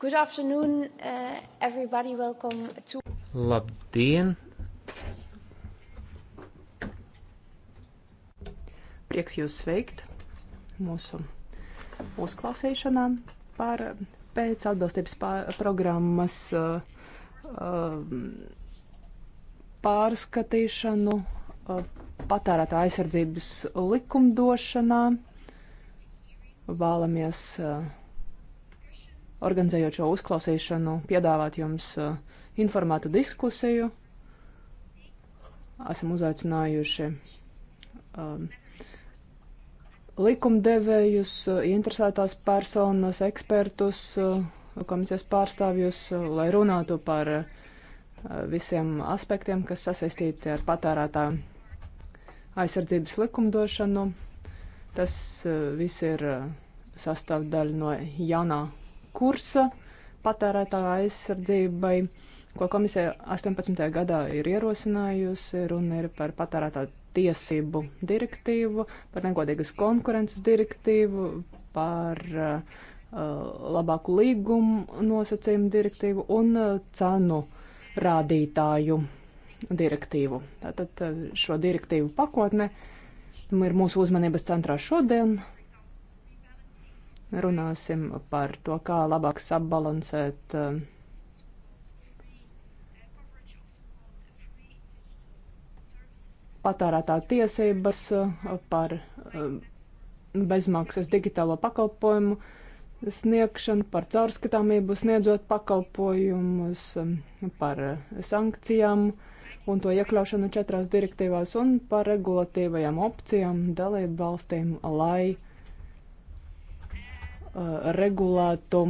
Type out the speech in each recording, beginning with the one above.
Good afternoon, uh, everybody. Welcome to. Labdien! Prieks jūs sveikt mūsu uzklausīšanā par pēc atbilstības programmas uh, um, pārskatīšanu uh, patērētā aizsardzības likumdošanā. Vēlamies uh, organizējot šo uzklausīšanu, piedāvāt jums e, informētu diskusiju. Esam uzaicinājuši um, likumdevējus, e, interesētās personas, ekspertus, komisijas pārstāvjus, lai runātu par visiem aspektiem, kas sasaistīti ar patērētā aizsardzības likumdošanu. Tas viss ir sastāvdaļa no jaunā kursa patērētāju aizsardzībai, ko komisija 18. gadā ir ierosinājusi. Runa ir par patērētāju tiesību direktīvu, par negodīgas konkurences direktīvu, par uh, labāku līgumu nosacījumu direktīvu un uh, cenu rādītāju direktīvu. Tātad uh, šo direktīvu pakotne ir mūsu uzmanības centrā šodien runāsim par to, kā labāk sabalansēt eh, patērētā tiesības eh, par eh, bezmaksas digitālo pakalpojumu sniegšanu, par caurskatāmību sniedzot pakalpojumus, par sankcijām un to iekļaušanu četrās direktīvās un par regulatīvajām opcijām dalību valstīm, lai uh, regulētu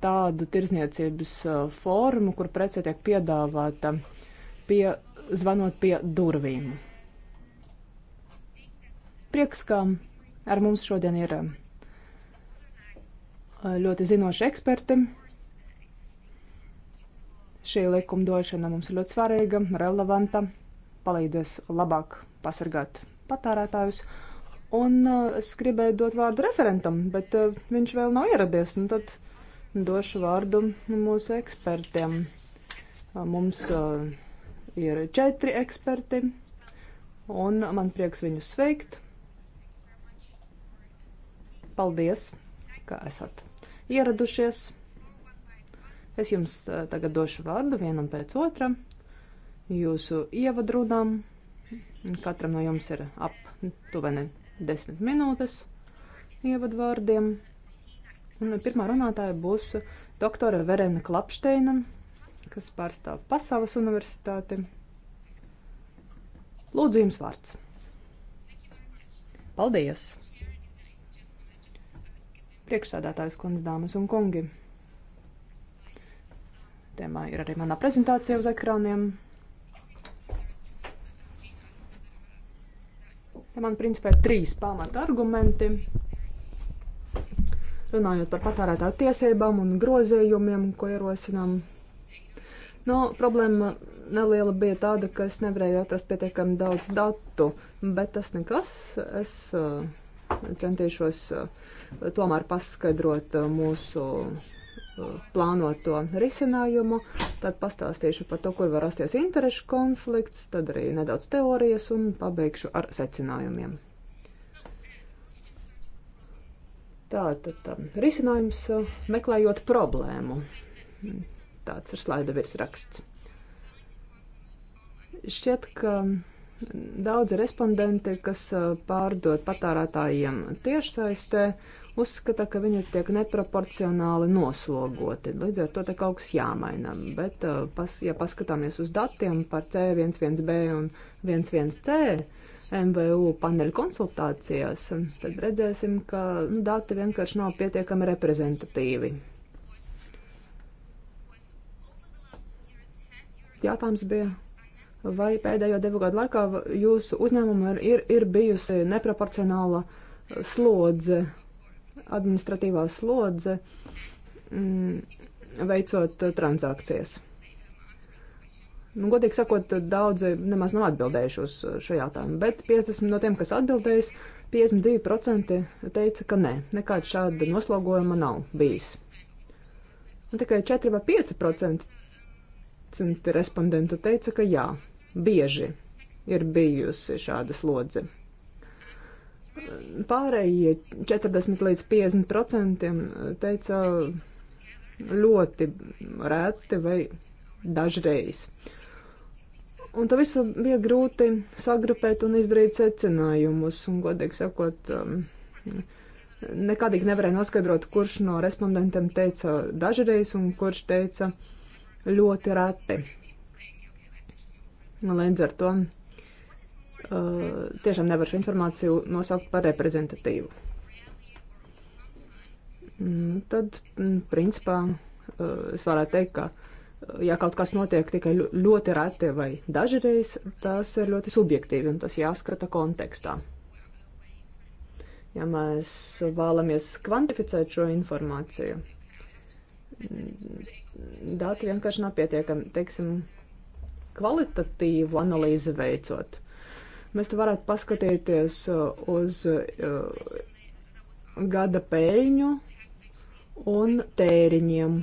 tādu tirsniecības formu, kur prece tiek piedāvāta pie, zvanot pie durvīm. Prieks, ka ar mums šodien ir ļoti zinoši eksperti. Šī likumdošana mums ir ļoti svarīga, relevanta, palīdzēs labāk pasargāt patērētājus. Un uh, es gribēju dot vārdu referentam, bet uh, viņš vēl nav ieradies. Nu, tad došu vārdu mūsu ekspertiem. Uh, mums ir četri eksperti, un man prieks viņus sveikt. Paldies, ka esat ieradušies. Es jums tagad došu vārdu vienam pēc otra jūsu ievadrunām. Katram no jums ir ap tuveni 10 minūtes ievadvārdiem. Un pirmā runātāja būs doktore Verena Klapšteina, kas pārstāv Pasaules universitāti. Lūdzu, jums vārds. Paldies! Priekšsādātājs kundze, dāmas un kungi. Tēmā ir arī manā prezentācija uz ekrāniem. Te man principā ir trīs pamata argumenti. Runājot par patērētāju tiesībām un grozējumiem, ko ierosinām. Nu, problēma neliela bija tāda, ka es nevarēju atrast pietiekami daudz datu, bet tas nekas. Es uh, centīšos uh, tomēr paskaidrot uh, mūsu plānoto risinājumu, tad pastāstīšu par to, kur var rasties interešu konflikts, tad arī nedaudz teorijas un pabeigšu ar secinājumiem. Tātad tā, risinājums eh, meklējot problēmu. Tāds ir slaida virsraksts. Šķiet, ka daudzi respondenti, kas eh, pārdod patērētājiem tiešsaistē, uzskata, ka viņi tiek neproporcionāli noslogoti. Līdz ar to te kaut kas jāmaina. Bet, uh, pas, ja paskatāmies uz datiem par C11B un 11C MVU paneļu konsultācijās, tad redzēsim, ka nu, dati vienkārši nav pietiekami reprezentatīvi. Jautājums bija, vai pēdējo divu gadu laikā jūsu uzņēmumam ir, ir bijusi neproporcionāla slodze administratīvā slodze, mm, veicot eh, transakcijas. Nu, godīgi sakot, daudzi nemaz nav atbildējuši uz eh, šo jautājumu, bet 50 no tiem, kas atbildējis, 52% teica, ka nē, nekāda šāda noslogojuma nav bijis. Un tikai 4 vai 5% respondentu teica, ka jā, bieži ir bijusi šāda slodze. Pārējie 40 līdz 50 procentiem eh, teica ļoti reti vai dažreiz. Un to visu bija grūti sagrupēt un izdarīt secinājumus, un, godīgi sakot, um, nekādīgi nevarēja noskaidrot, kurš no respondentiem teica dažreiz un kurš teica ļoti reti. Līdz ar to tiešām nevar šo informāciju nosaukt par reprezentatīvu. Mm, tad, mm, principā, es varētu teikt, ka, ja kaut kas notiek tikai ļoti reti vai dažreiz, tas ir ļoti subjektīvi un tas jāskata kontekstā. Ja mēs vēlamies kvantificēt šo informāciju, mm, dati vienkārši nav pietiekami, teiksim, kvalitatīvu analīzi veicot Mēs te varētu paskatīties uh, uz uh, gada peļņu un tēriņiem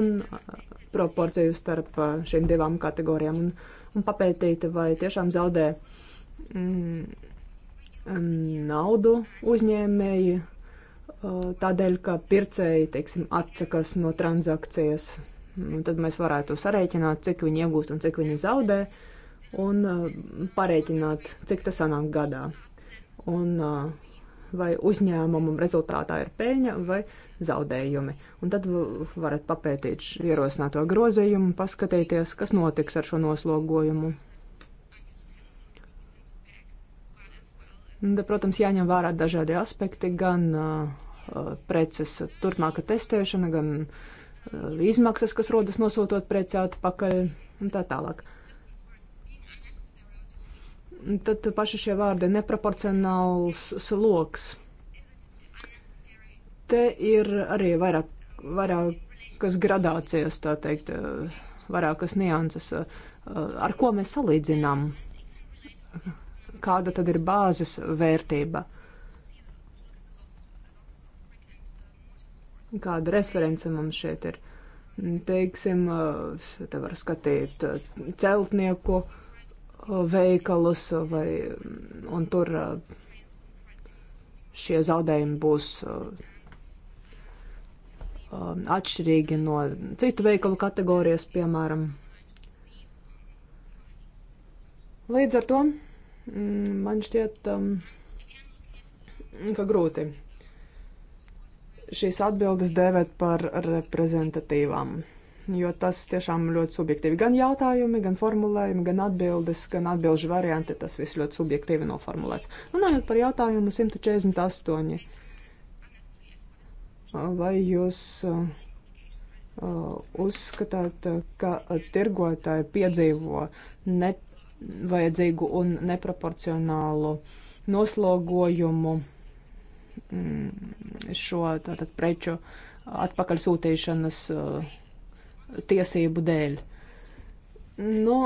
un uh, proporciju starp šīm divām kategorijām un, un papētīt, vai tiešām zaudē mm, naudu uzņēmēji tādēļ, ka pircēji, teiksim, atsakas no transakcijas. Un tad mēs varētu sarēķināt, cik viņi iegūst un cik viņi zaudē. Uh, un uh, pareiķināt, cik tas sanāk gadā. Un uh, vai uzņēmumam rezultātā ir peļņa vai zaudējumi. Un tad varat papētīt ierosināto grozījumu, paskatīties, kas notiks ar šo noslogojumu. Un, da, protams, jāņem vērā dažādi aspekti, gan uh, preces turpmāka testēšana, gan uh, izmaksas, kas rodas nosūtot preci atpakaļ un tā tālāk. Uh, tad paši šie vārdi - neproporcionāls sloks. Te ir arī vairāk, vairākas gradācijas, tā teikt, vairākas nianses, ar ko mēs salīdzinām, kāda tad ir bāzes vērtība. Kāda reference mums šeit ir? Teiksim, te var skatīt celtnieku uh, veikalus, vai, un tur šie zaudējumi būs um, atšķirīgi no citu veikalu kategorijas, piemēram. Līdz ar to mm, man šķiet, um, ka grūti šīs atbildes dēvēt par reprezentatīvām jo tas tiešām ļoti subjektīvi. Gan jautājumi, gan formulējumi, gan atbildes, gan atbilžu varianti, tas viss ļoti subjektīvi noformulēts. Runājot par jautājumu 148. Vai jūs uh, uh, uzskatāt, ka tirgotāji piedzīvo nevajadzīgu un neproporcionālu noslogojumu mm, šo tātad preču atpakaļ sūtīšanas uh, tiesību dēļ. Nu,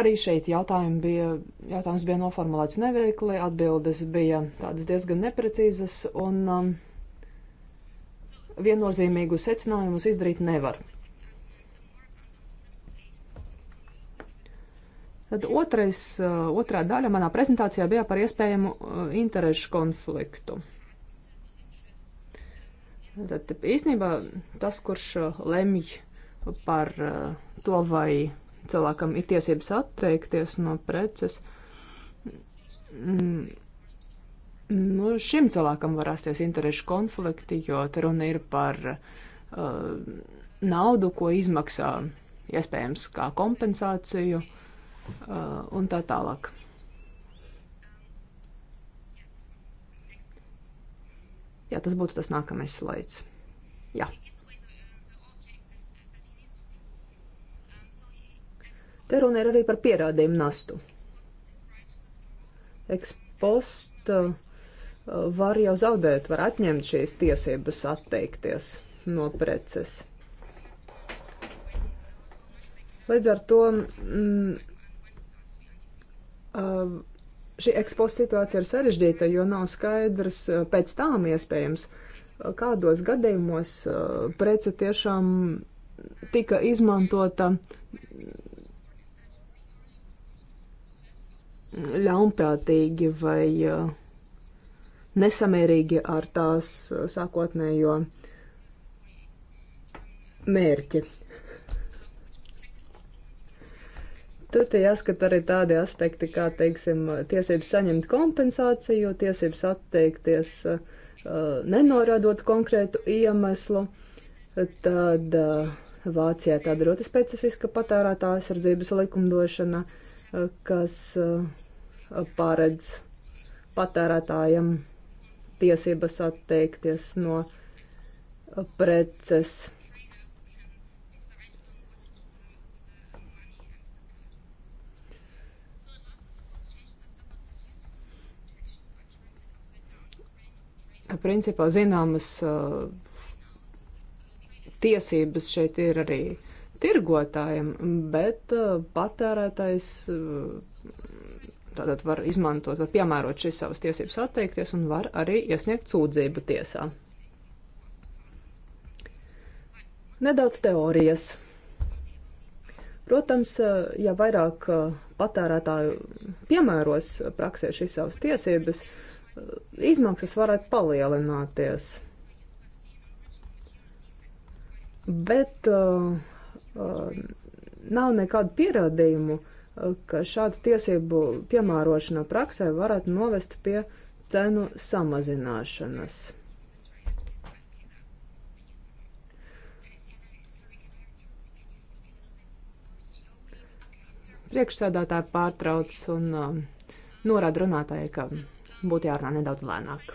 arī šeit jautājumi bija, jautājums bija noformulēts neveikli, atbildes bija tādas diezgan neprecīzas un um, viennozīmīgu secinājumus izdarīt nevar. Tad otrais, uh, otrā daļa manā prezentācijā bija par iespējamu uh, interešu konfliktu. Tad īsnībā tas, kurš uh, lemj par uh, to, vai cilvēkam ir tiesības atteikties no preces, mm, nu, šim cilvēkam var rasties interešu konflikti, jo te runa ir par uh, naudu, ko izmaksā iespējams kā kompensāciju uh, un tā tālāk. Jā, tas būtu tas nākamais slaids. Jā. Te runa ir arī par pierādījumu nastu. Ekspost uh, var jau zaudēt, var atņemt šīs tiesības atteikties no preces. Līdz ar to mm, uh, šī ekspozīcija situācija ir sarežģīta, jo nav skaidrs eh, pēc tām iespējams, eh, kādos gadījumos eh, prece tiešām tika izmantota ļaunprātīgi vai nesamērīgi ar tās sākotnējo mērķi. Tur tie jāskat arī tādi aspekti, kā, teiksim, tiesības saņemt kompensāciju, tiesības atteikties uh, nenorādot konkrētu iemeslu. Tad uh, Vācijā tāda ļoti specifiska patērētā aizsardzības likumdošana, uh, kas paredz patērētājiem tiesības atteikties no preces principā zināmas tiesības šeit ir arī tirgotājiem, bet patērētājs tātad var izmantot, var piemērot šīs savas tiesības atteikties un var arī iesniegt sūdzību tiesā. Nedaudz teorijas. Protams, ja vairāk patērētāju piemēros praksē šīs savas tiesības, uh, izmaksas varētu palielināties. Bet uh, uh, nav nekādu pierādījumu, uh, ka šādu tiesību piemērošana praksē varētu novest pie cenu samazināšanas. Priekšsēdētāji pārtrauc un uh, norāda runātāji, ka būtu jārunā nedaudz lēnāk.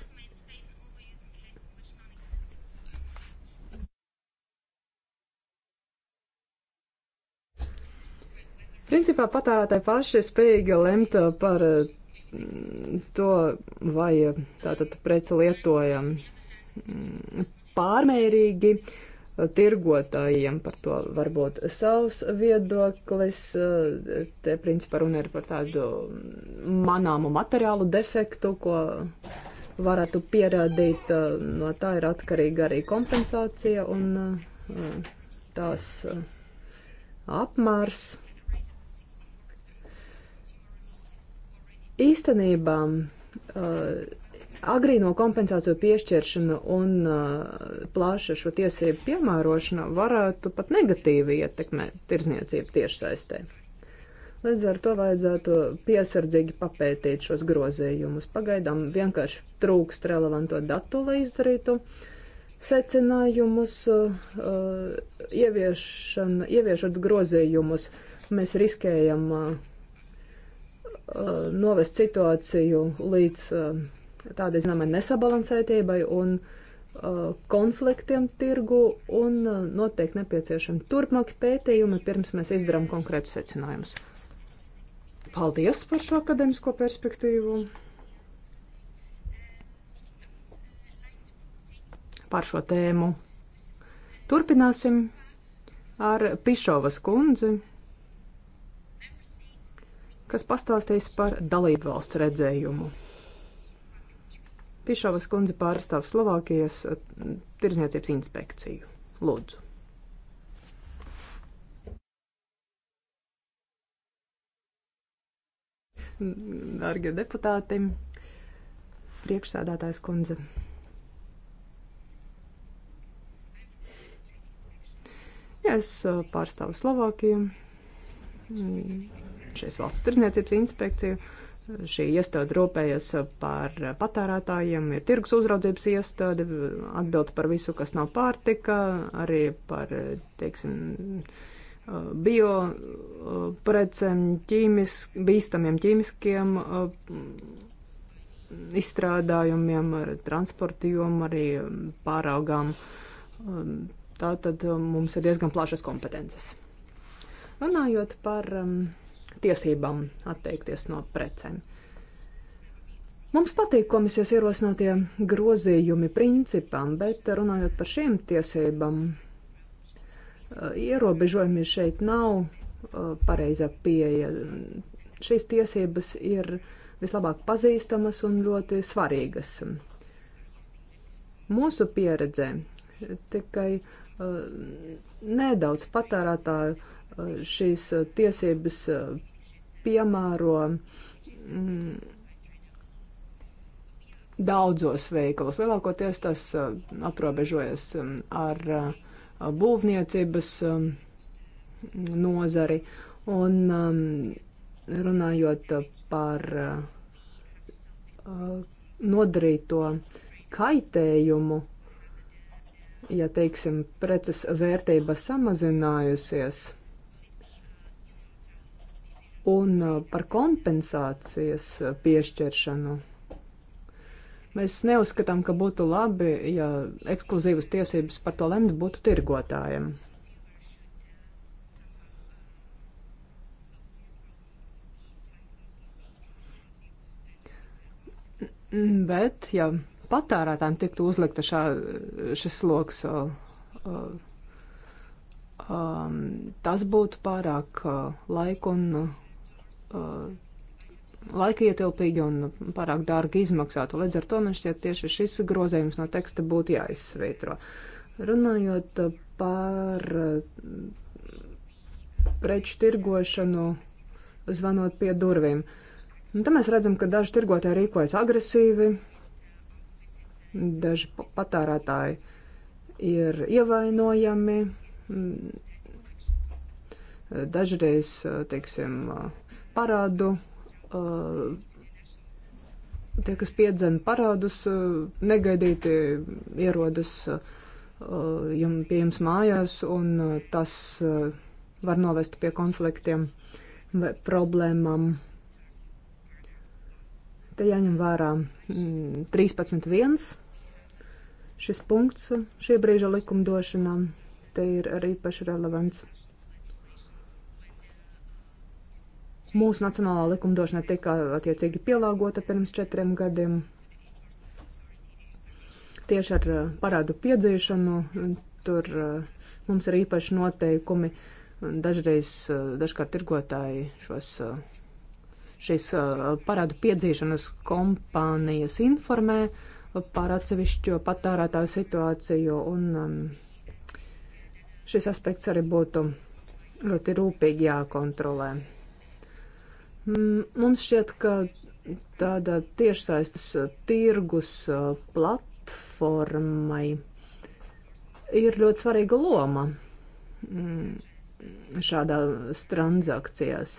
Principā patērētāji paši ir spējīgi lemt par mm, to, vai tātad preci lietojam mm, pārmērīgi, uh, tirgotājiem. Par to varbūt savs viedoklis. Te principā runa ir par tādu manāmu materiālu defektu, ko varētu pierādīt. No tā ir atkarīga arī kompensācija un uh, tās uh, apmērs. Īstenībā uh, Agrīno kompensāciju piešķiršana un uh, plaša šo tiesību piemērošana varētu pat negatīvi ietekmēt tirzniecību tiešsaistē. Līdz ar to vajadzētu piesardzīgi papētīt šos grozījumus. Pagaidām vienkārši trūkst relevanto datu, lai izdarītu secinājumus, uh, ieviešana, ieviešot grozījumus, mēs riskējam uh, novest situāciju līdz tādai zināmai nesabalansētībai un uh, konfliktiem tirgu un uh, noteikti nepieciešami turpmāki pētījumi, pirms mēs izdarām konkrētus secinājumus. Paldies par šo akadēmisko perspektīvu, par šo tēmu. Turpināsim ar Pišovas kundzi kas pastāstīs par dalību valsts redzējumu. Pišovas kundze pārstāv Slovākijas eh, tirzniecības inspekciju. Lūdzu. Dargie deputāti, priekšsēdētājs kundze. Ja es eh, pārstāvu Slovākiju, mm, šīs valsts tirzniecības inspekciju. Uh, Šī iestāde rūpējas par patērētājiem, ir tirgus uzraudzības iestāde, atbild par visu, kas nav pārtika, arī par, teiksim, bio precēm, ķīmis, bīstamiem ķīmiskiem izstrādājumiem, ar transporta jomu, arī pāraugām. Tātad mums ir diezgan plašas kompetences. Runājot par um, tiesībām atteikties no precēm. Mums patīk komisijas ierosinātie grozījumi principam, bet runājot par šīm tiesībām, eh, ierobežojumi šeit nav eh, pareizā pieeja. Šīs tiesības ir vislabāk pazīstamas un ļoti svarīgas. Mūsu pieredzē tikai eh, nedaudz patērētāju šīs uh, tiesības uh, piemēro mm, daudzos veikalos. Lielākoties tas uh, aprobežojas um, ar būvniecības um, nozari. Un um, runājot par nodarīto kaitējumu, ja teiksim, preces vērtība samazinājusies Un uh, par kompensācijas piešķiršanu. Mēs neuzskatām, ka būtu labi, ja ekskluzīvas tiesības par to lemt būtu tirgotājiem. Bet, ja patērētājiem tiktu uzlikta šā, šis sloks, um, tas būtu pārāk laiku un laika ietilpīgi un pārāk dārgi izmaksātu. Līdz ar to man šķiet tieši šis grozējums no teksta būtu jāizsveitro. Runājot par preču tirgošanu, zvanot pie durvīm. Un nu, te mēs redzam, ka daži tirgotāji rīkojas agresīvi, daži patērētāji ir ievainojami, dažreiz, teiksim, uh, parādu, tie, kas piedzena parādus, negaidīti ierodas jums pie jums mājās, un tas var novest pie konfliktiem vai problēmām. Te jāņem vērā 13.1. Mm, šis punkts šī brīža likumdošanā te ir arī paši relevants. Mūsu nacionālā likumdošana tika attiecīgi pielāgota pirms četriem gadiem. Tieši ar eh, parādu piedzīšanu tur eh, mums ir īpaši noteikumi. Dažreiz, eh, dažkārt tirgotāji šos, šīs parādu piedzīšanas kompānijas informē par atsevišķo patērētāju situāciju, un um, šis aspekts arī būtu ļoti rūpīgi jākontrolē. Mm, mums šķiet, ka tāda tiešsaistes uh, tirgus uh, platformai ir ļoti svarīga loma mm, šādās transakcijās.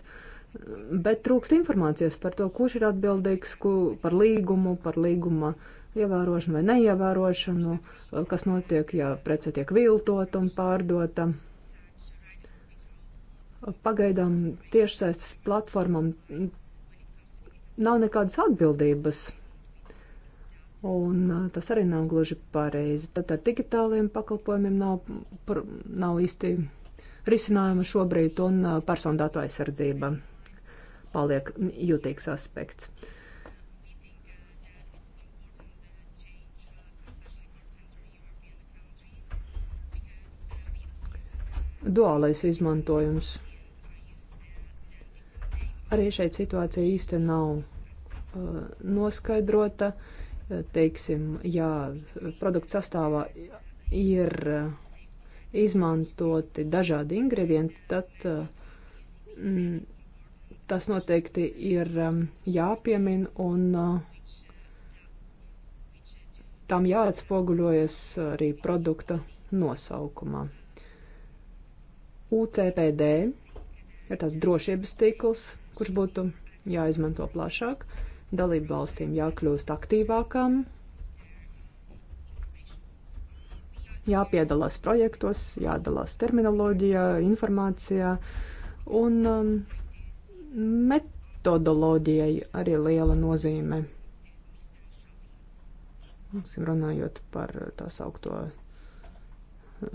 Bet trūkst informācijas par to, kurš ir atbildīgs ku, par līgumu, par līguma ievērošanu vai neievērošanu, uh, kas notiek, ja prece tiek viltot un pārdota. Uh, Pagaidām tiešsaistes platformam nav nekādas atbildības. Un uh, tas arī nav gluži pareizi. Tad ar digitāliem pakalpojumiem nav, par, nav īsti risinājuma šobrīd, un uh, personu datu aizsardzība paliek jūtīgs aspekts. Duālais izmantojums. Arī šeit situācija īsti nav uh, noskaidrota. Uh, teiksim, ja produkta sastāvā ir uh, izmantoti dažādi ingredienti, tad uh, mm, tas noteikti ir um, jāpiemina un tam jāatspoguļojas arī produkta nosaukumā. UCPD ir tāds drošības tīkls, kurš būtu jāizmanto plašāk, dalību valstīm jākļūst aktīvākām, jāpiedalās projektos, jādalās terminoloģijā, informācijā un um, metodoloģijai arī liela nozīme. Māksim runājot par tā saukto uh,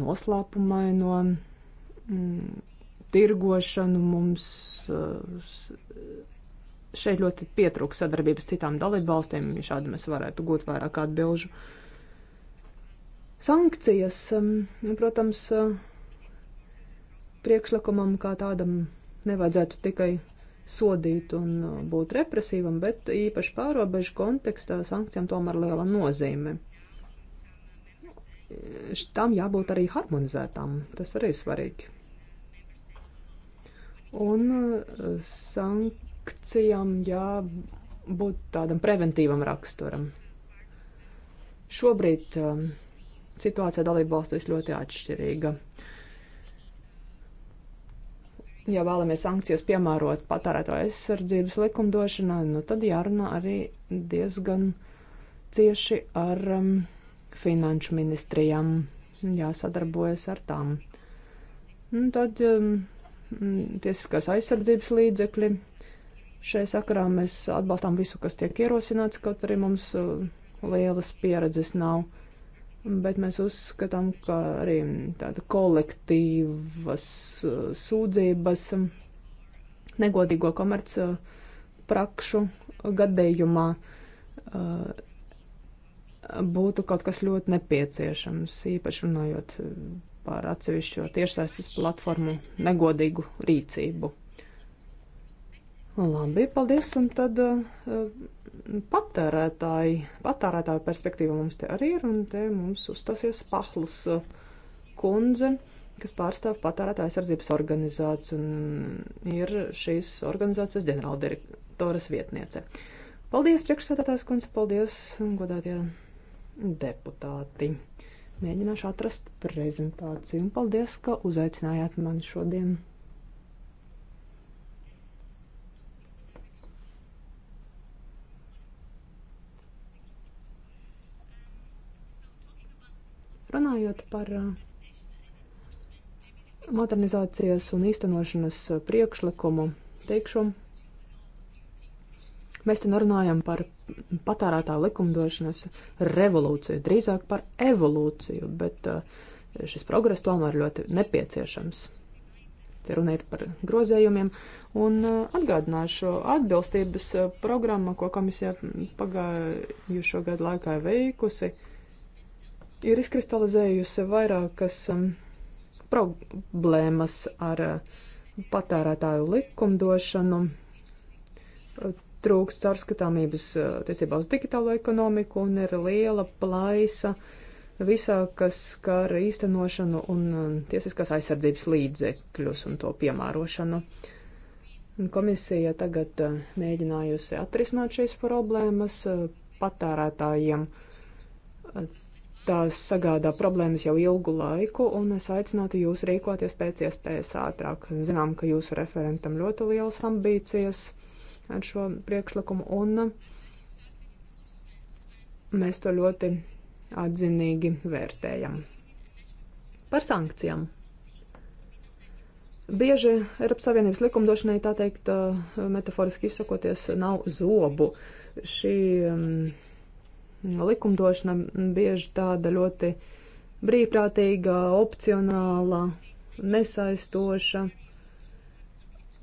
noslēpumaino. Mm, tirgošanu mums eh, šeit ļoti pietrūks sadarbības citām dalībvalstīm, ja šādi mēs varētu gūt vairāk atbilžu. Sankcijas, ehm, nu, protams, eh, priekšlikumam kā tādam nevajadzētu tikai sodīt un eh, būt represīvam, bet īpaši pārobežu kontekstā sankcijām tomēr liela nozīme. Tām jābūt arī harmonizētām, tas arī ir svarīgi. Un e, sankcijām jābūt tādam preventīvam raksturam. Šobrīd e, situācija dalību valstīs ļoti atšķirīga. Ja vēlamies sankcijas piemērot patērētāju aizsardzības likumdošanā, nu tad jārunā arī diezgan cieši ar um, finanšu ministrijām, jāsadarbojas ar tām. Un nu, tad um, Mm, tiesiskās aizsardzības līdzekļi. Šai sakarā mēs atbalstām visu, kas tiek ierosināts, kaut arī mums uh, lielas pieredzes nav. Bet mēs uzskatām, ka arī tāda kolektīvas uh, sūdzības um, negodīgo komerci uh, prakšu gadījumā būtu kaut kas ļoti nepieciešams, īpaši runājot par atsevišķo tiešsaistes platformu negodīgu rīcību. Labi, paldies. Un tad eh, patērētāji, patērētāju perspektīva mums te arī ir, un te mums uzstāsies Pahlas eh, kundze, kas pārstāv patērētāju sardzības organizāciju, un ir šīs organizācijas ģenerāldirektoras vietniece. Paldies, priekšsēdētājs kundze, paldies, godātie deputāti. Mēģināšu atrast prezentāciju. Un paldies, ka uzaicinājāt mani šodien. Runājot par uh, modernizācijas un īstenošanas uh, priekšlikumu, teikšu, Mēs te runājam par patērētā likumdošanas revolūciju, drīzāk par evolūciju, bet eh, šis progress tomēr ļoti nepieciešams. Te runa ir par grozējumiem, un eh, atgādināšu atbilstības eh, programmu, ko komisija pagājušo gadu laikā veikusi, ir izkristalizējusi vairākas mm, problēmas ar patērētāju likumdošanu trūkst caurskatāmības uh, tiecībā uz digitālo ekonomiku un ir liela plaisa visā, kas skar īstenošanu un um, tiesiskās aizsardzības līdzekļus un to piemērošanu. Komisija tagad uh, mēģinājusi atrisināt šīs problēmas uh, patērētājiem. Tās sagādā problēmas jau ilgu laiku, un es aicinātu jūs rīkoties pēc iespējas ātrāk. Zinām, ka jūsu referentam ļoti lielas ambīcijas ar šo priekšlikumu, un mēs to ļoti atzinīgi vērtējam. Par sankcijām. Bieži Eiropas Savienības likumdošanai, tā teikt, eh, metaforiski izsakoties, nav zobu. Šī um, likumdošana bieži tāda ļoti brīvprātīga, opcionāla, nesaistoša.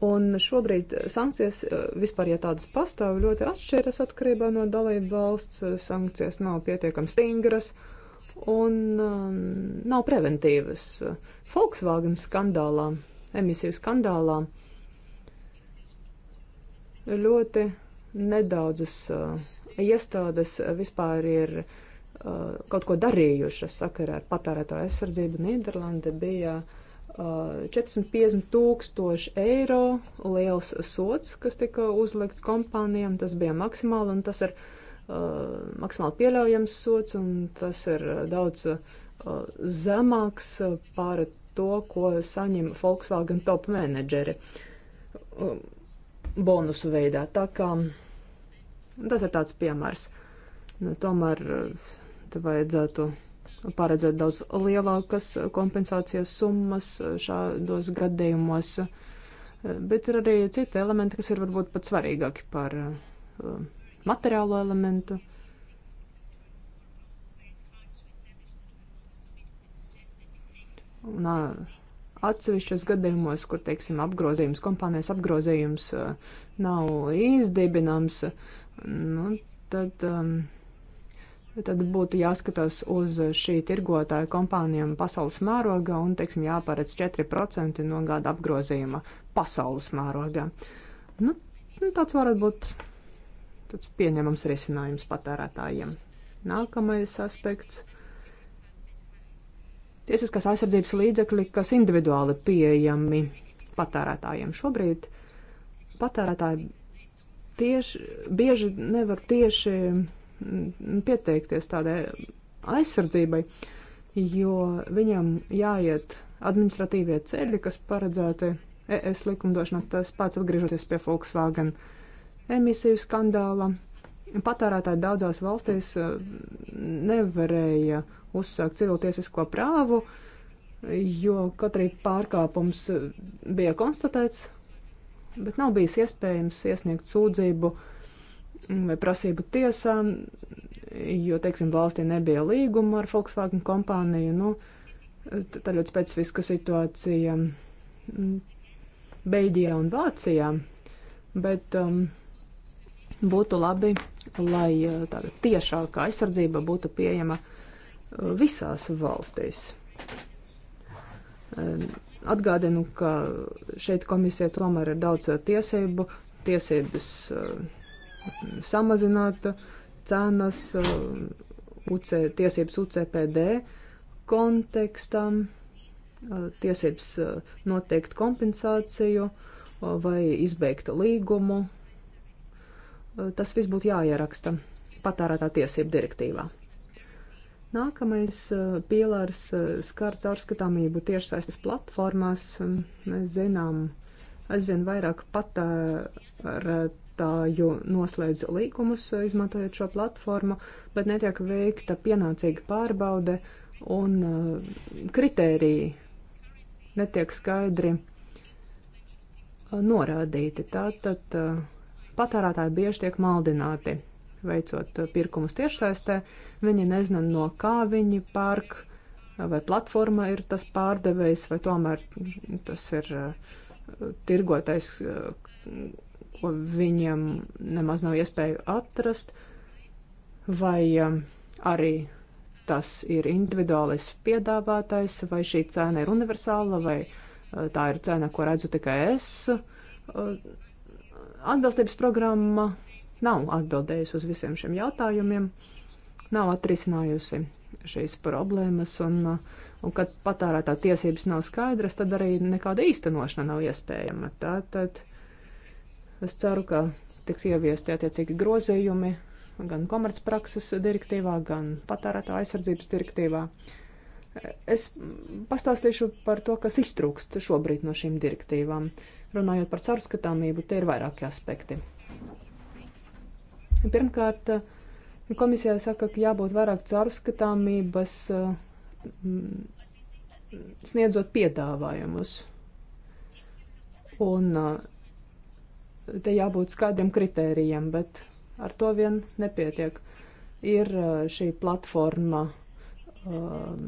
Un šobrīd sankcijas e, vispār, ja tādas pastāv, ļoti atšķiras atkarībā no dalību valsts. Sankcijas nav pietiekami stingras un um, nav preventīvas. Volkswagen skandālā, emisiju skandālā ļoti nedaudzas uh, iestādes vispār ir uh, kaut ko darījušas sakarā ar patērētāju aizsardzību. Nīderlanda bija uh, 450 uh, tūkstoši eiro liels sots, kas tika uzlikts kompānijām. Tas bija maksimāli un tas ir uh, maksimāli pieļaujams sots un tas ir uh, daudz uh, zemāks uh, par to, ko saņem Volkswagen top menedžeri uh, bonusu veidā. Tā kā tas ir tāds piemērs. Nu, tomēr te vajadzētu. Uh, paredzēt daudz lielākas kompensācijas summas šādos gadījumos, bet ir arī citi elementi, kas ir varbūt pat svarīgāki par uh, materiālo elementu. Un uh, atsevišķos gadījumos, kur, teiksim, apgrozījums, kompānijas apgrozījums uh, nav izdibināms, nu, tad. Um, tad būtu jāskatās uz šī tirgotāja kompānijām pasaules mērogā un, teiksim, jāparedz 4% no gada apgrozījuma pasaules mērogā. Nu, nu, tāds varētu būt tāds pieņemams risinājums patērētājiem. Nākamais aspekts - tiesiskās aizsardzības līdzekļi, kas individuāli pieejami patērētājiem. Šobrīd patērētāji tieši, bieži nevar tieši pieteikties tādai aizsardzībai, jo viņam jāiet administratīvie ceļi, kas paredzēti ES likumdošanā, tas pats atgriežoties pie Volkswagen emisiju skandāla. Patērētāji daudzās valstīs eh, nevarēja uzsākt civiltiesisko prāvu, jo kaut arī pārkāpums bija konstatēts, bet nav bijis iespējams iesniegt sūdzību uh, vai prasību tiesām, jo, teiksim, valstī nebija līguma ar Volkswagen kompāniju. Nu, tā ļoti specifiska situācija mm, Beļģijā un Vācijā, bet um, būtu labi, lai uh, tāda tiešāka aizsardzība būtu pieejama uh, visās valstīs. Um, atgādinu, ka šeit komisija tomēr ir daudz uh, tiesību, tiesības uh, samazināt cenas uh, UC, tiesības UCPD kontekstam, uh, tiesības uh, noteikt kompensāciju vai izbeigt līgumu. Tas viss būtu jāieraksta patērētā tiesību direktīvā. Nākamais pīlārs skar caurskatāmību tiešsaistes platformās. Mēs zinām, aizvien vairāk patērēt lietotāju noslēdz līgumus, izmantojot šo platformu, bet netiek veikta pienācīga pārbaude un uh, kritēriji netiek skaidri uh, norādīti. Tātad uh, patērētāji bieži tiek maldināti veicot pirkumus tiešsaistē. Viņi nezina, no kā viņi pērk, vai platforma ir tas pārdevējs, vai tomēr tas ir tirgotais viņiem nemaz nav iespēju atrast, vai um, arī tas ir individuālais piedāvātais, vai šī cena ir universāla, vai uh, tā ir cena, ko redzu tikai es. Uh, atbilstības programma nav atbildējusi uz visiem šiem jautājumiem, nav atrisinājusi šīs problēmas, un, uh, un kad patērētā tiesības nav skaidras, tad arī nekāda īstenošana nav iespējama. Tātad Es ceru, ka tiks ieviesti attiecīgi grozējumi gan komercprakses direktīvā, gan patērētā aizsardzības direktīvā. Es pastāstīšu par to, kas iztrūkst šobrīd no šīm direktīvām. Runājot par caurskatāmību, te ir vairāki aspekti. Pirmkārt, komisijā saka, ka jābūt vairāk caurskatāmības mm, sniedzot piedāvājumus. Un te jābūt skaidriem kritērijiem, bet ar to vien nepietiek. Ir uh, šī platforma, um,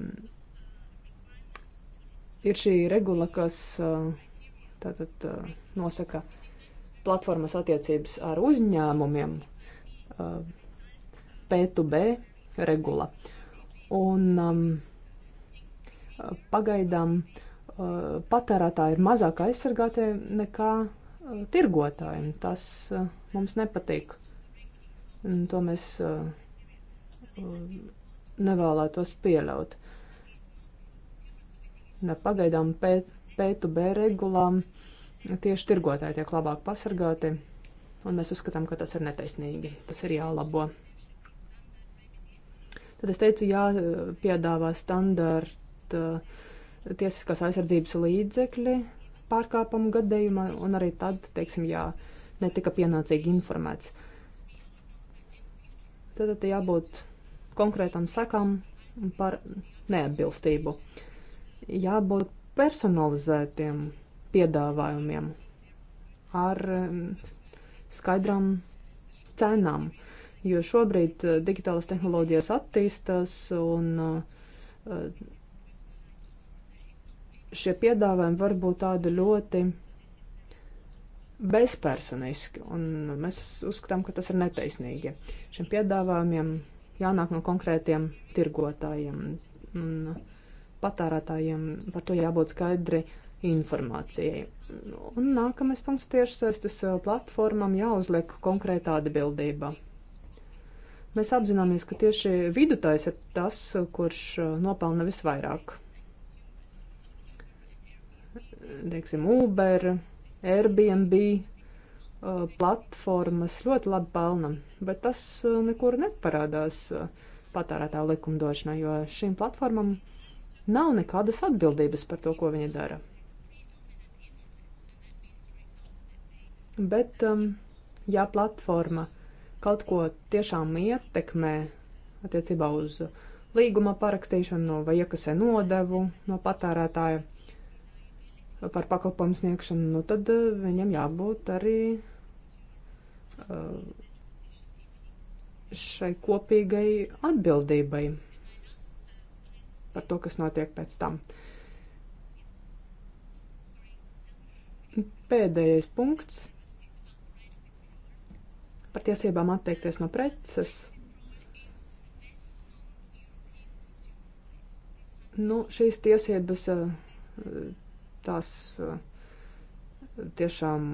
ir šī regula, kas uh, tātad uh, nosaka platformas attiecības ar uzņēmumiem, P2B regula. Un um, pagaidām patērētāji ir mazāk aizsargāti nekā tirgotājiem. Tas e, mums nepatīk. Un to mēs e, nevēlētos pieļaut. Ne pagaidām P2B regulām tieši tirgotāji tiek labāk pasargāti, un mēs uzskatām, ka tas ir netaisnīgi. Tas ir jālabo. Tad es teicu, jāpiedāvā e, standarta tiesiskās aizsardzības līdzekļi, pārkāpumu gadījumā, un arī tad, teiksim, jā, netika pienācīgi informēts. Tad, tad jābūt konkrētam sekam par neatbilstību. Jābūt personalizētiem piedāvājumiem ar mm, skaidrām cenām, jo šobrīd eh, digitālas tehnoloģijas attīstās un uh, šie piedāvājumi var būt tādi ļoti bezpersoniski, un mēs uzskatām, ka tas ir netaisnīgi. Šiem piedāvājumiem jānāk no konkrētiem tirgotājiem un patērētājiem, par to jābūt skaidri informācijai. Un nākamais punkts tiešsaistes eh, platformam jāuzliek konkrēta atbildība. Mēs apzināmies, ka tieši vidutājs ir tas, kurš eh, nopelna visvairāk teiksim, Uber, Airbnb platformas ļoti labi pelna, bet tas nekur neparādās patērētā likumdošanā, jo šīm platformām nav nekādas atbildības par to, ko viņi dara. Bet, ja platforma kaut ko tiešām ietekmē attiecībā uz līguma parakstīšanu vai iekasē nodevu no patērētāja, par pakalpojumu sniegšanu, nu tad eh, viņam jābūt arī eh, šai kopīgai atbildībai par to, kas notiek pēc tam. Pēdējais punkts par tiesībām atteikties no preces. Nu, šīs tiesības uh, tās e, tiešām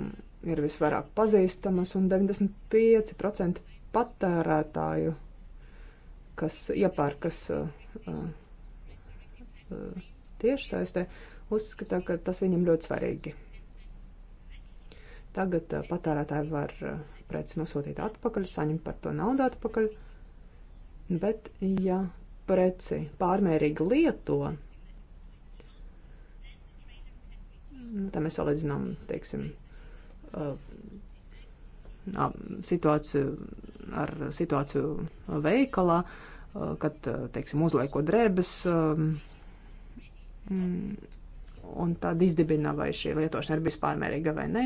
ir visvairāk pazīstamas, un 95% patērētāju, kas iepērkas e, e, tiešsaistē, uzskata, ka tas viņam ļoti svarīgi. Tagad patērētāji var preci nosūtīt atpakaļ, saņemt par to naudu atpakaļ, bet ja preci pārmērīgi lieto, tā mēs salīdzinām, teiksim, situāciju ar situāciju veikalā, kad, teiksim, uzlieko drēbes, mm, un tad izdibina, vai šī lietošana ir bijusi pārmērīga vai nē.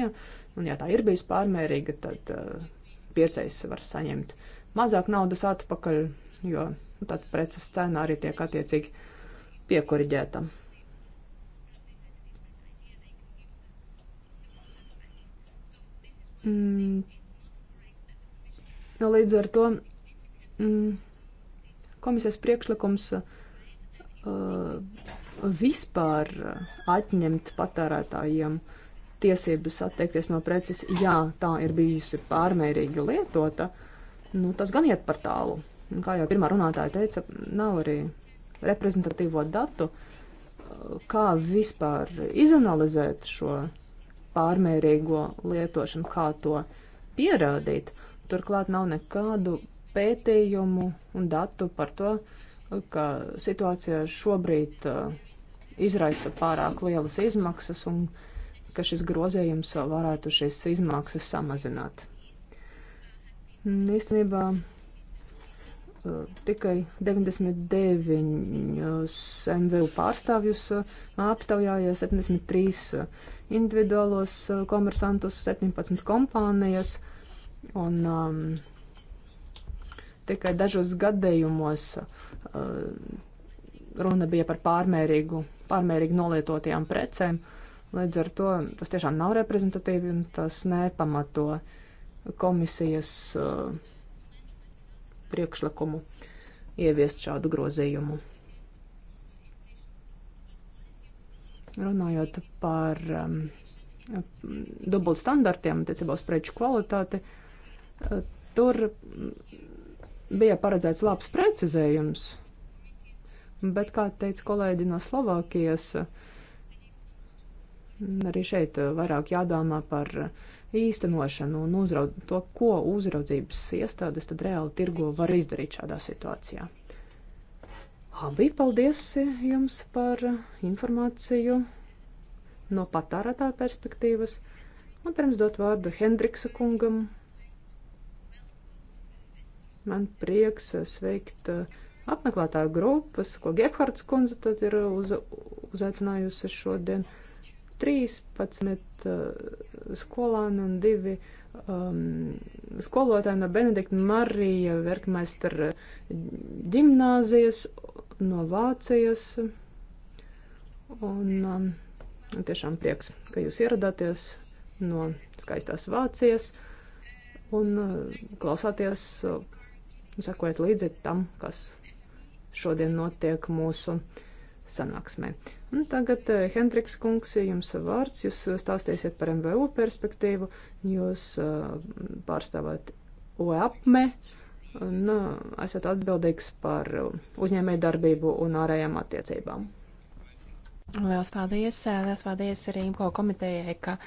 Un, ja tā ir bijusi pārmērīga, tad pircējs var saņemt mazāk naudas atpakaļ, jo tad preces cena arī tiek attiecīgi piekoriģēta. Mm, līdz ar to mm, komisijas priekšlikums uh, vispār atņemt patērētājiem tiesības atteikties no preces, ja tā ir bijusi pārmērīgi lietota, nu, tas gan iet par tālu. Kā jau pirmā runātāja teica, nav arī reprezentatīvo datu, uh, kā vispār izanalizēt šo uh, pārmērīgo lietošanu, kā to pierādīt. Turklāt nav nekādu pētījumu un datu par to, ka situācija šobrīd uh, izraisa pārāk lielas izmaksas un ka šis grozījums varētu šīs izmaksas samazināt. Īstenībā tikai 99 MVU pārstāvjus aptaujāja 73 individuālos komersantus, 17 kompānijas un um, tikai dažos gadījumos uh, runa bija par pārmērīgu, pārmērīgi nolietotajām precēm. Līdz ar to tas tiešām nav reprezentatīvi un tas nepamato komisijas uh, priekšlikumu ieviest šādu grozījumu. Runājot par um, dubult standartiem attiecībā uz preču kvalitāti, uh, tur mm, bija paredzēts labs precizējums, bet, kā teica kolēģi no Slovākijas, mm, arī šeit vairāk jādomā par uh, īstenošanu un uzraud, to, ko uzraudzības iestādes tad reāli tirgo var izdarīt šādā situācijā. Labi, paldies jums par informāciju no patārētāja perspektīvas. Un pirms dot vārdu Hendriksa kungam, man prieks sveikt uh, apmeklētāju grupas, ko Gebhards kundze tad ir uz, uzaicinājusi šodien. Uh, 13 eh, skolāni un divi um, skolotāji no Benedikta Marija Verkmeistera ģimnāzijas eh, no Vācijas. Un um, tiešām prieks, ka jūs ieradāties no skaistās Vācijas un uh, klausāties, uh, sekojat līdzi tam, kas šodien notiek mūsu sanāksmē. Un nu, tagad eh, Hendriks kungs, jums vārds, jūs eh, stāstīsiet par MVU perspektīvu, jūs eh, pārstāvāt UEAPME e. un nu, esat atbildīgs par uzņēmēju darbību un ārējām attiecībām. Lielas paldies! Lielas paldies arī IMCO komitejai, ka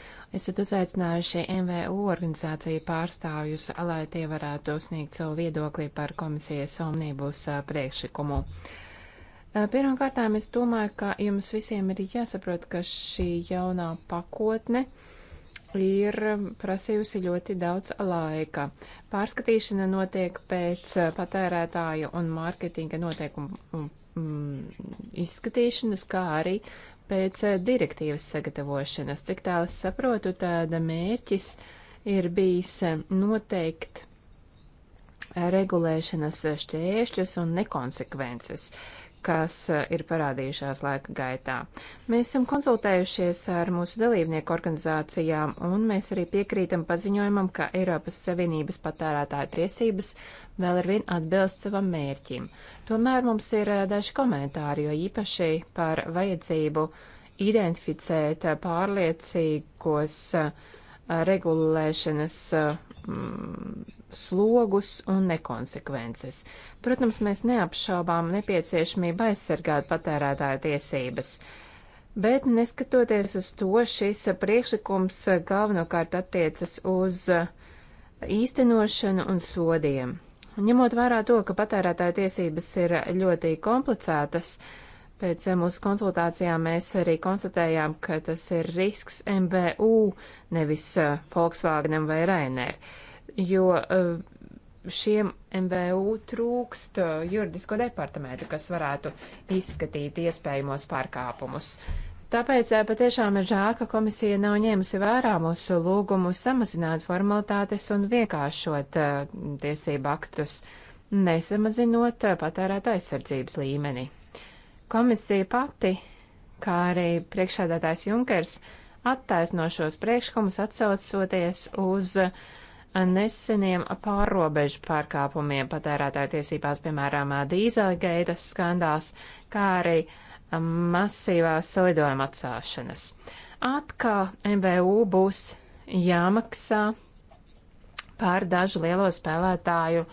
esat uzaicinājuši MVU organizāciju pārstāvjus, lai tie varētu sniegt savu viedokli par komisijas omnibus priekšlikumu. Uh, Pirmkārt, es domāju, ka jums visiem ir jāsaprot, ka šī jaunā pakotne ir prasījusi ļoti daudz laika. Pārskatīšana notiek pēc patērētāju un mārketinga noteikumu mm, izskatīšanas, kā arī pēc direktīvas sagatavošanas. Cik tālu es saprotu, tāda mērķis ir bijis noteikt regulēšanas šķēršļus un nekonsekvences, kas eh, ir parādījušās laika gaitā. Mēs esam konsultējušies ar mūsu dalībnieku organizācijām, un mēs arī piekrītam paziņojumam, ka Eiropas Savienības patērētāja tiesības vēl ar vien atbilst savam mērķim. Tomēr mums ir eh, daži komentāri, jo īpaši par vajadzību identificēt eh, pārliecīgos regulēšanas mm, slogus un nekonsekvences. Protams, mēs neapšaubām nepieciešamību aizsargāt patērētāju tiesības. Bet neskatoties uz to, šis priekšlikums galvenokārt attiecas uz īstenošanu un sodiem. Ņemot vērā to, ka patērētāja tiesības ir ļoti komplicētas, pēc mūsu konsultācijām mēs arī konstatējām, ka tas ir risks MBU, nevis Volkswagenam vai Rainer. Uh, jo eh, šiem MVU trūkst eh, juridisko departamentu, kas varētu izskatīt iespējamos pārkāpumus. Tāpēc eh, patiešām ir žēl, ka komisija nav ņēmusi vērā mūsu lūgumu samazināt formalitātes un vienkāršot uh, tiesību aktus, nesamazinot uh, patērēto aizsardzības līmeni. Komisija pati, kā arī priekšādātājs Junkers, attaisno šos priekšlikumus atsaucoties uz uh, neseniem pārrobežu pārkāpumiem patērētāju tiesībās, piemēram, dīzelgeitas skandāls, kā arī um, masīvās lidojuma atcelšanas. Atkal MVU būs jāmaksā par dažu lielo spēlētāju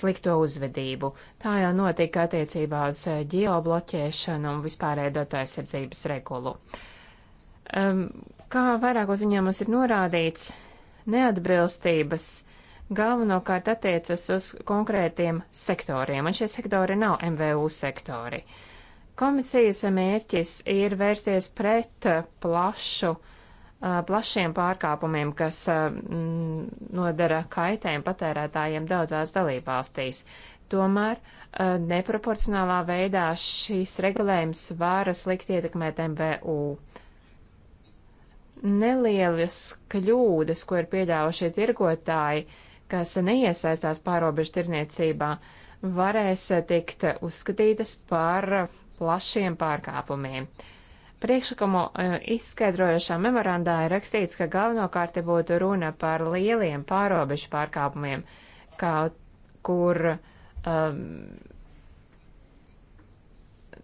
slikto uzvedību. Tā jau notika attiecībā uz eh, ģeobloķēšanu un vispārējo datu aizsardzības regulu. Um, kā vairākos ziņā mums ir norādīts, neatbilstības galvenokārt attiecas uz konkrētiem sektoriem, un šie sektori nav MVU sektori. Komisijas mērķis ir vērsties pret plašu, plašiem pārkāpumiem, kas nodara kaitējumu patērētājiem daudzās dalībvalstīs. Tomēr neproporcionālā veidā šīs regulējums var slikti ietekmēt MVU nelielas kļūdas, ko ir pieļāvušie tirgotāji, kas neiesaistās pārobežu tirniecībā, varēs tikt uzskatītas par plašiem pārkāpumiem. Priekšlikumu e, izskaidrojošā memorandā ir rakstīts, ka galvenokārt būtu runa par lieliem pārobežu pārkāpumiem, kaut kur um,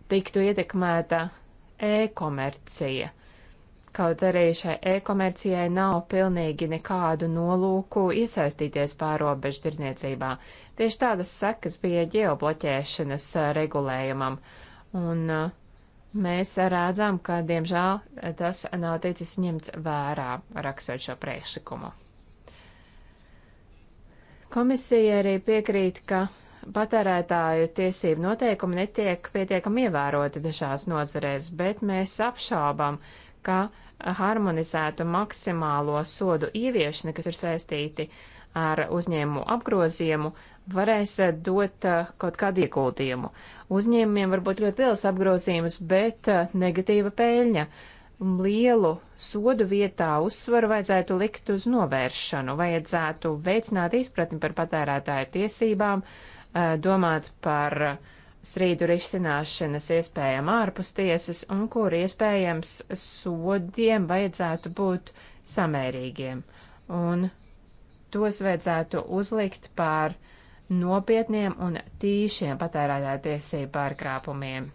tiktu ietekmēta e-komercija. Kaut arī šai e-komercijai nav pilnīgi nekādu nolūku iesaistīties pārobežu tirzniecībā. Tieši tādas sekas bija ģeobloķēšanas regulējumam. Un uh, mēs redzam, ka, diemžēl, tas nav ticis ņemts vērā rakstot šo priekšlikumu. Komisija arī piekrīt, ka patērētāju tiesību noteikumi netiek pietiekami ievēroti dažās nozarēs, bet mēs apšaubam, ka uh, harmonizētu maksimālo sodu ieviešanu, kas ir saistīti ar uzņēmumu apgrozījumu, varēs dot uh, kaut kādu ieguldījumu. Uzņēmumiem var būt ļoti liels apgrozījums, bet uh, negatīva peļņa. Lielu sodu vietā uzsvaru vajadzētu likt uz novēršanu, vajadzētu veicināt izpratni par patērētāju tiesībām, uh, domāt par uh, strīdu risināšanas iespējām ārpus tiesas un kur iespējams sodiem vajadzētu būt samērīgiem. Un tos vajadzētu uzlikt pār nopietniem un tīšiem patērētāju tiesību pārkāpumiem.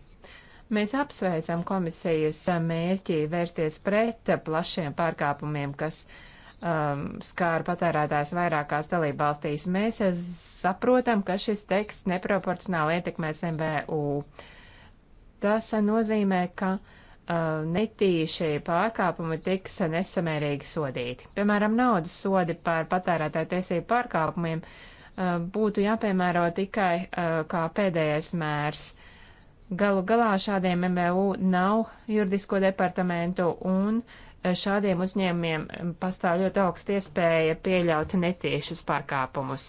Mēs apsveicam komisijas mērķi vērsties pret plašiem pārkāpumiem, kas uh, um, skāra patērētājs vairākās dalībvalstīs. Mēs saprotam, ka šis teksts neproporcionāli ietekmēs MVU. Tas nozīmē, ka uh, netīši pārkāpumi tiks nesamērīgi sodīti. Piemēram, naudas sodi par patērētāju tiesību pārkāpumiem uh, būtu jāpiemēro tikai uh, kā pēdējais mērs. Galu galā šādiem MVU nav juridisko departamentu un uh, šādiem uzņēmumiem pastāv ļoti augsta iespēja pieļaut netiešus pārkāpumus.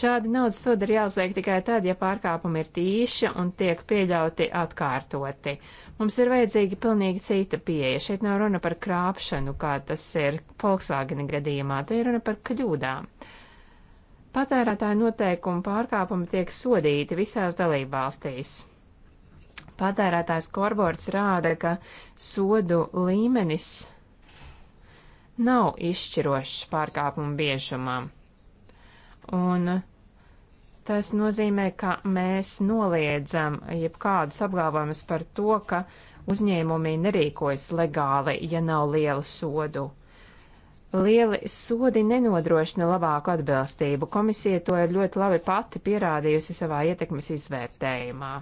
Šādi naudas sodi ir jāuzliek tikai tad, ja pārkāpumi ir tīši un tiek pieļauti atkārtoti. Mums ir vajadzīga pilnīgi cita pieeja. Šeit nav runa par krāpšanu, kā tas ir Volkswagen gadījumā, te ir runa par kļūdām. Patērētāja noteikumu pārkāpumi tiek sodīti visās dalībvalstīs. Patērētājs korbords rāda, ka sodu līmenis nav izšķirošs pārkāpumu biežumā. Un tas nozīmē, ka mēs noliedzam jebkādus apgalvojumus par to, ka uzņēmumi nerīkojas legāli, ja nav lielu sodu. Lieli sodi nenodrošina labāku atbilstību. Komisija to ir ļoti labi pati pierādījusi savā ietekmes izvērtējumā.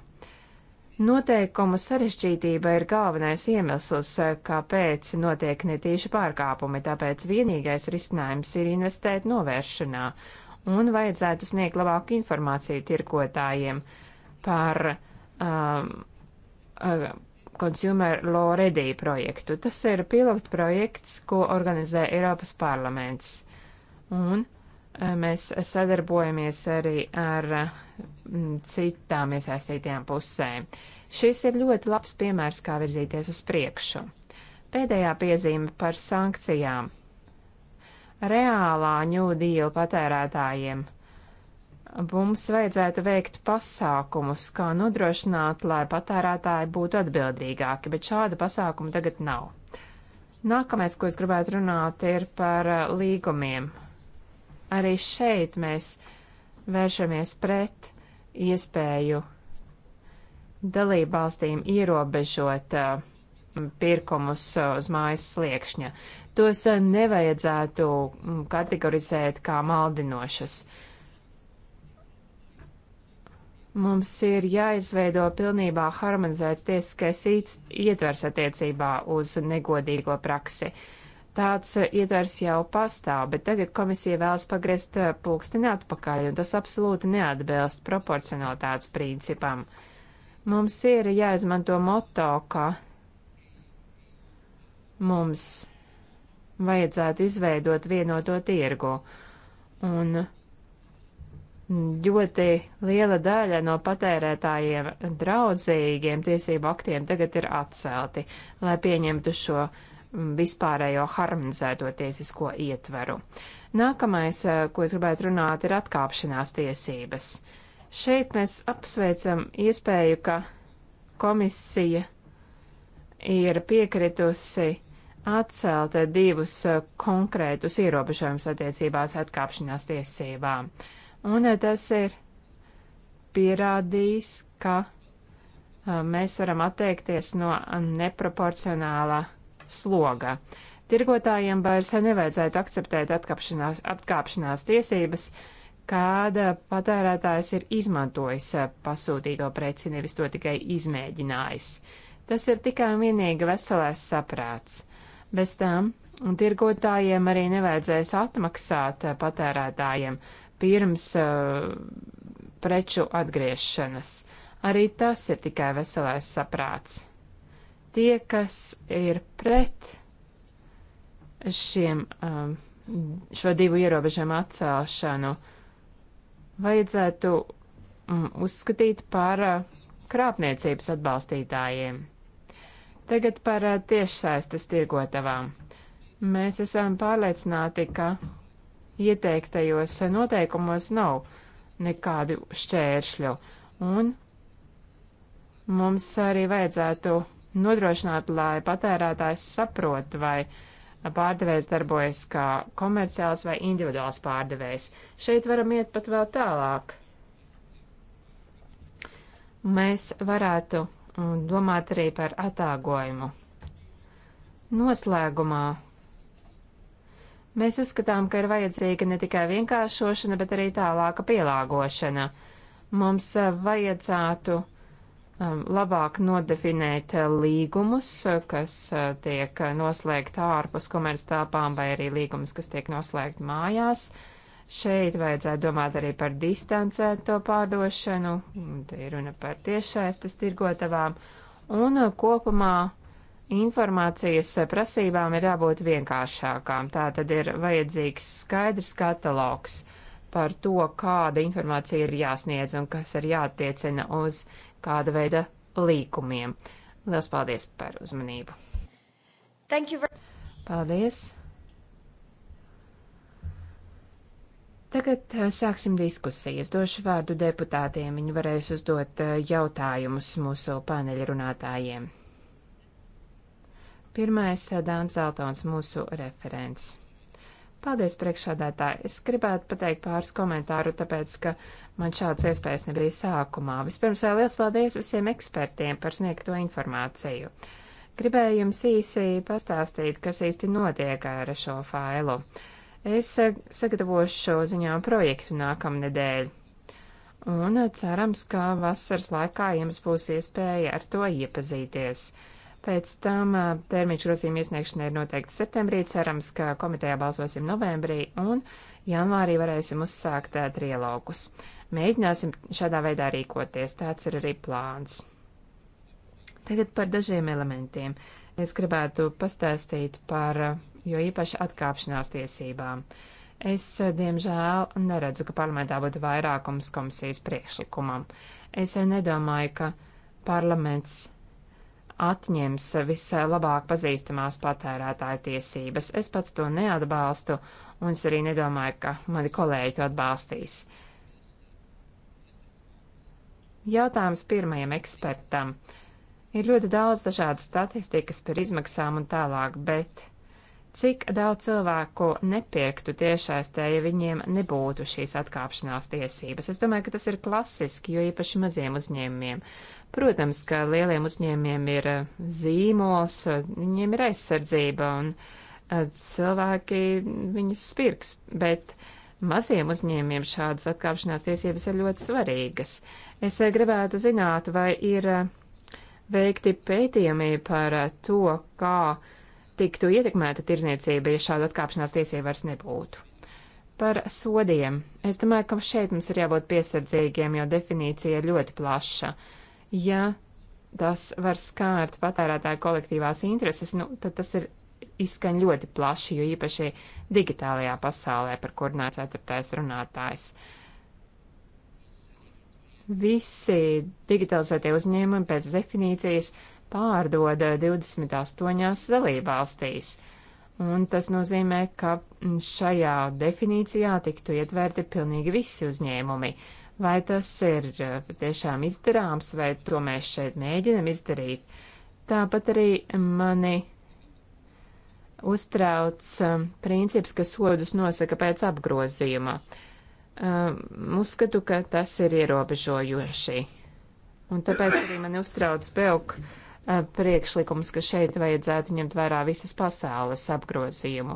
Noteikumu sarežģītība ir galvenais iemesls, kāpēc notiek netīši pārkāpumi, tāpēc vienīgais risinājums ir investēt novēršanā un vajadzētu sniegt labāku informāciju tirkotājiem par um, uh, Consumer Law Ready projektu. Tas ir pilotu projekts, ko organizē Eiropas parlaments. Un uh, mēs sadarbojamies arī ar uh, Mm, citām iesaistītajām pusēm. Šis ir ļoti labs piemērs, kā virzīties uz priekšu. Pēdējā piezīme par sankcijām. Reālā ņūdīla patērētājiem. Mums vajadzētu veikt pasākumus, kā nodrošināt, lai patērētāji būtu atbildīgāki, bet šāda pasākuma tagad nav. Nākamais, ko es gribētu runāt, ir par uh, līgumiem. Arī šeit mēs vēršamies pret iespēju dalību valstīm ierobežot uh, pirkumus uh, uz mājas sliekšņa. Tos uh, nevajadzētu mm, kategorizēt kā maldinošas. Mums ir jāizveido pilnībā harmonizēts tiesiskais ietvers attiecībā uz negodīgo praksi. Uh, tāds ietvers jau pastāv, bet tagad komisija vēlas pagriezt eh, pulksteni atpakaļ, un tas absolūti neatbilst proporcionalitātes principam. Mums ir jāizmanto moto, ka mums vajadzētu izveidot vienoto tirgu, un ļoti liela daļa no patērētājiem draudzīgiem tiesību aktiem tagad ir atcelti, lai pieņemtu šo uh, vispārējo harmonizēto tiesisko ietveru. Nākamais, eh, ko es gribētu runāt, ir atkāpšanās tiesības. Šeit mēs apsveicam iespēju, ka komisija ir piekritusi atcelt divus eh, konkrētus ierobežojumus attiecībās atkāpšanās tiesībām. Un eh, tas ir pierādījis, ka mēs varam atteikties no neproporcionālā sloga. Tirgotājiem vairs nevajadzētu akceptēt atkāpšanās tiesības, kāda patērētājs ir izmantojis pasūtīto preci, nevis to tikai izmēģinājis. Tas ir tikai un vienīgi veselais saprāts. Bez tam un tirgotājiem arī nevajadzēs atmaksāt patērētājiem pirms uh, preču atgriešanas. Arī tas ir tikai veselais saprāts. Tie, kas ir pret šiem, um, šo divu ierobežojumu atcelšanu, vajadzētu mm, uzskatīt par uh, krāpniecības atbalstītājiem. Tagad par uh, tiešsaistes tirgotavām. Mēs esam pārliecināti, ka ieteiktajos noteikumos nav nekādu šķēršļu, un mums arī vajadzētu nodrošināt, lai patērētājs saprot, vai pārdevējs darbojas kā komerciāls vai individuāls pārdevējs. Šeit varam iet pat vēl tālāk. Mēs varētu mm, domāt arī par atāgojumu. Noslēgumā Mēs uzskatām, ka ir vajadzīga ne tikai vienkāršošana, bet arī tālāka pielāgošana. Mums eh, vajadzētu uh, Um, labāk nodefinēt uh, līgumus, uh, kas uh, tiek noslēgti ārpus komerctelpām vai arī līgumus, kas tiek noslēgti mājās. Šeit vajadzētu domāt arī par distancēto pārdošanu, te ir runa par tiešsaistes tirgotavām, un kopumā informācijas prasībām ir jābūt vienkāršākām. Tā tad ir vajadzīgs skaidrs katalogs par to, kāda informācija ir jāsniedz un kas ir jātiecina uz kāda veida līkumiem. Lielas paldies par uzmanību! Paldies! Tagad eh, sāksim diskusijas. Došu vārdu deputātiem. Viņi varēs uzdot eh, jautājumus mūsu paneļa runātājiem. Pirmais eh, Dāns Zeltons, mūsu referents. Paldies, priekšādātāji. Es gribētu pateikt pāris komentāru, tāpēc, ka man šāds iespējas nebija sākumā. Vispirms vēl liels paldies visiem ekspertiem par sniegto informāciju. Gribēju jums īsi pastāstīt, kas īsti notiek ar šo failu. Es sagatavošu ziņām projektu nākamnedēļ. Un cerams, ka vasaras laikā jums būs iespēja ar to iepazīties. Pēc tam termiņš grozījuma iesniegšanai ir noteikti septembrī. Cerams, ka komitejā balsosim novembrī un janvārī varēsim uzsākt trilogus. Mēģināsim šādā veidā rīkoties. Tāds ir arī plāns. Tagad par dažiem elementiem. Es gribētu pastāstīt par jo īpaši atkāpšanās tiesībām. Es, diemžēl, neredzu, ka parlamentā būtu vairākums komisijas priekšlikumam. Es nedomāju, ka parlaments atņems visai labāk pazīstamās patērētāju tiesības. Es pats to neatbalstu, un es arī nedomāju, ka mani kolēģi to atbalstīs. Jautājums pirmajam ekspertam. Ir ļoti daudz dažādas statistikas par izmaksām un tālāk, bet Cik daudz cilvēku nepirktu tiešsaistē, ja viņiem nebūtu šīs atkāpšanās tiesības? Es domāju, ka tas ir klasiski, jo īpaši maziem uzņēmumiem. Protams, ka lieliem uzņēmumiem ir eh, zīmols, viņiem ir aizsardzība un eh, cilvēki viņus spirks, bet maziem uzņēmumiem šādas atkāpšanās tiesības ir ļoti svarīgas. Es eh, gribētu zināt, vai ir veikti pētījumi par to, kā tiktu ietekmēta tirzniecība, ja šāda atkāpšanās tiesība vairs nebūtu. Par sodiem. Es domāju, ka šeit mums ir jābūt piesardzīgiem, jo definīcija ir ļoti plaša. Ja tas var skārt patērētāju kolektīvās intereses, nu, tad tas ir izskan ļoti plaši, jo īpaši digitālajā pasaulē, par kur nāca ceturtais runātājs. Visi digitalizētie uzņēmumi pēc definīcijas uh, pārdoda 28 dalībvalstīs. Un tas nozīmē, ka šajā definīcijā tiktu ietverti pilnīgi visi uzņēmumi. Vai tas ir uh, tiešām izdarāms, vai to mēs šeit mēģinam izdarīt? Tāpat arī mani uztrauc um, princips, ka sodus nosaka pēc apgrozījuma. Um, uzskatu, ka tas ir ierobežojoši. Un tāpēc arī mani uztrauc pelku priekšlikums, ka šeit vajadzētu ņemt vērā visas pasaules apgrozījumu.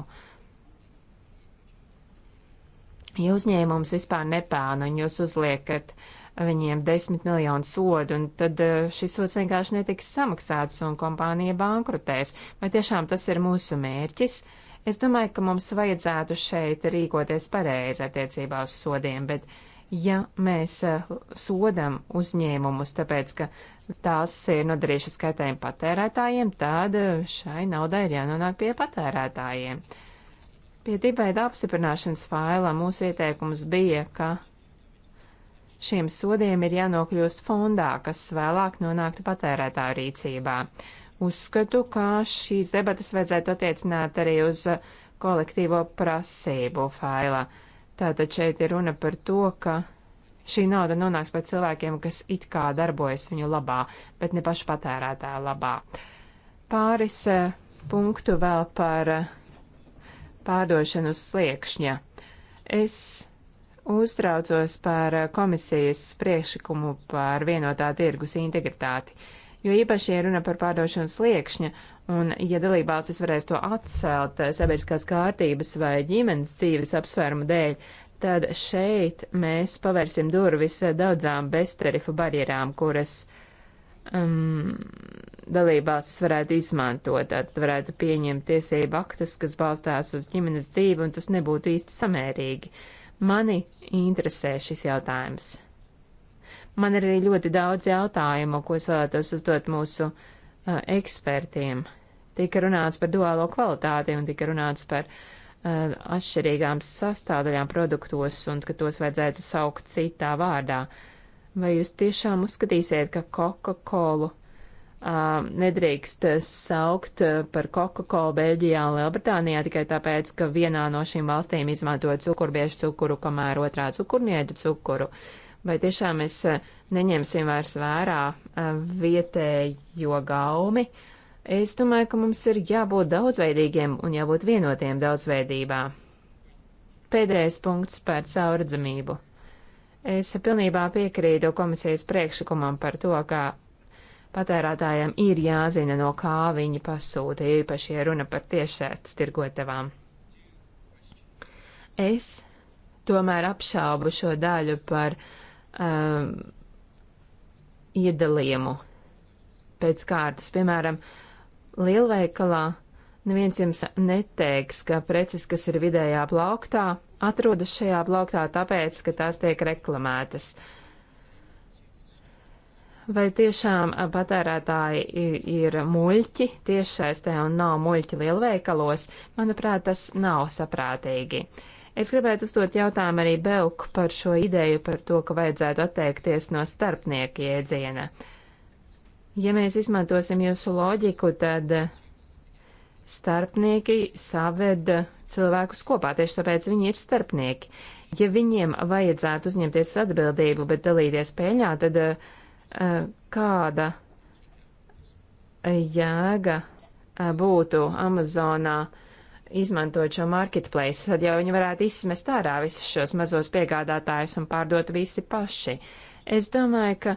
Ja uzņēmums vispār nepēna un jūs uzliekat viņiem desmit miljonu sodu, un tad šis sods vienkārši netiks samaksāts un kompānija bankrutēs, vai tiešām tas ir mūsu mērķis? Es domāju, ka mums vajadzētu šeit rīkoties pareizi attiecībā uz sodiem, bet uh, ja mēs eh, sodam uzņēmumus, tāpēc ka tās ir nodarījušas kaitējumu patērētājiem, tad eh, šai naudai ir jānonāk pie patērētājiem. Pie divaida apsiprināšanas failā mūsu ieteikums bija, ka šiem sodiem ir jānokļūst fondā, kas vēlāk nonāktu patērētāju rīcībā. Uzskatu, ka šīs debatas vajadzētu attiecināt arī uz eh, kolektīvo prasību failā. Tātad šeit ir runa par to, ka šī nauda nonāks pie cilvēkiem, kas it kā darbojas viņu labā, bet ne pašu patērētāju labā. Pāris eh, punktu vēl par eh, pārdošanu sliekšņa. Es uztraucos par eh, komisijas priekšlikumu par vienotā tirgus integritāti jo īpaši ir runa par pārdošanas liekšņa, un ja dalībvalstis varēs to atcelt eh, sabiedriskās kārtības vai ģimenes dzīves apsvērumu dēļ, tad šeit mēs pavērsim durvis daudzām beztarifu barjerām, kuras um, dalībvalstis varētu izmantot. Tātad varētu pieņemt tiesību aktus, kas balstās uz ģimenes dzīvi, un tas nebūtu īsti samērīgi. Mani interesē šis jautājums. Man ir ir ļoti daudz jautājumu, ko es vēlētos uzdot mūsu uh, ekspertiem. Tika runāts par duālo kvalitāti un tika runāts par uh, atšķirīgām sastāvdaļām produktos un ka tos vajadzētu saukt citā vārdā. Vai jūs tiešām uzskatīsiet, ka Coca-Cola Uh, nedrīkst saukt par Coca-Cola Beļģijā un Lielbritānijā tikai tāpēc, ka vienā no šīm valstīm izmanto cukurbiešu cukuru, kamēr otrā cukurnieģu cukuru. Vai tiešām mēs eh, neņemsim vairs vērā eh, vietējo gaumi? Es domāju, ka mums ir jābūt daudzveidīgiem un jābūt vienotiem daudzveidībā. Pēdējais punkts par caurdzamību. Es pilnībā piekrītu komisijas priekšlikumam par to, ka patērētājiem ir jāzina, no kā viņi pasūta, īpaši, ja runa par tiešsaistes tirgotavām. Es tomēr apšaubu šo daļu par uh, um, iedalījumu pēc kārtas. Piemēram, lielveikalā neviens jums neteiks, ka preces, kas ir vidējā plauktā, atrodas šajā plauktā tāpēc, ka tās tiek reklamētas. Vai tiešām patērētāji ir muļķi tiešsaistē un nav muļķi lielveikalos? Manuprāt, tas nav saprātīgi. Uh, Es gribētu uzdot jautājumu arī Belk par šo ideju par to, ka vajadzētu atteikties no starpnieku jēdziena. Ja mēs izmantosim jūsu loģiku, tad starpnieki saveda cilvēkus kopā, tieši tāpēc viņi ir starpnieki. Ja viņiem vajadzētu uzņemties atbildību, bet dalīties peļņā, tad uh, kāda jēga eh, būtu Amazonā uh, izmantot šo marketplace, tad jau viņi varētu izsmest ārā visus šos mazos piegādātājus un pārdot visi paši. Es domāju, ka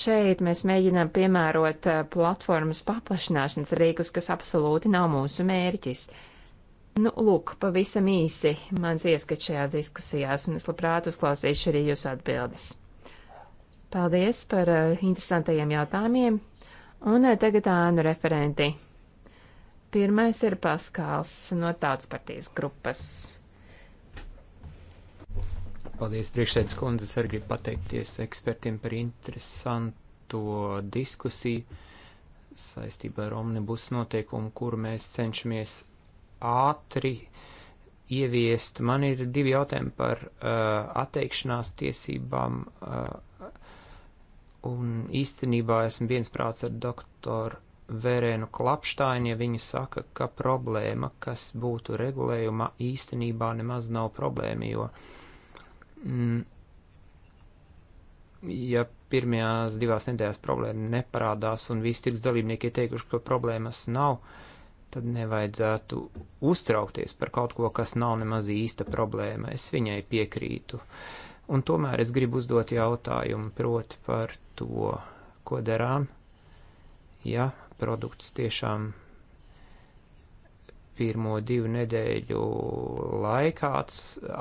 šeit mēs mēģinām piemērot eh, platformas paplašināšanas rīkus, kas absolūti nav mūsu mērķis. Nu, lūk, pavisam īsi mans ieskats šajās diskusijās, un es labprāt uzklausīšu arī jūsu atbildes. Paldies par uh, interesantajiem jautājumiem, un uh, tagad ānu referenti. Pirmais ir Paskāls no Tautas partijas grupas. Paldies, priekšsēdus kundzes, arī gribu pateikties ekspertiem par interesanto diskusiju saistībā ar omnibus noteikumu, kuru mēs cenšamies ātri ieviest. Man ir divi jautājumi par uh, atteikšanās tiesībām, uh, un īstenībā esmu viensprāts ar doktoru Verēnu Klapštaini, viņa saka, ka problēma, kas būtu regulējuma, īstenībā nemaz nav problēma, jo, mm, ja pirmajās divās nedēļās problēma neparādās un visi tirgus dalībnieki ir teikuši, ka problēmas nav, tad nevajadzētu uztraukties par kaut ko, kas nav nemaz īsta problēma. Es viņai piekrītu. Un tomēr es gribu uzdot jautājumu proti par to, ko darām, ja produkts tiešām pirmo divu nedēļu laikā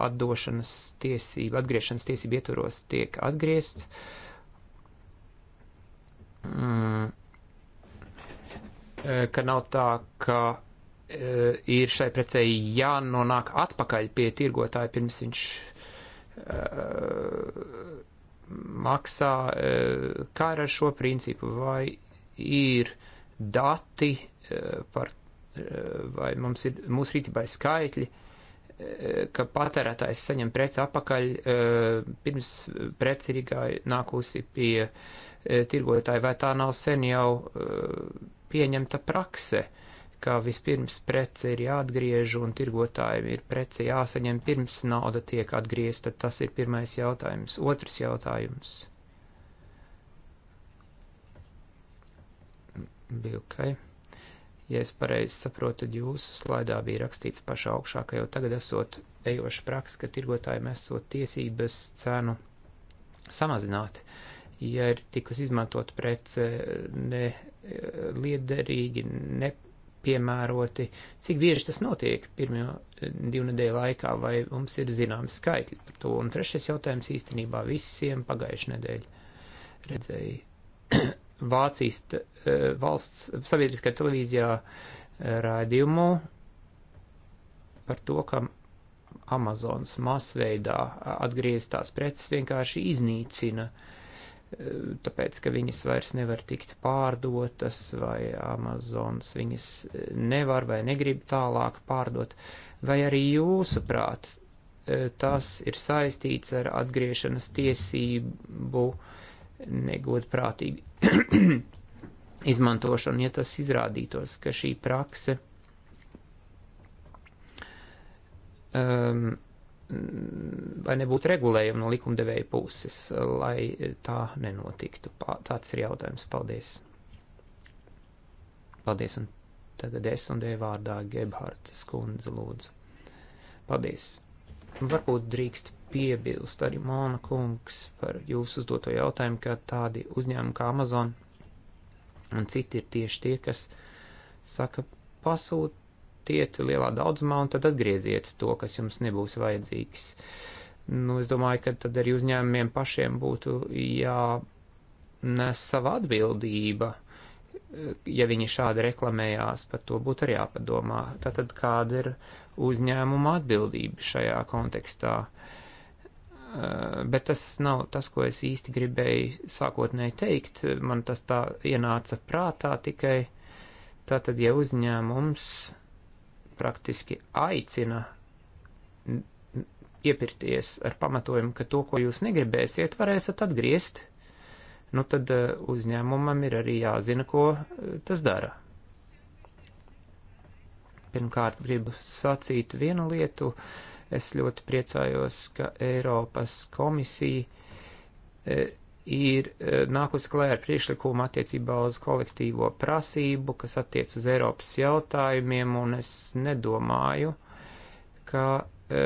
atdošanas tiesība, atgriešanas tiesība ietvaros tiek atgriezts. Mm. E, ka nav tā, ka e, ir šai precei jānonāk atpakaļ pie tirgotāja pirms viņš uh, maksā, uh, kā ir ar šo principu, vai ir uh, dati eh, par, eh, vai mums ir mūsu rītībā skaitļi, eh, ka patērētājs saņem preci apakaļ, pirms preci ir nākusi pie tirgotāja, vai tā nav sen jau pieņemta prakse, ka vispirms preci ir jāatgriež un tirgotājiem ir preci jāsaņem pirms nauda tiek atgriezta. Tas ir pirmais jautājums. Otrs jautājums. bija ok. Ja es pareizi saprotu, tad jūsu slaidā bija rakstīts pašā augšā, ka jau tagad esot ejoša praksa, ka tirgotājiem esot tiesības cenu samazināt, ja ir tikus izmantot prece eh, ne eh, liederīgi, ne piemēroti, cik bieži tas notiek pirmajā eh, divu nedēļu laikā, vai mums ir zināms skaitļi par to. Un trešais jautājums īstenībā visiem pagājušajā nedēļā redzēja Vācijas e, valsts sabiedriskajā televīzijā e, raidījumu par to, ka Amazonas masveidā atgrieztās preces vienkārši iznīcina, e, tāpēc, ka viņas vairs nevar tikt pārdotas, vai Amazonas viņas nevar vai negrib tālāk pārdot, vai arī jūsuprāt, tas ir saistīts ar atgriešanas tiesību uh, negodprātīgi izmantošanu, ja tas izrādītos, ka šī prakse um, vai nebūtu regulējama no likumdevēja puses, lai tā nenotiktu. Pā, tāds ir jautājums. Paldies! Paldies! Un tagad es un Dievārdā Gebhārtas kundze lūdzu. Paldies! Varbūt drīkst piebilst arī Mona kungs par jūsu uzdoto jautājumu, ka tādi uzņēmumi kā Amazon un citi ir tieši tie, kas saka, pasūtiet lielā daudzumā un tad atgrieziet to, kas jums nebūs vajadzīgs. Nu, es domāju, ka tad arī uzņēmumiem pašiem būtu jānes sava atbildība ja viņi šādi reklamējās, par to būtu arī jāpadomā. Tātad kāda ir uzņēmuma atbildība šajā kontekstā? Eh, bet tas nav tas, ko es īsti gribēju sākotnēji teikt. Man tas tā ienāca prātā tikai tātad, ja uzņēmums praktiski aicina iepirties ar pamatojumu, ka to, ko jūs negribēsiet, varēsiet atgriezt, nu tad eh, uzņēmumam ir arī jāzina, ko eh, tas dara. Pirmkārt, gribu sacīt vienu lietu. Uh, Es ļoti priecājos, ka Eiropas komisija e, ir e, nākusi klēra ar priekšlikumu attiecībā uz kolektīvo prasību, kas attiec uz Eiropas jautājumiem, un es nedomāju, ka e,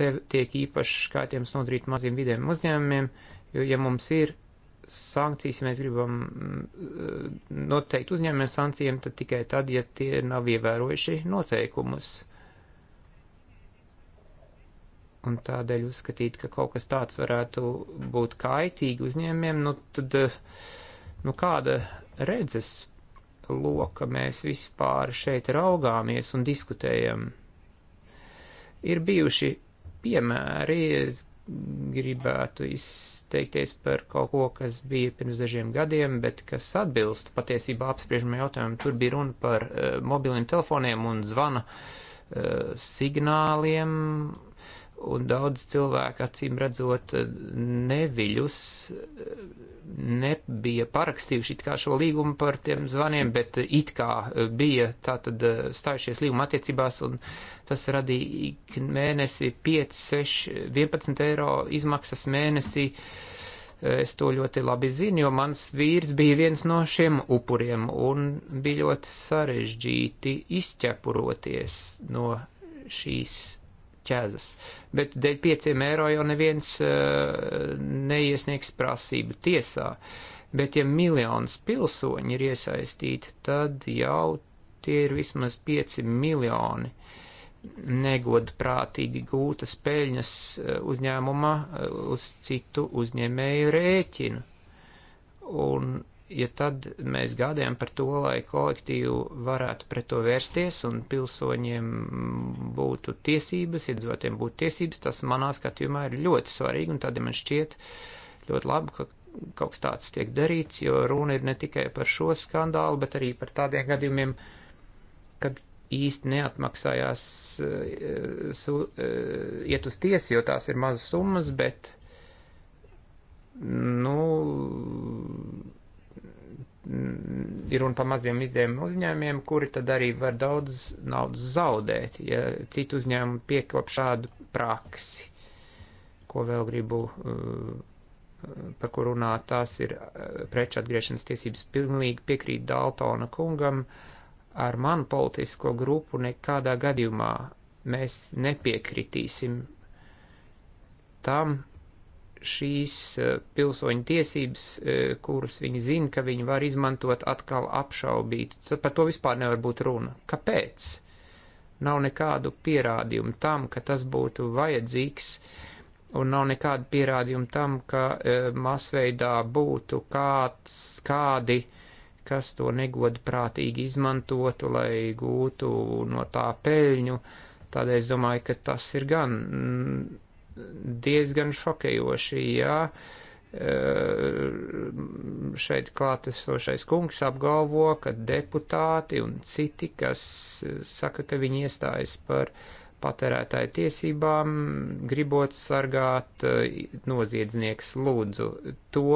te tiek īpaši skaitījums nodarīt maziem vidiem uzņēmumiem, jo ja mums ir sankcijas, ja mēs gribam noteikt uzņēmumiem sankcijiem, tad tikai tad, ja tie nav ievērojuši noteikumus. Un tādēļ uzskatīt, ka kaut kas tāds varētu būt kaitīgi uzņēmiem, nu tad, nu kāda redzes loka mēs vispār šeit raugāmies un diskutējam. Ir bijuši piemēri, es gribētu izteikties par kaut ko, kas bija pirms dažiem gadiem, bet kas atbilst patiesībā apspriežamajam jautājumam. Tur bija runa par uh, mobiliem telefoniem un zvana uh, signāliem Un daudz cilvēku, acīm redzot, neviļus nebija parakstījuši it kā šo līgumu par tiem zvaniem, bet it kā bija tātad eh, stājušies līguma attiecībās, un tas radīja ik mēnesi 5, 6, 11 eiro izmaksas mēnesī. Es to ļoti labi zinu, jo mans vīrs bija viens no šiem upuriem, un bija ļoti sarežģīti izķepuroties no šīs ķēzas. Bet dēļ pieciem eiro jau neviens eh, neiesniegs prasību tiesā. Bet ja miljonus pilsoņi ir iesaistīti, tad jau tie ir vismaz pieci miljoni negodprātīgi gūtas peļņas eh, uzņēmuma eh, uz citu uzņēmēju rēķinu. Un ja tad mēs gādējam par to, lai kolektīvu varētu pret to vērsties un pilsoņiem būtu tiesības, iedzīvotiem būtu tiesības, tas manā skatījumā ir ļoti svarīgi un tādiem man šķiet ļoti labi, ka kaut kas tāds tiek darīts, jo runa ir ne tikai par šo skandālu, bet arī par tādiem gadījumiem, kad īsti neatmaksājās eh, su, eh, iet uz tiesu, jo tās ir mazas summas, bet, nu, Mm, ir un pa maziem izdevuma uzņēmiem, kuri tad arī var daudz naudas zaudēt, ja citu uzņēmumu piekop šādu praksi. Ko vēl gribu, uh, par kur runāt, tās ir uh, preču atgriešanas tiesības. Pilnīgi piekrīt Daltona kungam, ar manu politisko grupu nekādā gadījumā mēs nepiekritīsim tam, šīs e, pilsoņu tiesības, e, kuras viņi zina, ka viņi var izmantot, atkal apšaubīt. Tad par to vispār nevar būt runa. Kāpēc? Nav nekādu pierādījumu tam, ka tas būtu vajadzīgs, un nav nekādu pierādījumu tam, ka e, masveidā būtu kāds, kādi, kas to negodprātīgi izmantotu, lai gūtu no tā peļņu. Tādēļ es domāju, ka tas ir gan. Mm, diezgan šokējoši, ja e, šeit klātesošais kungs apgalvo, ka deputāti un citi, kas e, saka, ka viņi iestājas par patērētāju tiesībām, gribot sargāt e, noziedznieks lūdzu. To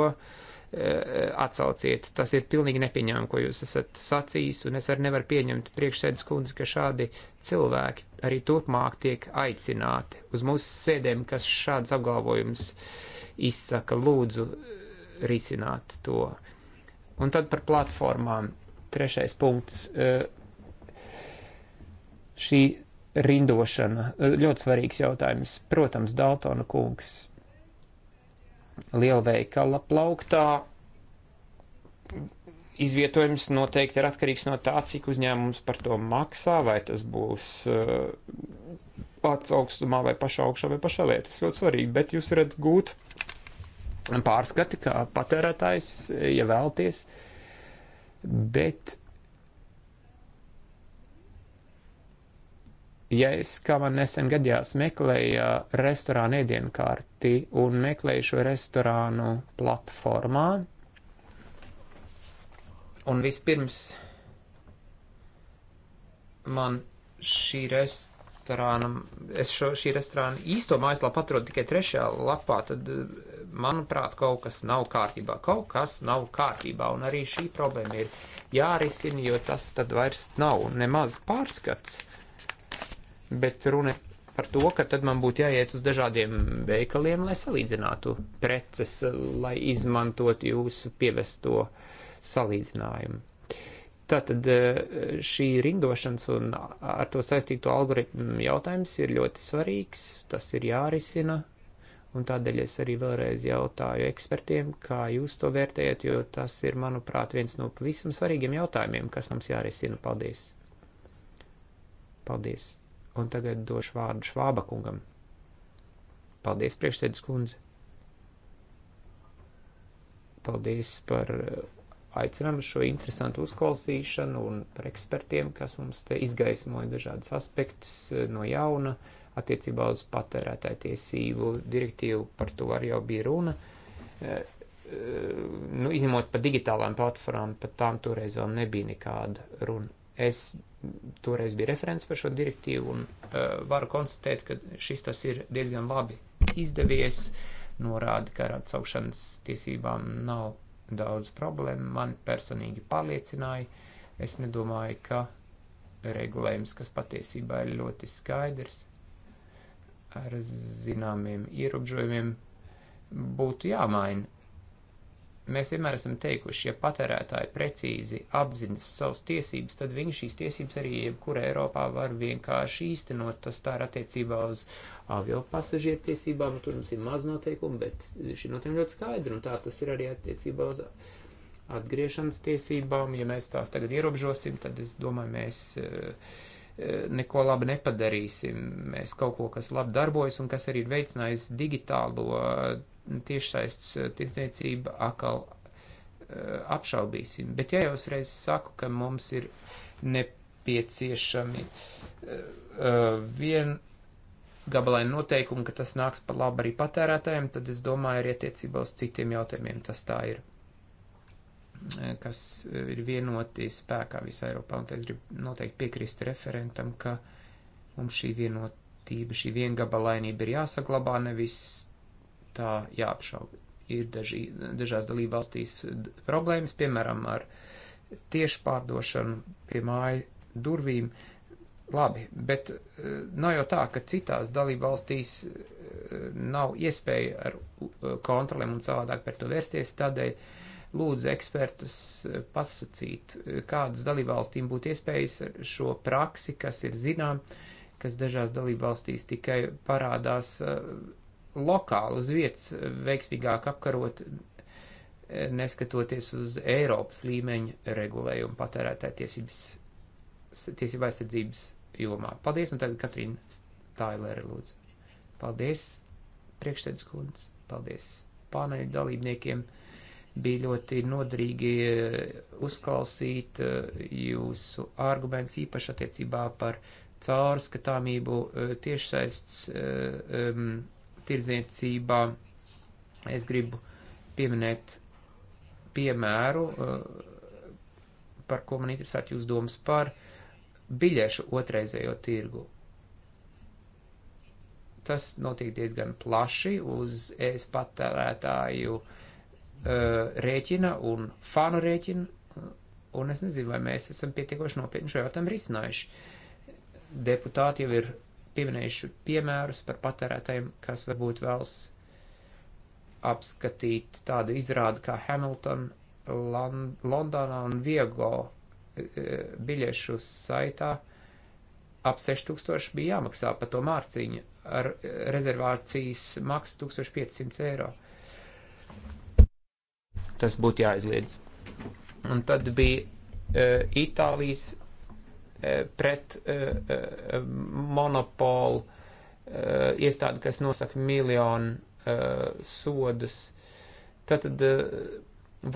atsauciet. Tas ir pilnīgi nepieņēmami, ko jūs esat sacījis, un es arī nevaru pieņemt priekšsēdus kundzi, ka šādi cilvēki arī turpmāk tiek aicināti. Uz mūsu sēdēm, kas šāds apgalvojums izsaka, lūdzu eh, risināt to. Un tad par platformām. Trešais punkts. Eh, šī rindošana. Eh, ļoti svarīgs jautājums. Protams, Daltona kungs lielveikala plauktā izvietojums noteikti ir atkarīgs no tā, cik uzņēmums par to maksā, vai tas būs eh, pats augstumā, vai pašā augšā, vai pašā lietā. Tas ļoti svarīgi, bet jūs varat gūt pārskati kā patērētājs, ja vēlties, bet ja es, kā man nesen gadījās, meklēju restorānu ēdienkārti un meklēju šo restorānu platformā, Un vispirms man šī restorāna, es šo, šī restorāna īsto mājaslapu atrodu tikai trešajā lapā, tad, manuprāt, kaut kas nav kārtībā. Kaut kas nav kārtībā, un arī šī problēma ir jārisina, jo tas tad vairs nav nemaz pārskats. Bet runa par to, ka tad man būtu jāiet uz dažādiem veikaliem, lai salīdzinātu preces, lai izmantotu jūsu pievesto uh, salīdzinājumu. Tātad e, šī rindošanas un ar to saistīto algoritmu jautājums ir ļoti svarīgs, tas ir jārisina, un tādēļ es arī vēlreiz jautāju ekspertiem, kā jūs to vērtējat, jo tas ir, manuprāt, viens no pavisam svarīgiem jautājumiem, kas mums jārisina. Paldies! Paldies! Un tagad došu vārdu Švāba kungam. Paldies, priekšsēdus kundze! Paldies par aicinām šo interesantu uzklausīšanu un par ekspertiem, kas mums te izgaismoja dažādas aspektus eh, no jauna attiecībā uz patērētāju tiesību direktīvu, par to arī jau bija runa. Eh, eh, nu, izņemot par digitālām platformām, pat tām toreiz vēl nebija nekāda runa. Es toreiz biju referents par šo direktīvu un uh, varu konstatēt, ka šis tas ir diezgan labi izdevies. Norāda, ka ar atsaukšanas tiesībām nav daudz problēmu. Man personīgi pārliecināja, es nedomāju, ka regulējums, kas patiesībā ir ļoti skaidrs, ar zināmiem ierobežojumiem, būtu jāmaina. Mēs vienmēr esam teikuši, ja patērētāji precīzi apzinas savas tiesības, tad viņi šīs tiesības arī jebkur Eiropā var vienkārši īstenot. Tas tā ir attiecībā uz avio pasažieru tiesībām, tur mums ir maz noteikumi, bet šī noteikumi ļoti skaidri, un tā tas ir arī attiecībā uz atgriešanas tiesībām. Ja mēs tās tagad ierobežosim, tad es domāju, mēs. Uh, neko labu nepadarīsim. Mēs kaut ko, kas labi darbojas un kas arī ir veicinājis digitālo tiešsaists eh, tirdzniecība atkal eh, apšaubīsim. Bet ja jau es reiz saku, ka mums ir nepieciešami eh, vien gabalai noteikumi, ka tas nāks par labu arī patērētājiem, tad es domāju, arī attiecībā uz citiem jautājumiem tas tā ir kas ir vienoti spēkā visā Eiropā, un es gribu noteikti piekrist referentam, ka mums šī vienotība, šī viengabalainība ir jāsaglabā, nevis tā jāapšauba. Ir daži, dažās dalībvalstīs problēmas, piemēram, ar tieši pārdošanu pie māju durvīm. Labi, bet eh, nav jau tā, ka citās dalībvalstīs eh, nav iespēja ar eh, kontrolēm un savādāk par to vērsties, tādēļ lūdzu ekspertus pasacīt, kādas dalībvalstīm būtu iespējas šo praksi, kas ir zinām, kas dažās dalībvalstīs tikai parādās lokāli uz vietas veiksmīgāk apkarot, neskatoties uz Eiropas līmeņa regulējumu patērētāju tiesības, tiesība aizsardzības jomā. Paldies, un tagad Katrīna Stailere lūdzu. Paldies, priekšsēdus kundze, paldies pāneļu dalībniekiem. Bija ļoti nodrīgi eh, uzklausīt eh, jūsu argumentus īpaši attiecībā par caurskatāmību eh, tiešsaistes um, tirdzniecībā. Es gribu pieminēt piemēru, eh, par ko man interesētu jūs domas par biļešu otrreizējo tirgu. Tas notiek diezgan plaši uz es patērētāju eh, rēķina un fanu rēķina, un es nezinu, vai mēs esam pietiekoši nopietni šo jautājumu risinājuši. Deputāti jau ir pieminējuši piemērus par patērētājiem, kas varbūt vēlas apskatīt tādu izrādu kā Hamilton Land Londonā un Viego e, e biļešu saitā. Ap 6000 bija jāmaksā par to mārciņu ar rezervācijas maksu 1500 eiro. Tas būtu jāizliedz. Un tad bija uh, e, Itālijas E, pret e, e, monopolu iestādi, kas nosaka miljonu sodus. Tātad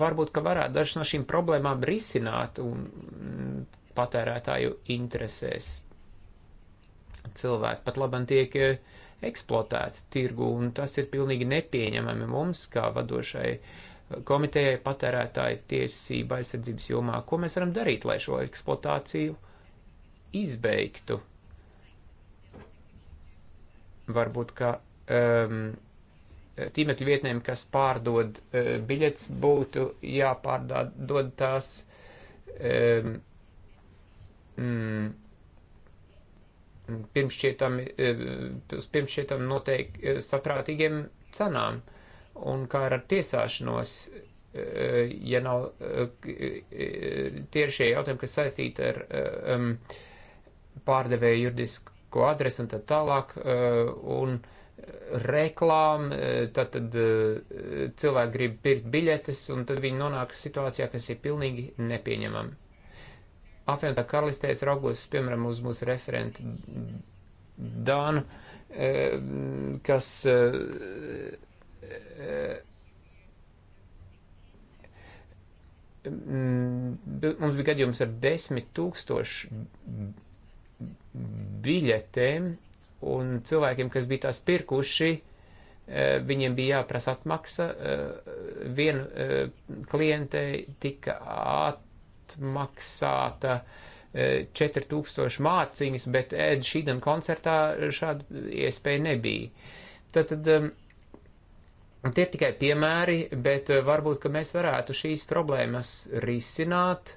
varbūt, ka varētu dažas no šīm problēmām risināt un mm, patērētāju interesēs. Cilvēki pat labam tiek eksploatēti tirgu, un tas ir pilnīgi nepieņemami mums, kā vadošai komitejai patērētāju tiesība aizsardzības jomā. Ko mēs varam darīt, lai šo eksploatāciju izbeigtu. Varbūt, ka um, ehm, tīmekļu vietnēm, kas pārdod uh, e, biļetes, būtu jāpārdod tās um, mm, pirmšķietam, e, uz pirmšķietam noteikti e, saprātīgiem cenām. Un kā ar tiesāšanos, ja nav tie ir šie jautājumi, kas saistīti ar um, pārdevēja juridisko adresi un tā tālāk, eh, un reklāma, eh, tad, tad eh, cilvēki grib pirkt biļetes, un tad viņi nonāk situācijā, kas ir pilnīgi nepieņemama. Apvienotā karalistē es raugos, piemēram, uz mūsu referentu Dānu, kas mm, mums bija gadījums ar desmit tūkstošu biļetēm, un cilvēkiem, kas bija tās pirkuši, eh, viņiem bija jāprasa atmaksa. Eh, Vienu eh, klientei tika atmaksāta 4000 māciņas, bet Ed Šīdan koncertā šāda iespēja nebija. Tad, tad Tie ir tikai piemēri, bet varbūt mēs varētu šīs problēmas risināt,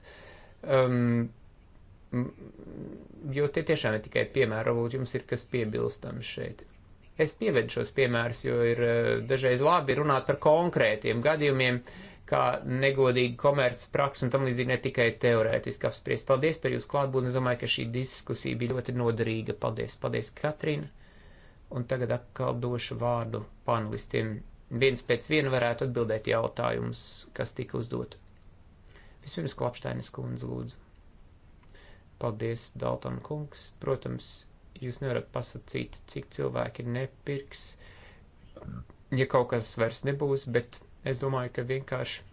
um, Mm, jo tie tiešām ir tikai piemēra, varbūt jums ir kas piebilstams šeit. Es pievedu šos piemērus, jo ir eh, dažreiz labi runāt par konkrētiem gadījumiem, kā negodīgi komerc praks un tam līdzīgi ne tikai teorētiski apspriest. Paldies par jūsu klātbūtni, es domāju, ka šī diskusija bija ļoti noderīga. Paldies, paldies, Katrina. Un tagad atkal došu vārdu panelistiem. Viens pēc viena varētu atbildēt jautājumus, kas tika uzdot. Vispirms Klapštainis kundze lūdzu. Paldies, Dalton kungs. Protams, jūs nevarat pasakīt, cik cilvēki nepirks, ja kaut kas vairs nebūs, bet es domāju, ka vienkārši eh,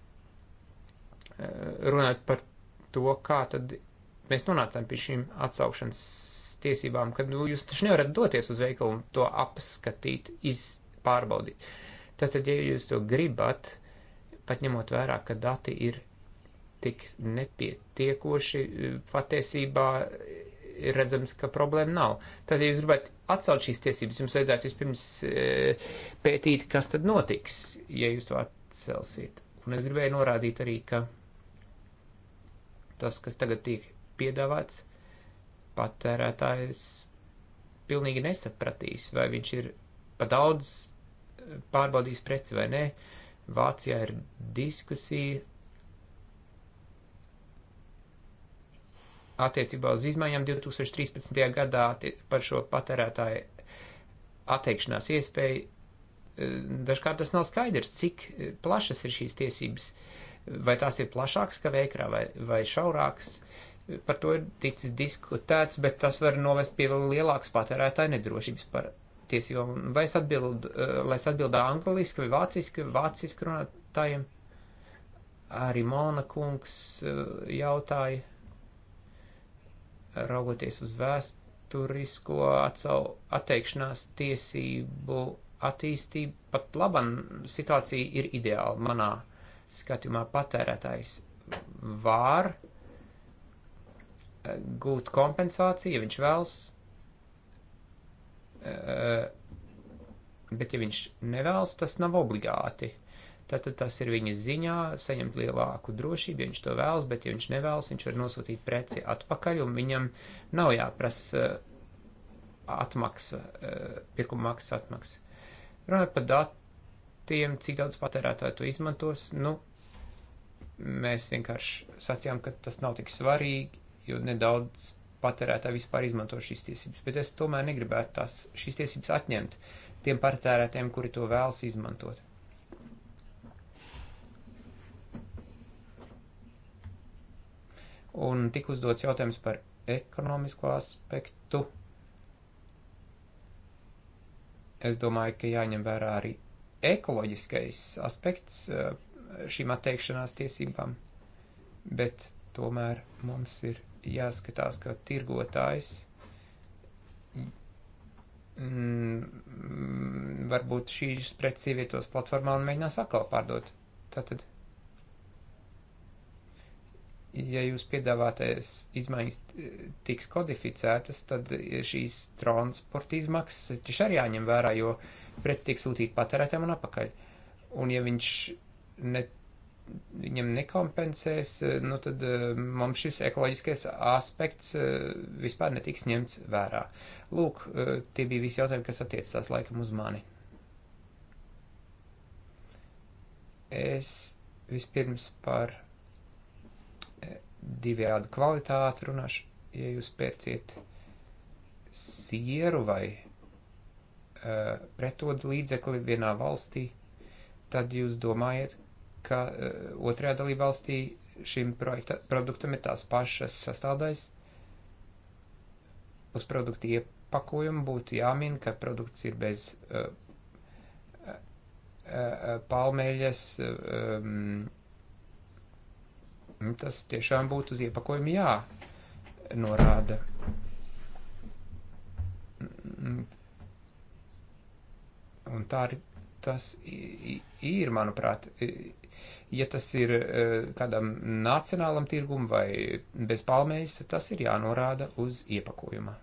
runāt par to, kā tad mēs nonācām pie šīm atsaukšanas tiesībām, kad nu, jūs taču nevarat doties uz veikalu un to apskatīt, izpārbaudīt. Tātad, ja jūs to gribat, pat ņemot vērā, ka dati ir tik nepietiekoši e, patiesībā ir e, redzams, ka problēma nav. Tad, ja jūs gribat atcelt šīs tiesības, jums vajadzētu vispirms e, pētīt, kas tad notiks, ja jūs to atcelsiet. Un es gribēju norādīt arī, ka tas, kas tagad tiek piedāvāts, patērētājs pilnīgi nesapratīs, vai viņš ir pa daudz e, pārbaudījis preci vai nē. Vācijā ir diskusija attiecībā uz izmaiņām 2013. gadā par šo patērētāju atteikšanās iespēju. Eh, dažkārt tas nav skaidrs, cik eh, plašas ir šīs tiesības, vai tās ir plašākas kā veikrā vai, vai šaurākas. Par to ir ticis diskutēts, bet tas var novest pie lielākas patērētāja nedrošības par tiesībām. Vai es atbildu, eh, lai es atbildu angliski vai vāciski, vāciski runātājiem? Arī Mona kungs jautāja raugoties uz vēsturisko atsau, atteikšanās tiesību attīstību, pat laban situācija ir ideāla manā skatījumā patērētājs var eh, gūt kompensāciju, ja viņš vēlas, eh, bet ja viņš nevēlas, tas nav obligāti. Tātad tas ir viņa ziņā saņemt lielāku drošību, ja viņš to vēlas, bet ja viņš nevēlas, viņš var nosūtīt preci atpakaļ un viņam nav jāprasa uh, atmaksa, uh, pirkuma maksas atmaksa. Runājot par datiem, cik daudz patērētāju to izmantos, nu, mēs vienkārši sacījām, ka tas nav tik svarīgi, jo nedaudz patērētāji vispār izmanto šīs tiesības, bet es tomēr negribētu tās, šīs tiesības atņemt tiem patērētājiem, kuri to vēlas izmantot. un tik uzdots jautājums par ekonomisko aspektu. Es domāju, ka jāņem vērā arī ekoloģiskais aspekts eh, šīm atteikšanās tiesībām, bet tomēr mums ir jāskatās, ka tirgotājs mm, mm varbūt šīs preces ievietos platformā un mēģinās atkal pārdot. Tātad ja jūs piedāvātais izmaiņas tiks kodificētas, tad šīs transporta izmaksas taču arī jāņem vērā, jo preci tiek sūtīti patērētājiem un apakaļ. Un ja viņš ne, viņam nekompensēs, nu tad eh, mums šis ekoloģiskais aspekts eh, vispār netiks ņemts vērā. Lūk, eh, tie bija visi jautājumi, kas attiecās laikam uz mani. Es vispirms par divējādu kvalitāti runāšu. Ja jūs pērciet sieru vai uh, pretodu līdzekli vienā valstī, tad jūs domājat, ka uh, otrajā dalība valstī šim projekta, produktam ir tās pašas sastāvdaļas. Uz produktu iepakojumu būtu jāmin, ka produkts ir bez uh, uh, palmeļas, um, Nu, tas tiešām būtu uz iepakojumu jānorāda. Mm, mm. Un tā arī tas ir, manuprāt, ja tas ir e, kādam nacionālam tirgum vai bez palmējas, tas ir jānorāda uz iepakojuma.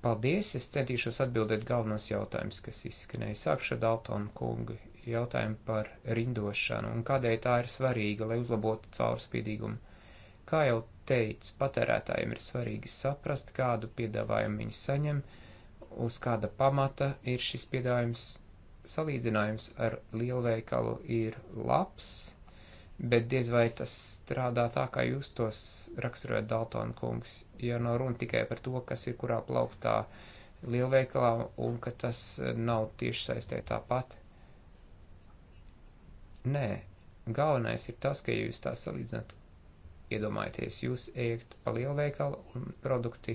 Paldies, es centīšos atbildēt galvenos jautājumus, kas izskanēja. Sākšu ar Daltonu kungu jautājumu par rindošanu un kādēļ tā ir svarīga, lai uzlabotu caurspīdīgumu. Kā jau teicu, patērētājiem ir svarīgi saprast, kādu piedāvājumu viņi saņem, uz kāda pamata ir šis piedāvājums. Salīdzinājums ar lielveikalu ir labs, bet diez vai tas strādā tā, kā jūs tos raksturojat, Daltona kungs, ja nav no runa tikai par to, kas ir kurā plauktā lielveikalā un ka tas nav tieši saistē tāpat. Nē, galvenais ir tas, ka ja jūs tā salīdzināt. Iedomājieties, jūs ejat pa lielveikalu un produkti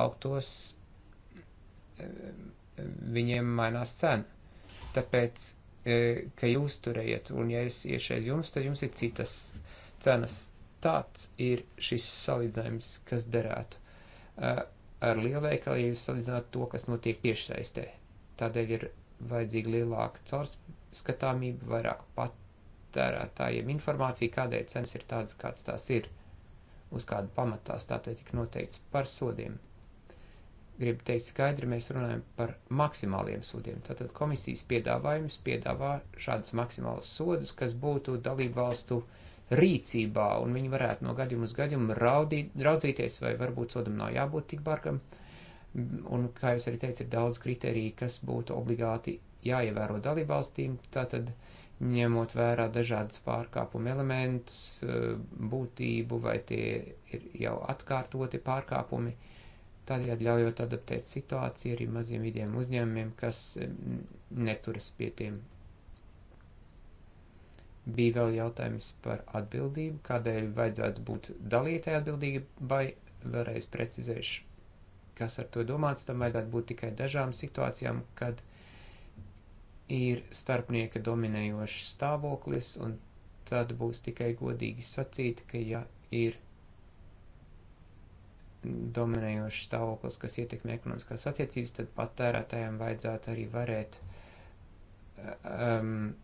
lauktos, eh, viņiem mainās cena. Tāpēc, eh, ka jūs tur ejat, un ja es iešu aiz jums, tad jums ir citas cenas. Tāds ir šis salīdzinājums, kas derētu. Eh, ar lielveikalu, ja jūs salīdzinātu to, kas notiek tiešsaistē. Tādēļ ir vajadzīga lielāka caurspīdība skatāmību, vairāk patērētājiem informāciju, kādēļ cenas ir tādas, kādas tās ir, uz kādu pamatās tātad tik noteikts par sodiem. Gribu teikt skaidri, mēs runājam par maksimāliem sodiem. Tātad komisijas piedāvājums piedāvā šādus maksimālus sodus, kas būtu dalību valstu rīcībā, un viņi varētu no gadījuma uz gadījumu raudīt, raudzīties, vai varbūt sodam nav jābūt tik bargam. Un, kā jūs arī teicat, ir daudz kriteriju, kas būtu obligāti jāievēro dalībvalstīm, tātad ņemot vērā dažādas pārkāpuma elementus, eh, būtību, vai tie ir jau atkārtoti pārkāpumi, tādējādi ļaujot adaptēt situāciju arī maziem vidiem uzņēmumiem, kas eh, neturas pie tiem. Bija vēl jautājums par atbildību, kādēļ vajadzētu būt dalītai atbildībai, vēlreiz precizēšu, kas ar to domāts, tam vajadzētu būt tikai dažām situācijām, kad ir starpnieka dominējošs stāvoklis, un tad būs tikai godīgi sacīt, ka ja ir dominējošs stāvoklis, kas ietekmē ekonomiskās attiecības, tad patērētājiem vajadzētu arī varēt um,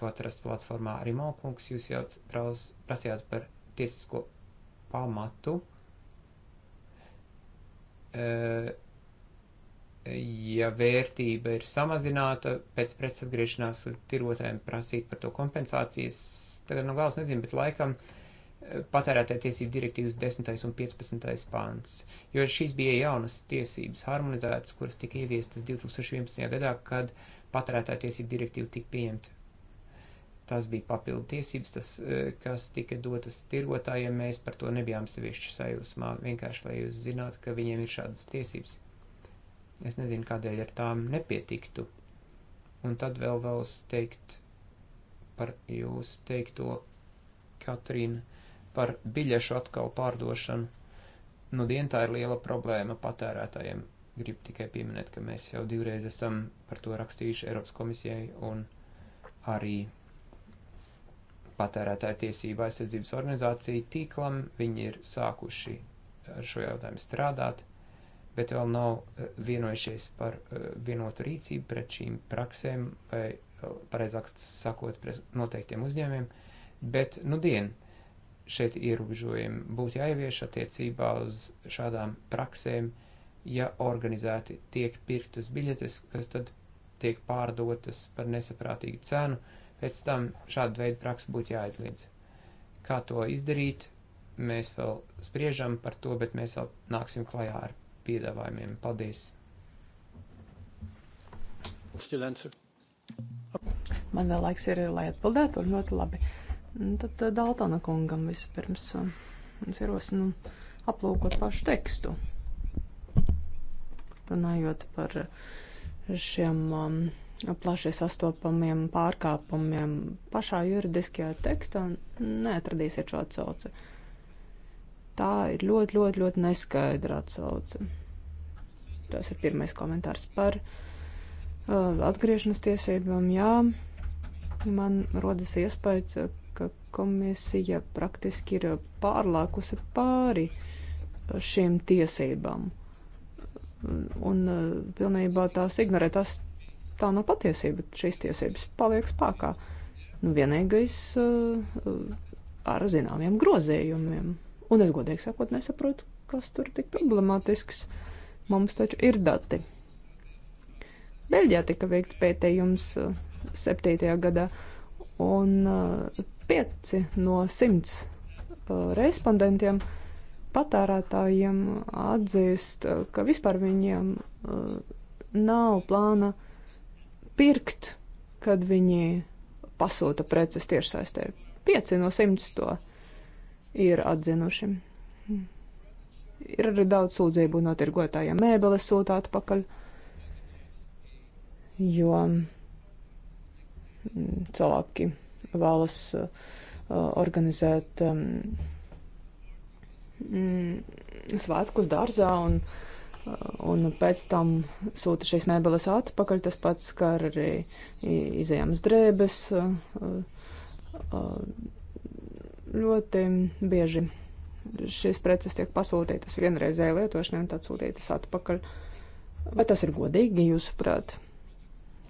to atrast platformā. Arī Malkungs jūs jau prasījāt par tiesisko pamatu. Uh, ja vērtība ir samazināta pēc preces atgriešanās, tirgotājiem prasīt par to kompensācijas. Tagad no galvas nezinu, bet laikam eh, patērētāja tiesību direktīvas 10. un 15. pants, jo šīs bija jaunas tiesības harmonizētas, kuras tika ieviestas 2011. gadā, kad patērētāja tiesību direktīva tika pieņemta. Tas bija papildu tiesības, tas, eh, kas tika dotas tirgotājiem, mēs par to nebijām sevišķi sajūsmā, vienkārši lai jūs zinātu, ka viņiem ir šādas tiesības. Es nezinu, kādēļ ar tām nepietiktu. Un tad vēl vēlas teikt par jūs teikto, Katrīna, par biļešu atkal pārdošanu. Nu, dien tā ir liela problēma patērētājiem. Gribu tikai pieminēt, ka mēs jau divreiz esam par to rakstījuši Eiropas komisijai un arī patērētāja tiesība aizsardzības organizācija tīklam. Viņi ir sākuši ar šo jautājumu strādāt bet vēl nav eh, vienojušies par eh, vienotu rīcību pret šīm praksēm, vai eh, pareizāk sakot, pret noteiktiem uzņēmiem. Bet, nu, dien, šeit ierobežojumi būtu jāievieš attiecībā uz šādām praksēm, ja organizēti tiek pirktas biļetes, kas tad tiek pārdotas par nesaprātīgu cenu, pēc tam šādu veidu praksa būtu jāaizliedz. Kā to izdarīt, mēs vēl spriežam par to, bet mēs vēl nāksim klajā ar piedāvājumiem. Paldies! Man vēl laiks ir, lai atbildētu, un ļoti labi. Tad eh, Daltona kungam vispirms es eh, ierosinu aplūkot pašu tekstu. Runājot par šiem um, plaši sastopamiem pārkāpumiem pašā juridiskajā tekstā, neatradīsiet šo atsauci. Tā ir ļoti, ļoti, ļoti neskaidra atsauce. Tas ir pirmais komentārs par uh, atgriešanas tiesībām. Jā, man rodas iespējas, ka komisija praktiski ir pārlākusi pāri šīm tiesībām. Un uh, pilnībā tās ignorē. Tas tā nav patiesība. Šīs tiesības paliek spēkā. Nu, vienīgais uh, ar zināmiem grozējumiem. Un es godīgi sakot, nesaprotu, kas tur tik problemātisks. Uh, Mums taču ir dati. Beļģijā tika veikts pētījums 7. Eh, gadā, un 5 eh, no 100 eh, respondentiem patērētājiem atzīst, ka vispār viņiem nav plāna pirkt, kad viņi pasūta preces tiešsaistē. 5 no 100 to ir atzinuši. Ir arī daudz sūdzību no tirgotājiem. Mēbeles sūta atpakaļ, jo mm, cilvēki vēlas uh, organizēt um, mm, svētkus dārzā un, uh, un pēc tam sūta šīs mēbeles atpakaļ. Tas pats, kā arī izējams drēbes. Uh, uh, ļoti bieži šīs preces tiek pasūtītas vienreizēji lietošanai un tad sūtītas atpakaļ. Vai tas ir godīgi jūsuprāt?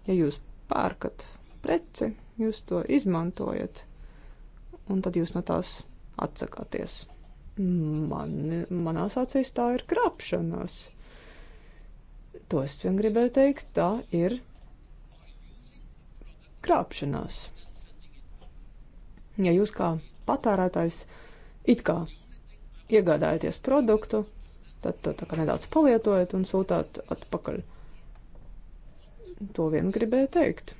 Ja jūs pērkat preci, jūs to izmantojat, un tad jūs no tās atsakāties. Man, manās acīs tā ir krāpšanās. To es vien gribēju teikt, tā ir krāpšanās. Ja jūs kā patērētājs it kā iegādājaties produktu, tad to tā kā nedaudz palietojat un sūtāt atpakaļ. To vien gribēju teikt.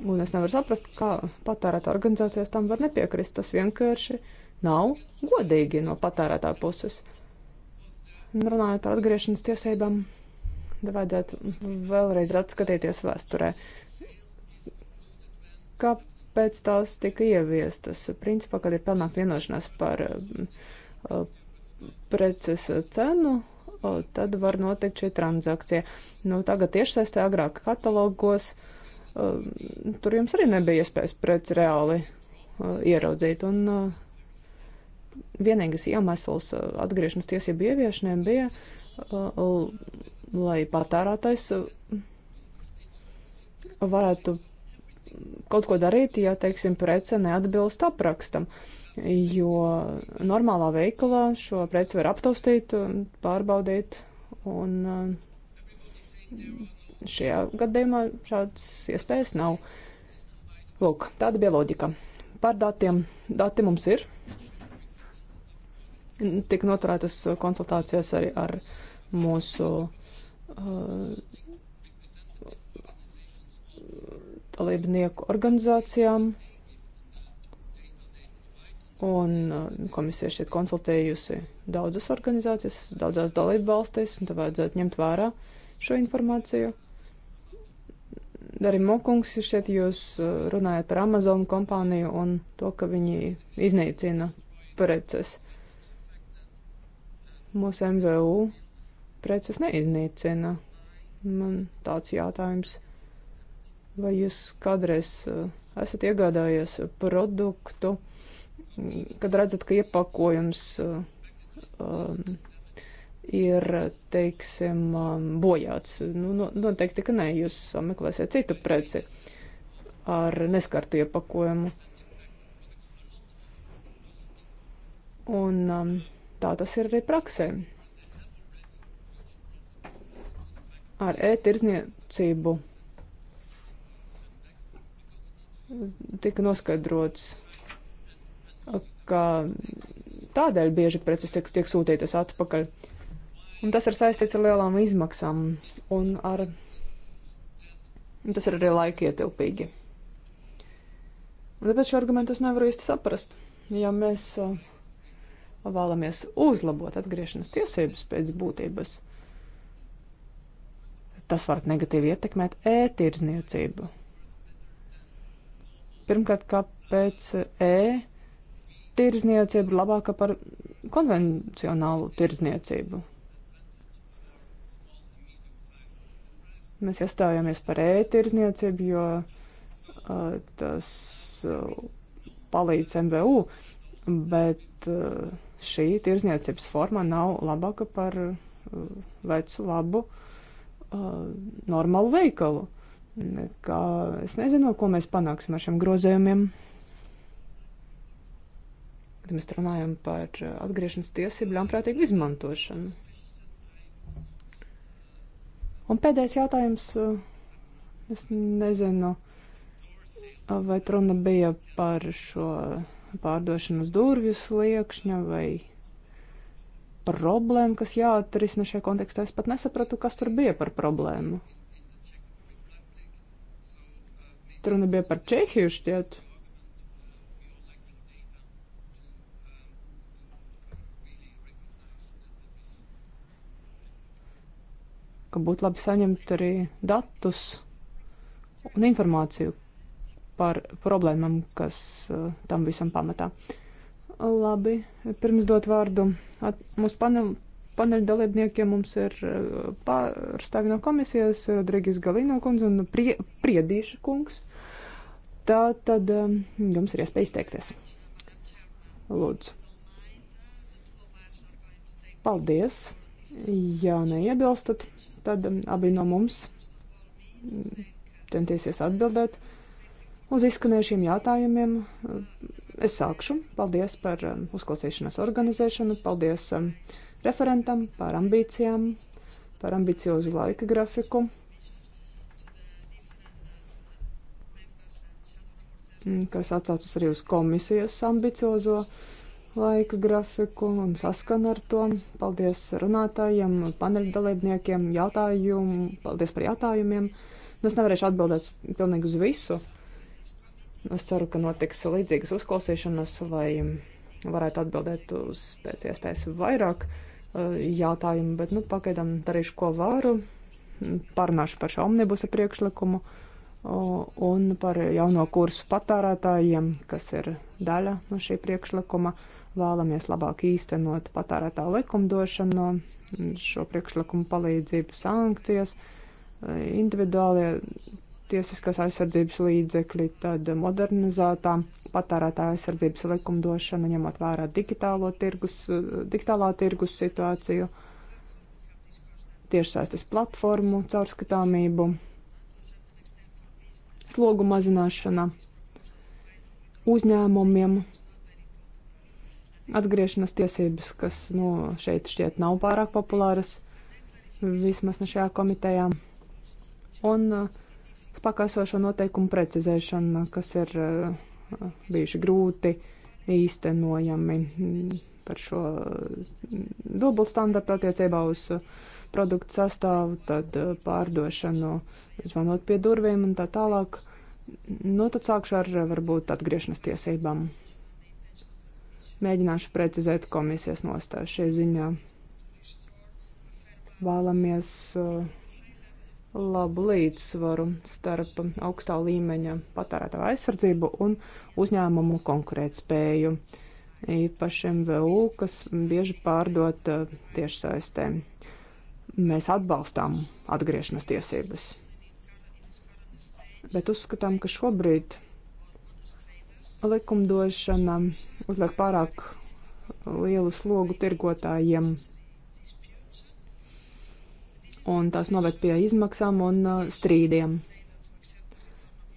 Un es nevaru saprast, kā patērēta organizācijas tam var nepiekrist. Tas vienkārši nav godīgi no patērētā puses. Un runājot par atgriešanas tiesībām, vajadzētu vēlreiz atskatīties vēsturē. Kāpēc? kāpēc tās tika ieviestas. Principā, kad ir panākt vienošanās par uh, preces cenu, uh, tad var notikt šī transakcija. Nu, tagad tiešsaistē agrāk katalogos, uh, tur jums arī nebija iespējas preci reāli ieraudzīt. Un vienīgais iemesls atgriešanas tiesību ieviešanai bija, lai patērētais varētu kaut ko darīt, ja, teiksim, prece neatbilst aprakstam, jo normālā veikalā šo preci var aptaustīt, pārbaudīt, un eh, šajā gadījumā šādas iespējas nav. Lūk, tāda bija loģika. Par datiem. Dati mums ir. Tik noturētas konsultācijas arī ar mūsu uh, dalībnieku organizācijām. Un uh, komisija šeit konsultējusi daudzas organizācijas, daudzās dalību valstīs, un tā vajadzētu ņemt vērā šo informāciju. Arī Mokungs šeit jūs uh, runājat par Amazon kompāniju un to, ka viņi iznīcina preces. Mūsu MVU preces neiznīcina. Man tāds jātājums ir Vai jūs kādreiz e, esat iegādājies produktu, kad redzat, ka iepakojums um, ir, teiksim, bojāts? Nu, noteikti, ka nē, jūs meklēsiet citu preci ar neskartu iepakojumu. Un um, tā tas ir arī praksē. Ar e-tirzniecību tika noskaidrots, ka tādēļ bieži preces tiek, tiek sūtītas atpakaļ. Un tas ir saistīts ar lielām izmaksām un ar. Un tas ir arī laika ietilpīgi. Un tāpēc šo argumentu es nevaru īsti saprast. Ja mēs uh, vēlamies uzlabot atgriešanās tiesības pēc būtības, tas var negatīvi ietekmēt ētirzniecību. E Pirmkārt, kāpēc E tirzniecība ir labāka par konvencionālu tirzniecību? Mēs iestājāmies par e-tirzniecību, jo uh, tas uh, palīdz MVU, bet uh, šī tirzniecības forma nav labāka par uh, vecu, labu, uh, normālu veikalu. Uh, Kā, es nezinu, ko mēs panāksim ar šiem grozējumiem. Kad mēs runājam par eh, atgriešanas tiesību ļaunprātīgu izmantošanu. Un pēdējais jautājums. Eh, es nezinu, vai runa bija par šo pārdošanu uz durvju sliekšņa vai problēmu, kas jāatrisina šajā kontekstā. Es pat nesapratu, kas tur bija par problēmu. Трябва да бе par Čehiju šķiet. Ka būtu labi saņemt arī datus un informāciju par problēmām, kas uh, tam visam pamatā. Labi, pirms dot vārdu at, mūsu panel, paneļa dalībniekiem mums ir uh, pārstāvi no komisijas Rodrigis Galino kundze un prie, Priedīša kungs. Tā tad jums ir iespēja izteikties. Lūdzu. Paldies. Ja neiebilstat, tad abi no mums centīsies atbildēt uz izskanējušiem jautājumiem. Es sākšu. Paldies par uzklausīšanas organizēšanu, paldies referentam par ambīcijām, par ambiciozu laika grafiku. kas atcaucas arī uz komisijas ambiciozo laika grafiku un saskana ar to. Paldies runātājiem, paneļdalībniekiem, jautājumu, paldies par jautājumiem. Nu, es nevarēšu atbildēt pilnīgi uz visu. Es ceru, ka notiks līdzīgas uzklausīšanas, lai varētu atbildēt uz pēc iespējas vairāk uh, jautājumu, bet, nu, pagaidām darīšu, ko varu. Parunāšu par šo omnibusa priekšlikumu. Uh, un par jauno kursu patērētājiem, kas ir daļa no šī priekšlikuma. Vēlamies labāk īstenot patērētā likumdošanu, šo priekšlikumu palīdzību sankcijas, individuālie tiesiskās aizsardzības līdzekļi, tad modernizētā patērētāja aizsardzības likumdošana, ņemot vērā digitālo tirgus, digitālā tirgus situāciju, tiešsaistes platformu caurskatāmību slogu mazināšana uzņēmumiem, atgriešanās tiesības, kas nu, šeit šķiet nav pārāk populāras, vismaz ne šajā komitejā, un uh, spēkā esošo noteikumu precizēšana, kas ir uh, bijuši grūti īstenojami mm, par šo mm, dubultstandartu attiecībā uz uh, produktu sastāvu, tad eh, pārdošanu, zvanot pie durvīm un tā tālāk. Nu, tad sākšu ar varbūt atgriešanas tiesībām. Mēģināšu precizēt komisijas nostāju šajā ziņā. Vēlamies eh, labu līdzsvaru starp augstā līmeņa patērētāju aizsardzību un uzņēmumu konkurētspēju, īpaši MVU, kas bieži pārdot eh, tiešsaistēm. Mēs atbalstām atgriešanās tiesības, bet uzskatām, ka šobrīd likumdošana uzliek pārāk lielu slogu tirgotājiem. Un tās noved pie izmaksām un strīdiem.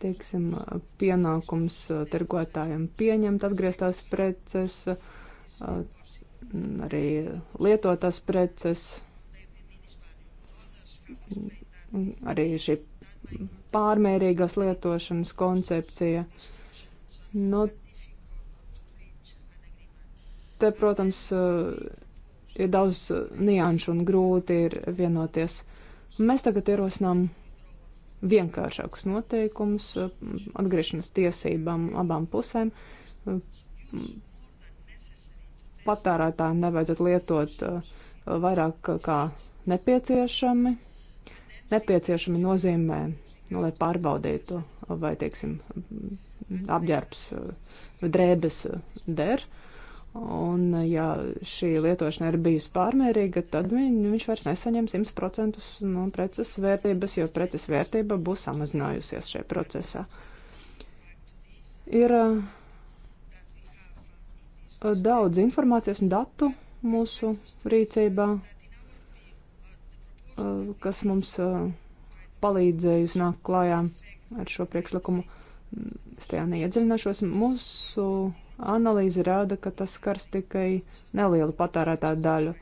Teiksim, pienākums tirgotājiem pieņemt atgrieztās preces, arī lietotās preces arī šī pārmērīgas lietošanas koncepcija. Nu, te, protams, eh, ir daudz nianšu un grūti ir vienoties. Mēs tagad ierosinām vienkāršākus noteikumus eh, atgriešanas tiesībām abām pusēm. Eh, patērētājiem nevajadzētu lietot uh, vairāk kā nepieciešami. Nepieciešami nozīmē, nu, lai pārbaudītu, vai, teiksim, apģērbs vai drēbes der. Un, ja šī lietošana ir bijusi pārmērīga, tad viņ, viņš vairs nesaņem 100% no preces vērtības, jo preces vērtība būs samazinājusies šajā procesā. Ir uh, daudz informācijas un datu mūsu rīcībā, kas mums palīdzējusi nākt klājā ar šo priekšlikumu. Mm, es tajā neiedziļināšos. Mūsu analīze rāda, ka tas skars tikai nelielu patērētāju daļu.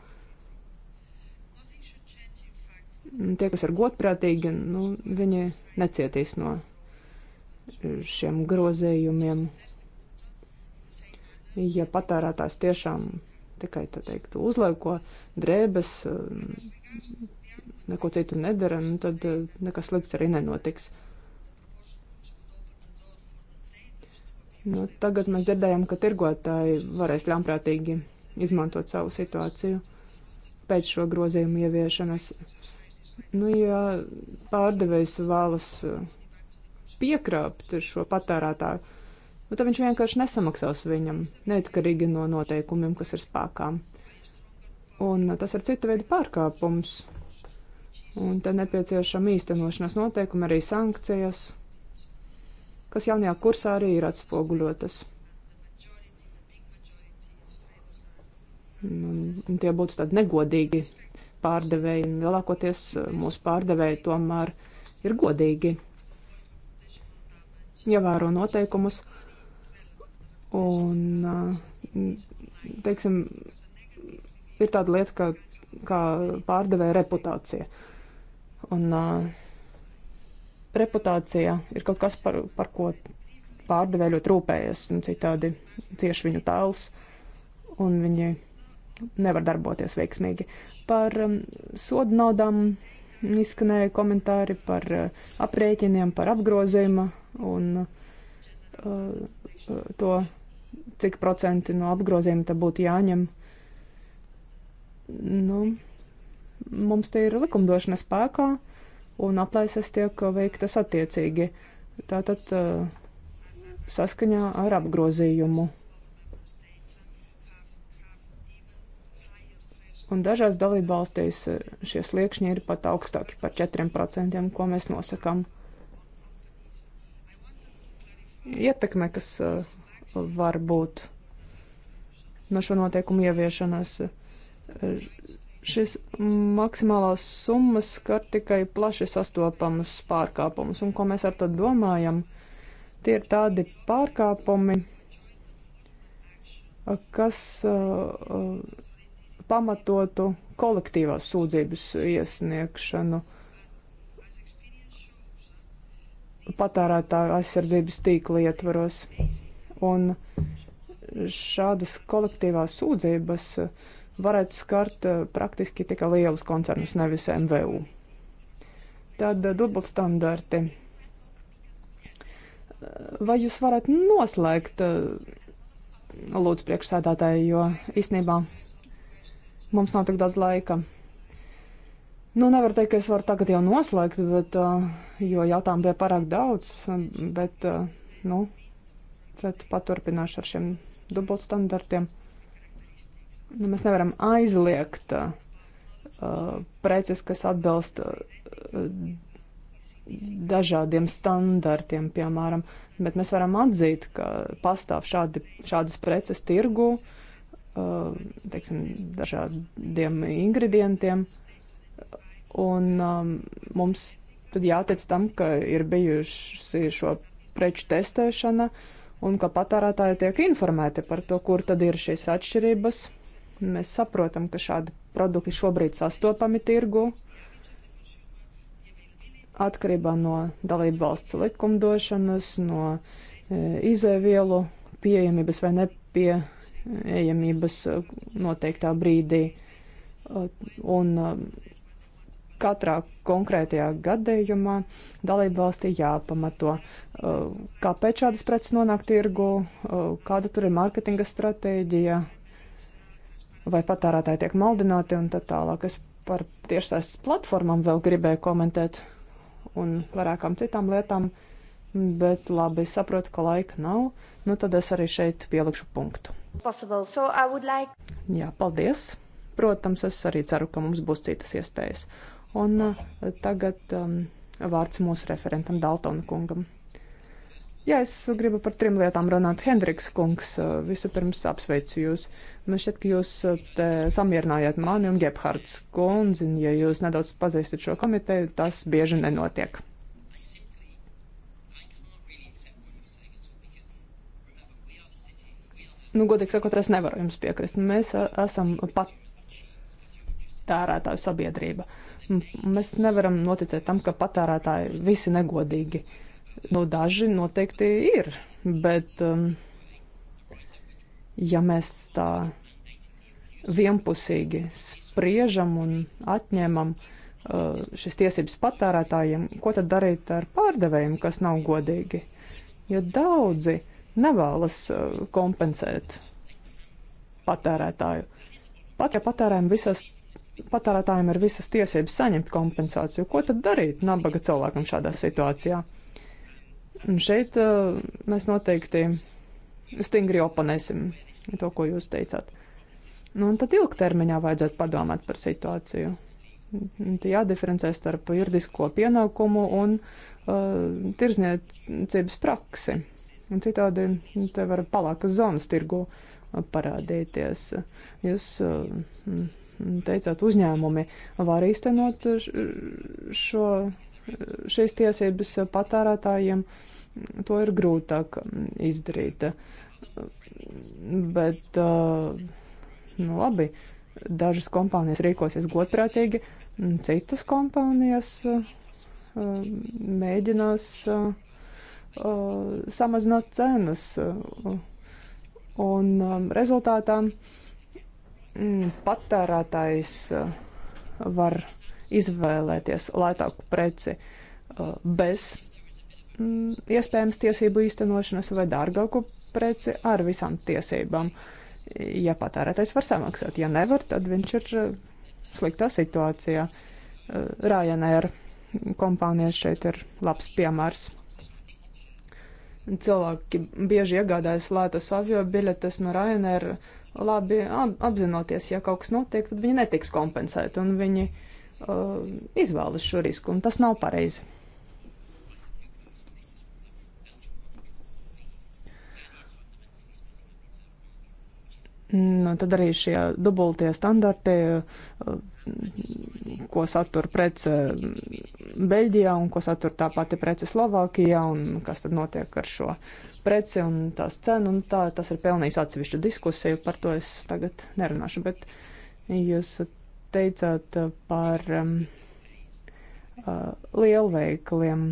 Tie, kas ir godprātīgi, nu, viņi necietīs no šiem grozējumiem. Ja patērētājs tiešām tikai, tā teikt, uzlaiko drēbes, um, neko citu nedara, nu tad uh, nekas slikts arī nenotiks. Nu, tagad mēs dzirdējam, ka tirgotāji varēs ļaunprātīgi izmantot savu situāciju pēc šo grozījumu ieviešanas. Nu, ja pārdevējs vēlas uh, piekrāpt šo patērētāju, bet nu, tad viņš vienkārši nesamaksās viņam, neatkarīgi no noteikumiem, kas ir spēkā. Un uh, tas ir cita veida pārkāpums. Un te nepieciešama īstenošanas noteikuma, arī sankcijas, kas jaunajā kursā arī ir atspoguļotas. Un, un tie būtu tādi negodīgi pārdevēji, un lielākoties uh, mūsu pārdevēji tomēr ir godīgi. Ievēro noteikumus, Un, mm, teiksim, ir tāda lieta, ka, kā pārdevēja reputācija. Un uh, reputācija ir kaut kas, par, par ko pārdevēja ļoti rūpējas, un citādi cieši viņu tēls, un viņi nevar darboties veiksmīgi. Par um, sodu naudām izskanēja komentāri par uh, aprēķiniem, par apgrozījuma un uh, uh to cik procenti no apgrozījuma te būtu jāņem. Nu, mums te ir likumdošana spēkā, un aplaises tiek veiktas attiecīgi. Tātad eh, saskaņā ar apgrozījumu. Un dažās dalībvalstīs eh, šie sliekšņi ir pat augstāki par 4%, ko mēs nosakām. Ietekme, kas eh, var būt no šo noteikumu ieviešanas. Šis maksimālās summas skar tikai plaši sastopamus pārkāpumus, un ko mēs ar to domājam, tie ir tādi pārkāpumi, kas uh, pamatotu kolektīvās sūdzības iesniegšanu patērētāju aizsardzības tīkla ietvaros un šādas kolektīvās sūdzības varētu skart eh, praktiski tikai lielus koncernus, nevis MVU. Tad eh, dubultstandarti. Eh, vai jūs varat noslēgt, lūdzu, priekšsēdētāji, jo īsnībā mums nav tik daudz laika. Nu, nevar teikt, ka es varu tagad jau noslēgt, bet, jo jautājumu bija pārāk daudz, bet, nu, tad paturpināšu ar šiem dubultstandartiem. Nu, mēs nevaram aizliegt uh, preces, kas atbilst uh, dažādiem standartiem, piemēram, bet mēs varam atzīt, ka pastāv šādi, šādas preces tirgu, uh, teiksim, dažādiem ingredientiem, un um, mums tad jāteic tam, ka ir bijusi šo preču testēšana, uh, un ka patērētāji tiek informēti par to, kur tad ir šīs atšķirības. Mēs saprotam, ka šādi produkti šobrīd sastopami tirgu atkarībā no dalību valsts likumdošanas, no e, izēvielu pieejamības vai nepieejamības e, noteiktā brīdī. Un katrā konkrētajā gadījumā dalībvalstī jāpamato, uh, kāpēc šādas preces nonāk tirgu, uh, kāda tur ir mārketinga stratēģija, vai patērētāji tiek maldināti un tā tālāk. Es par tiešsaistes platformām vēl gribēju komentēt un vairākām citām lietām, bet labi, saprotu, ka laika nav. Nu, tad es arī šeit pielikšu punktu. Possible. So like... Jā, paldies! Protams, es arī ceru, ka mums būs citas iespējas. Un e, tagad um, vārds mūsu referentam Daltona kungam. Jā, es gribu par trim lietām runāt. Hendriks kungs, e, vispirms apsveicu jūs. Man šķiet, ka jūs e, te samierinājāt mani un Gebhards kundzi, un ja jūs nedaudz pazīstat šo komiteju, tas bieži nenotiek. nu, godīgi sakot, es nevaru jums piekrist. Mēs esam pat tērētāju sabiedrība. Mēs nevaram noticēt tam, ka patērētāji visi negodīgi. Nu, daži noteikti ir, bet um, ja mēs tā vienpusīgi spriežam un atņemam uh, šīs tiesības patērētājiem, ko tad darīt ar pārdevējiem, kas nav godīgi? Jo daudzi nevēlas uh, kompensēt patērētāju. Pat ja patērējam visas patērētājiem ir visas tiesības saņemt kompensāciju. Ko tad darīt nabaga cilvēkam šādā situācijā? Un šeit uh, mēs noteikti stingri oponēsim to, ko jūs teicāt. Nu, un tad ilgtermiņā vajadzētu padomāt par situāciju. Jādiferencē starp juridisko pienākumu un uh, tirzniecības praksi. Un citādi te var palākas zonas tirgu eh, parādīties. Jūs uh, teicāt, uzņēmumi var īstenot šo, šīs tiesības patērētājiem, to ir grūtāk izdarīt. Bet, nu labi, dažas kompānijas rīkosies godprātīgi, citas kompānijas mēģinās samazināt cenas. Un rezultātā Mm, patērētājs uh, var izvēlēties lētāku preci uh, bez mm, iespējams tiesību īstenošanas vai dārgāku preci ar visām tiesībām. Ja patērētais var samaksāt, ja nevar, tad viņš ir uh, sliktā situācijā. Ryanair kompānijas šeit ir labs piemērs. Cilvēki bieži iegādājas lētas avio biļetes no Ryanair labi apzinoties, ja kaut kas notiek, tad viņi netiks kompensēti un viņi uh, izvēlas šo risku, un tas nav pareizi. Nu, tad arī šie dubultie standarti, uh, ko satura prece Beļģijā un ko satura tā pati prece Slovākijā, un kas tad notiek ar šo uh, preci un tās cenu, un tā, tas ir pelnījis atsevišķu diskusiju, par to es tagad nerunāšu, bet jūs teicāt uh, par um, uh, lielveikliem.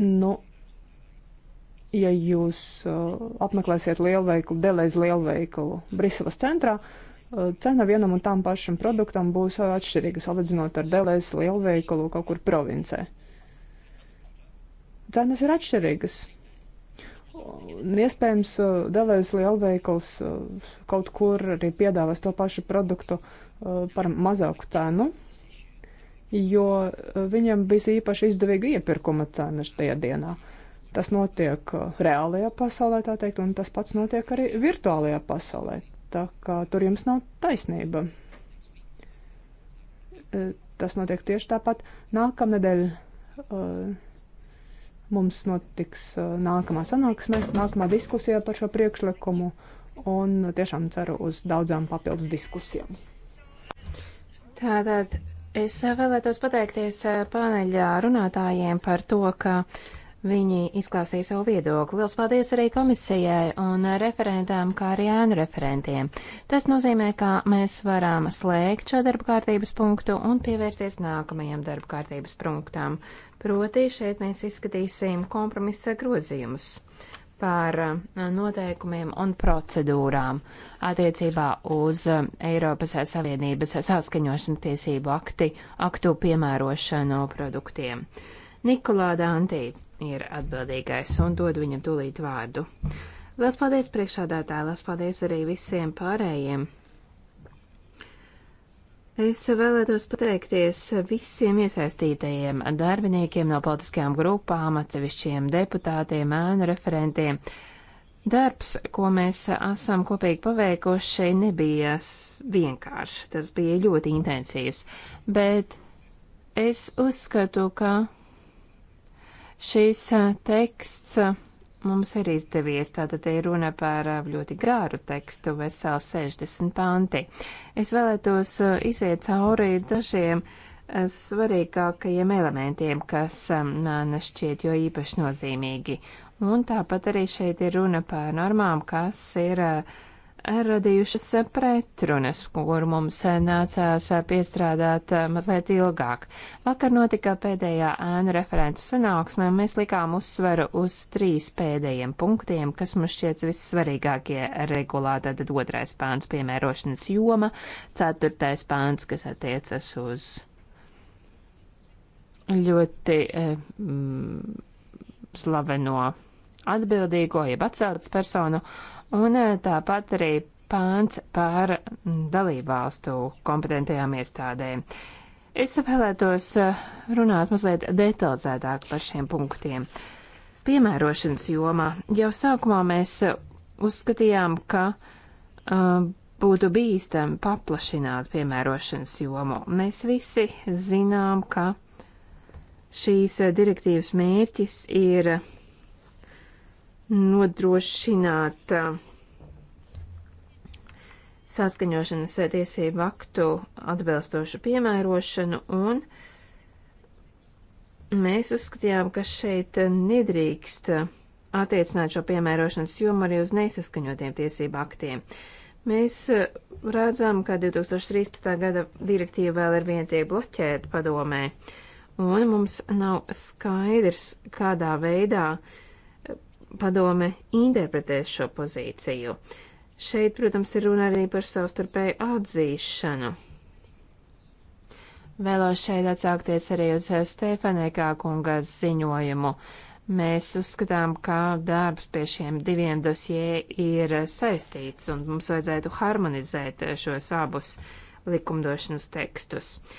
Nu, ja jūs uh, apmeklēsiet lielveikalu, Deleuze lielveikalu Briseles centrā, uh, cena vienam un tam pašam produktam būs atšķirīga salīdzinot ar Deleuze lielveikalu kaut kur provincē. Cenas ir atšķirīgas. Un iespējams, dalais uh, lielveikals uh, kaut kur arī piedāvās to pašu produktu uh, par mazāku cenu, jo viņam bija īpaši izdevīga iepirkuma cena šajā dienā. Tas notiek reālajā pasaulē, tā teikt, un tas pats notiek arī virtuālajā pasaulē. Tā kā tur jums nav taisnība. Tas notiek tieši tāpat nākamnedēļ. Uh, Mums notiks uh, nākamā sanāksme, nākamā diskusija par šo priekšlikumu un tiešām ceru uz daudzām papildus diskusijām. Tātad es vēlētos pateikties uh, paneļa runātājiem par to, ka uh, Viņi izklāstīja savu viedokli. Lielas paldies arī komisijai un referentām, kā arī ēnu referentiem. Tas nozīmē, ka mēs varam slēgt šo darba kārtības punktu un pievērsties nākamajam darba kārtības punktam. Proti, šeit mēs izskatīsim kompromisa grozījumus par uh, noteikumiem un procedūrām attiecībā uz uh, Eiropas Savienības saskaņošanas tiesību akti, aktu piemērošanu produktiem. Nikolā Dantī ir atbildīgais un dod viņam tūlīt vārdu. Lielas paldies priekšādātāji, lielas paldies arī visiem pārējiem. Es vēlētos pateikties visiem iesaistītajiem darbiniekiem no politiskajām grupām, atsevišķiem deputātiem, ēnu referentiem. Darbs, ko mēs esam kopīgi paveikuši, nebija vienkāršs, tas bija ļoti intensīvs, bet es uzskatu, ka Šīs teksts mums ir izdevies, tātad ir runa par ļoti gāru tekstu, veseli 60 panti. Es vēlētos iziet cauri dažiem svarīgākajiem elementiem, kas man šķiet jo īpaši nozīmīgi. Un tāpat arī šeit ir runa par normām, kas ir uh, radušas eh, pretrunas, kur mums eh, nācās eh, piestrādāt mazliet ilgāk. Vakar notika pēdējā ēnu referentu sanāksme, un mēs likām uzsveru uz trīs pēdējiem punktiem, kas mums šķiet vissvarīgākie regulā. Tātad otrais pāns piemērošanas joma, ceturtais pāns, kas attiecas uz ļoti mm, slaveno atbildīgo, jeb atsaucas personu, Un eh, tāpat arī pāns par dalībvalstu kompetentajām iestādēm. Es vēlētos eh, runāt mazliet detalizētāk par šiem punktiem. Piemērošanas jomā jau sākumā mēs eh, uzskatījām, ka uh, būtu bīstami paplašināt piemērošanas jomu. Mēs visi zinām, ka šīs direktīvas mērķis ir nodrošināt uh, saskaņošanas uh, tiesību aktu atbilstošu piemērošanu, un mēs uzskatījām, ka šeit uh, nedrīkst attiecināt šo piemērošanas jomu arī uz nesaskaņotiem tiesību aktiem. Mēs redzam, ka 2013. gada direktīva vēl ir vien tiek bloķēta padomē, un mums nav skaidrs, kādā veidā uh, padome interpretē šo pozīciju. Šeit, protams, ir runa arī par savstarpēju atzīšanu. Vēlos šeit atsaukties arī uz Stefanēkā kungas ziņojumu. Mēs uzskatām, ka darbs pie šiem diviem dosjē ir saistīts, un mums vajadzētu harmonizēt šos abus likumdošanas tekstus. Uh,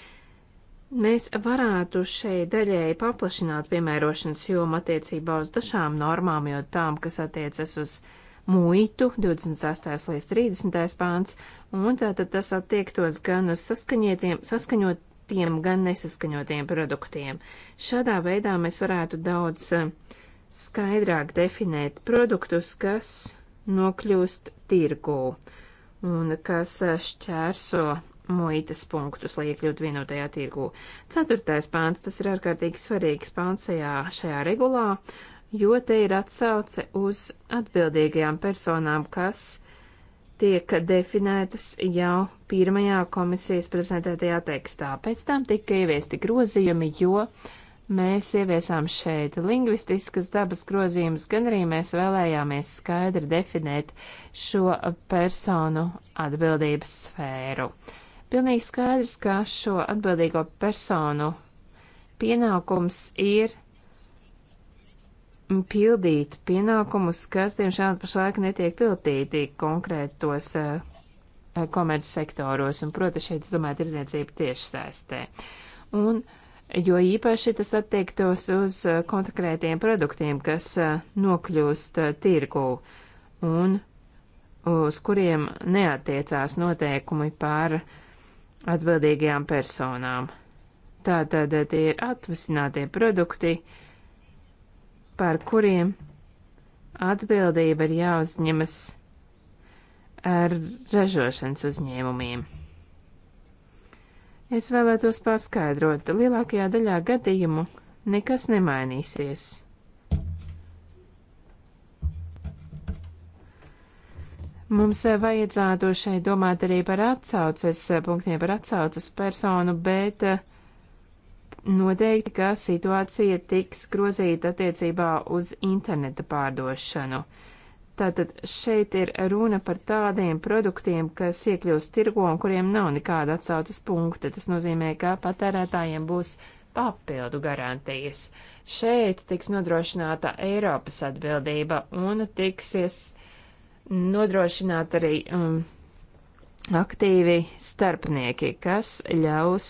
Mēs varētu šeit daļēji paplašināt piemērošanas jomu attiecībā uz dažām normām, jo tām, kas attiecas uz muitu, 26. līdz 30. pāns, un tātad tas attiektos gan uz saskaņotiem, gan nesaskaņotiem produktiem. Šādā veidā mēs varētu daudz eh, skaidrāk definēt produktus, kas nokļūst tirgū un kas eh, šķērso muitas punktus, lai iekļūtu vienotajā tirgū. Ceturtais pāns, tas ir ārkārtīgi svarīgs pāns šajā, šajā regulā, jo te ir atsauce uz atbildīgajām personām, kas tiek definētas jau pirmajā komisijas prezentētajā tekstā. Pēc tam tika ieviesti grozījumi, jo mēs ieviesām šeit lingvistiskas dabas grozījumus, gan arī mēs vēlējāmies skaidri definēt šo personu atbildības sfēru. Uh, Pilnīgi skaidrs, ka šo atbildīgo personu pienākums ir pildīt pienākumus, kas, diemžēl, pašlaik netiek pildīti konkrētos eh, komerces sektoros, un, protams, šeit, es domāju, tirdzniecība tieši saistē. Un, jo īpaši tas attiektos uz eh, konkrētiem produktiem, kas eh, nokļūst tirgū un uz kuriem neatiecās noteikumi par uh, atbildīgajām personām. Tātad eh, tie ir atvasinātie produkti, par kuriem atbildība ir jāuzņemas ar ražošanas uzņēmumiem. Es vēlētos paskaidrot, lielākajā daļā gadījumu nekas nemainīsies. Mums vajadzētu šeit domāt arī par atsauces eh, punktiem, par atsauces personu, bet eh, noteikti, ka situācija tiks grozīta attiecībā uz interneta pārdošanu. Tātad šeit ir runa par tādiem produktiem, kas iekļūst tirgo un kuriem nav nekāda atsaucas punkta. Tas nozīmē, ka patērētājiem būs papildu garantijas. Šeit tiks nodrošināta Eiropas atbildība un tiksies. Ja nodrošināt arī um, aktīvi starpnieki, kas ļaus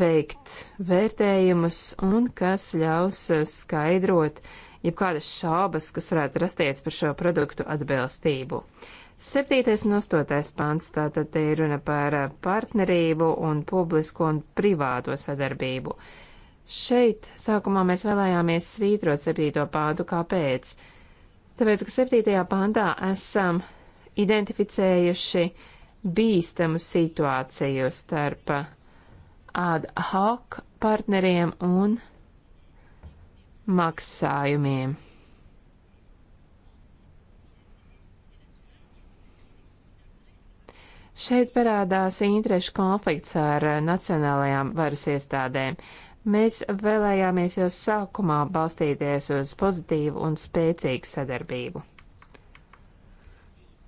veikt vērtējumus un kas ļaus uh, skaidrot jebkādas šaubas, kas varētu rasties par šo produktu atbilstību. 7. un 8. pants tātad te ir runa par uh, partnerību un publisko un privāto sadarbību. Šeit sākumā mēs vēlējāmies svītrot 7. pāntu kāpēc, Tāpēc, ka 7. pantā esam identificējuši bīstamu situāciju starp ad hoc partneriem un maksājumiem. Šeit parādās interešu konflikts ar nacionālajām varas iestādēm. Uh, Mēs vēlējāmies jau sākumā balstīties uz pozitīvu un spēcīgu sadarbību.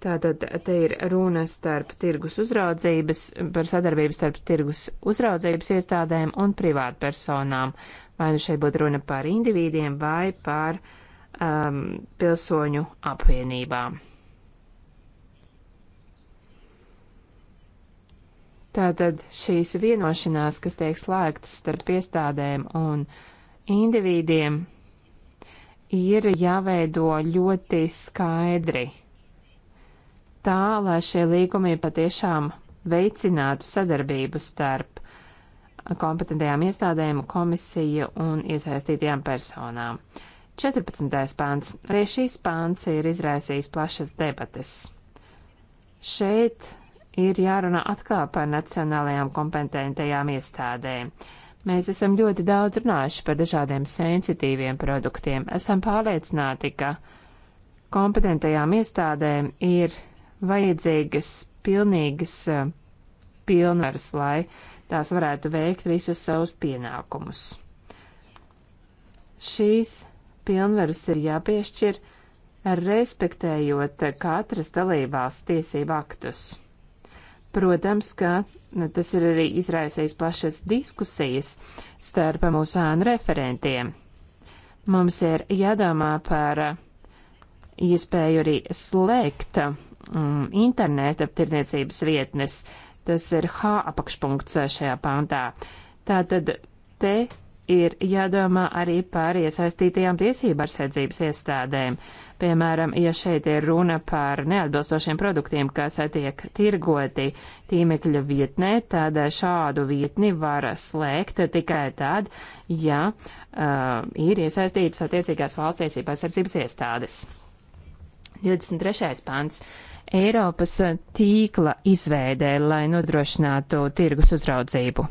Tātad te ir runa starp tirgus uzraudzības, par sadarbību starp tirgus uzraudzības iestādēm un privātpersonām. Vai nu šeit būtu runa par individiem vai par um, pilsoņu apvienībām. Tātad šīs vienošanās, kas tiek slēgtas starp iestādēm un indivīdiem, ir jāveido ļoti skaidri, tā lai šie līgumi patiešām veicinātu sadarbību starp kompetentajām iestādēm, komisiju un iesaistītajām personām. 14. pāns. Arī šīs pāns ir izraisījis plašas debates. Šeit ir jārunā atkal par nacionālajām kompetentajām iestādēm. Mēs esam ļoti daudz runājuši par dažādiem sensitīviem produktiem. Esam pārliecināti, ka kompetentajām iestādēm ir vajadzīgas pilnīgas eh, pilnvaras, lai tās varētu veikt visus savus pienākumus. Šīs pilnvaras ir jāpiešķir, respektējot katras dalībās tiesību aktus. Protams, ka tas ir arī izraisījis plašas diskusijas starp mūsu ānu referentiem. Mums ir jādomā par iespēju arī slēgt um, interneta tirdzniecības vietnes. Tas ir H apakšpunkts šajā pantā. Tātad te ir jādomā arī par iesaistītajām tiesību aizsardzības iestādēm. Piemēram, ja šeit ir runa par neatbilstošiem produktiem, kas tiek tirgoti tīmekļa vietnē, tad šādu vietni var slēgt tikai tad, ja uh, ir iesaistītas attiecīgās valsts tiesību aizsardzības iestādes. 23. pants. Eiropas tīkla izveidē, lai nodrošinātu tirgus uzraudzību.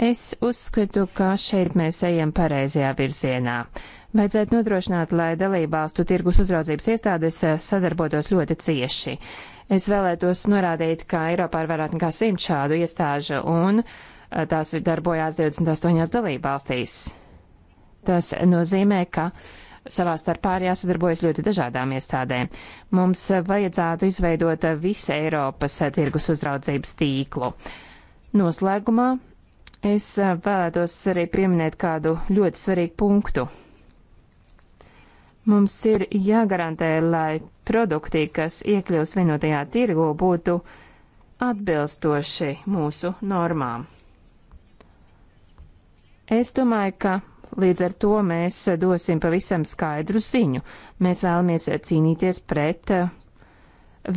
Es uzskatu, ka šeit mēs ejam pareizajā virzienā. Vajadzētu nodrošināt, lai dalībvalstu tirgus uzraudzības iestādes eh, sadarbotos ļoti cieši. Es vēlētos norādīt, ka Eiropā ir vairāk nekā simt šādu iestāžu un eh, tās darbojās 28 dalībvalstīs. Tas nozīmē, ka savā starpā ir jāsadarbojas ļoti dažādām iestādēm. Mums vajadzētu izveidot visu Eiropas tirgus uzraudzības tīklu. Noslēgumā Es eh, vēlētos arī pieminēt kādu ļoti svarīgu punktu. Mums ir jāgarantē, lai produkti, kas iekļūst vienotajā tirgu, būtu atbilstoši mūsu normām. Es domāju, ka līdz ar to mēs dosim pavisam skaidru ziņu. Mēs vēlamies cīnīties pret eh,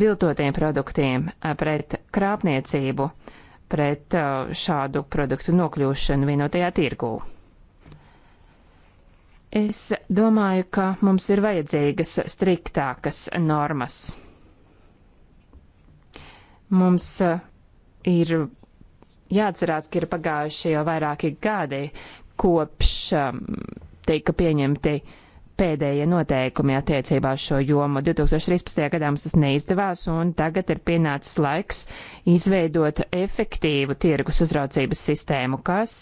viltotiem produktiem, eh, pret krāpniecību pret šādu produktu nokļūšanu vienotajā tirgū. Es domāju, ka mums ir vajadzīgas striktākas normas. Mums ir jāatcerās, ka ir pagājuši jau vairāki gadi kopš tika pieņemti uh, pēdējie noteikumi attiecībā uz šo jomu. 2013. gadā mums tas neizdevās, un tagad ir pienācis laiks izveidot efektīvu tirgus uzraucības sistēmu, kas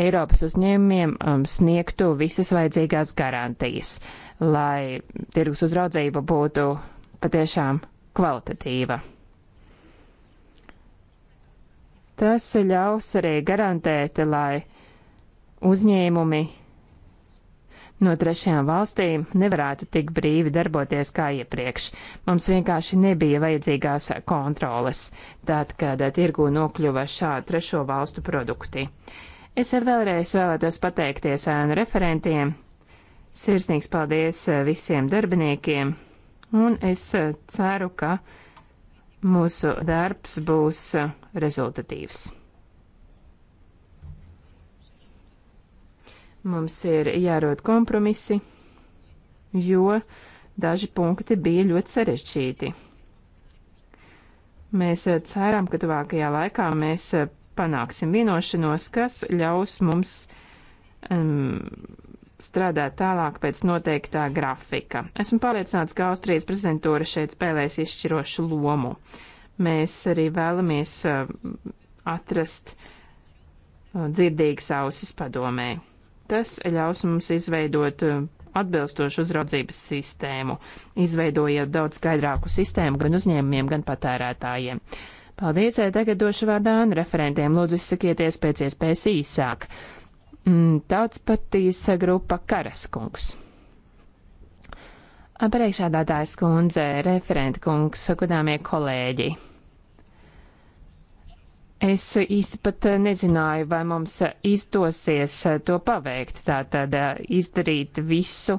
Eiropas uzņēmumiem um, sniegtu visas vajadzīgās garantijas, lai tirgus uzraudzība būtu patiešām kvalitatīva. Tas ļaus arī garantēt, lai uzņēmumi no trešajām valstīm nevarētu tik brīvi darboties kā iepriekš. Mums vienkārši nebija vajadzīgās kontroles, tad, kad tirgu nokļuva šādu trešo valstu produkti. Es vēlreiz vēlētos pateikties ēnu referentiem. Sirsnīgs paldies visiem darbiniekiem, un es ceru, ka mūsu darbs būs rezultatīvs. Mums ir jārod kompromisi, jo daži punkti bija ļoti sarežģīti. Mēs eh, ceram, ka tuvākajā laikā mēs eh, panāksim vienošanos, kas ļaus mums um, strādāt tālāk pēc noteiktā grafika. Esmu pārliecināts, ka Austrijas prezidentūra šeit spēlēs izšķirošu lomu. Mēs arī vēlamies uh, atrast uh, dzirdīgas ausis padomē. Tas ļaus mums izveidot eh, atbilstošu uzraudzības sistēmu, izveidojot daudz skaidrāku sistēmu gan uzņēmumiem, gan patērētājiem. Paldies, eh, tagad došu vārdā un referentiem lūdzu izsakieties pēc iespējas īsāk. Mm, Tauts patīs grupa Karaskungs. Priekšādātājs kundze, referenta kungs, godāmie kolēģi. Es īsti pat eh, nezināju, vai mums eh, izdosies eh, to paveikt, tātad izdarīt visu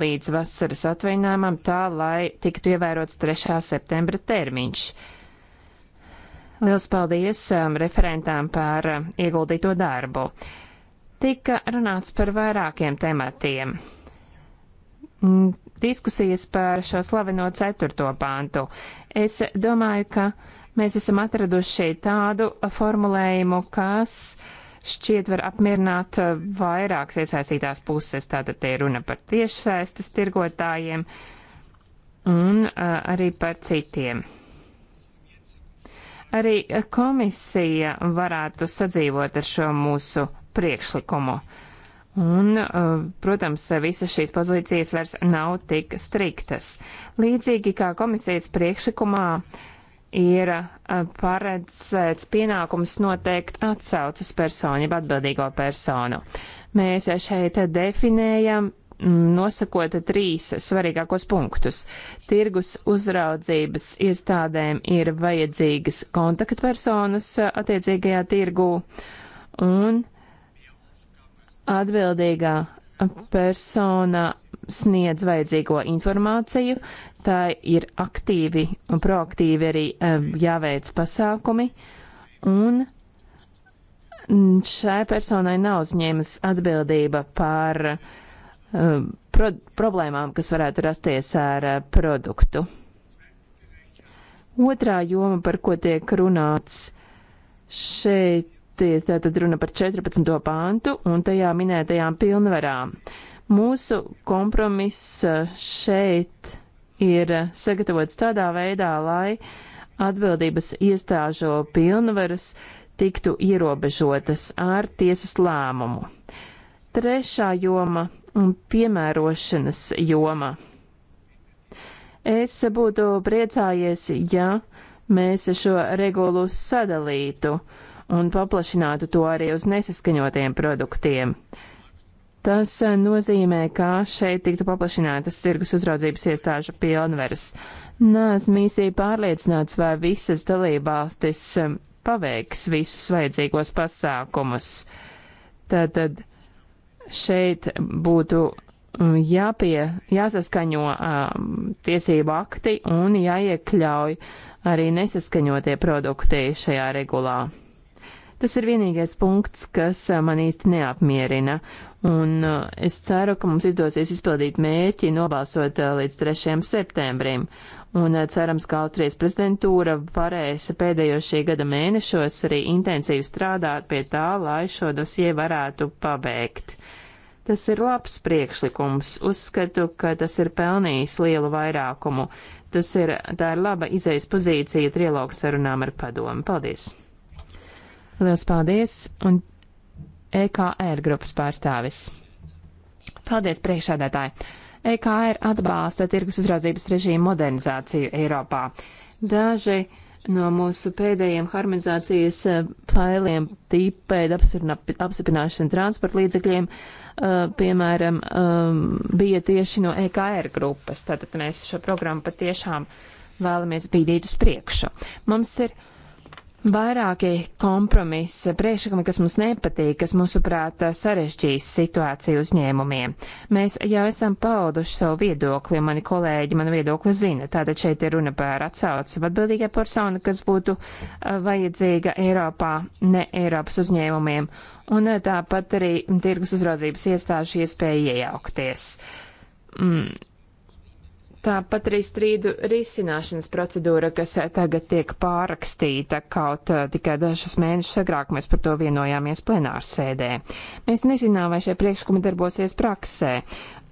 līdz vasaras atvainājumam tā, lai tiktu ievērots 3. septembra termiņš. Liels paldies referentām par ieguldīto darbu. Tika runāts par vairākiem tematiem. Mm, diskusijas par šo slaveno 4. pāntu. Es domāju, ka Mēs esam atraduši šeit tādu formulējumu, kas šķiet var apmierināt eh, vairākas iesaistītās puses. Tātad te ir runa par tiešsaistes tirgotājiem un uh, arī par citiem. Arī eh, komisija varētu sadzīvot ar šo mūsu priekšlikumu. Un, uh, protams, visas šīs pozīcijas vairs nav tik striktas. Līdzīgi kā komisijas priekšlikumā, uh, ir paredzēts pienākums noteikt atsaucas personu, jeb atbildīgo personu. Mēs šeit definējam, nosakot trīs svarīgākos punktus. Tirgus uzraudzības iestādēm ir vajadzīgas kontaktpersonas attiecīgajā tirgū un atbildīgā persona sniedz vajadzīgo informāciju, tā ir aktīvi un proaktīvi arī eh, jāveic pasākumi, un šai personai nav uzņēmas atbildība par eh, pro problēmām, kas varētu rasties ar eh, produktu. Otrā joma, par ko tiek runāts šeit, ir tātad runa par 14. pāntu un tajā minētajām pilnvarām. Mūsu kompromiss šeit ir sagatavots tādā veidā, lai atbildības iestāžu pilnvaras tiktu ierobežotas ar tiesas lēmumu. Trešā joma un piemērošanas joma. Es būtu priecājies, ja mēs šo regulu sadalītu un paplašinātu to arī uz nesaskaņotiem produktiem. Uh, Tas eh, nozīmē, ka šeit tiktu paplašinātas tirgus uzraudzības iestāžu pilnveres. Nāsmu īsīgi pārliecināts, vai visas dalībvalstis eh, paveiks visus vajadzīgos pasākumus. Tātad šeit būtu mm, jāpie, jāsaskaņo um, tiesību akti un jāiekļauj arī nesaskaņotie produkti šajā regulā. Tas ir vienīgais punkts, kas eh, man īsti neapmierina. Un eh, es ceru, ka mums izdosies izpildīt mērķi nobalsot eh, līdz 3. septembrim. Un cerams, ka Austrijas prezidentūra varēs pēdējo šī gada mēnešos arī intensīvi strādāt pie tā, lai šo dosie varētu pabeigt. Tas ir labs priekšlikums. Uzskatu, ka tas ir pelnījis lielu vairākumu. Tas ir, tā ir laba izejas pozīcija trilogu sarunām ar padomu. Paldies! Lielas paldies! Un EKR grupas pārstāvis. Paldies, priekšādētāji! EKR atbalsta tirgus uzraudzības režīmu modernizāciju Eiropā. Daži no mūsu pēdējiem harmonizācijas eh, failiem tīpēda apsipināšana transporta līdzekļiem, eh, piemēram, ehm, bija tieši no EKR grupas. Tātad mēs šo programmu patiešām vēlamies bīdīt uz priekšu. Mums ir vairāki kompromisa priekšlikumi, kas mums nepatīk, kas mūsuprāt sarežģīs situāciju uzņēmumiem. Mēs jau esam pauduši savu viedokli, mani kolēģi manu viedokli zina. Tātad šeit ir runa par atsauci atbildīgai persona, kas būtu eh, vajadzīga Eiropā, ne Eiropas uzņēmumiem, un eh, tāpat arī tirgus uzraudzības iestāžu iespēja iejaukties. Mm Tāpat arī strīdu risināšanas procedūra, kas tagad tiek pārakstīta, kaut tikai dažus mēnešus agrāk mēs par to vienojāmies plenārsēdē. Mēs nezinām, vai šie priekšlikumi darbosies praksē.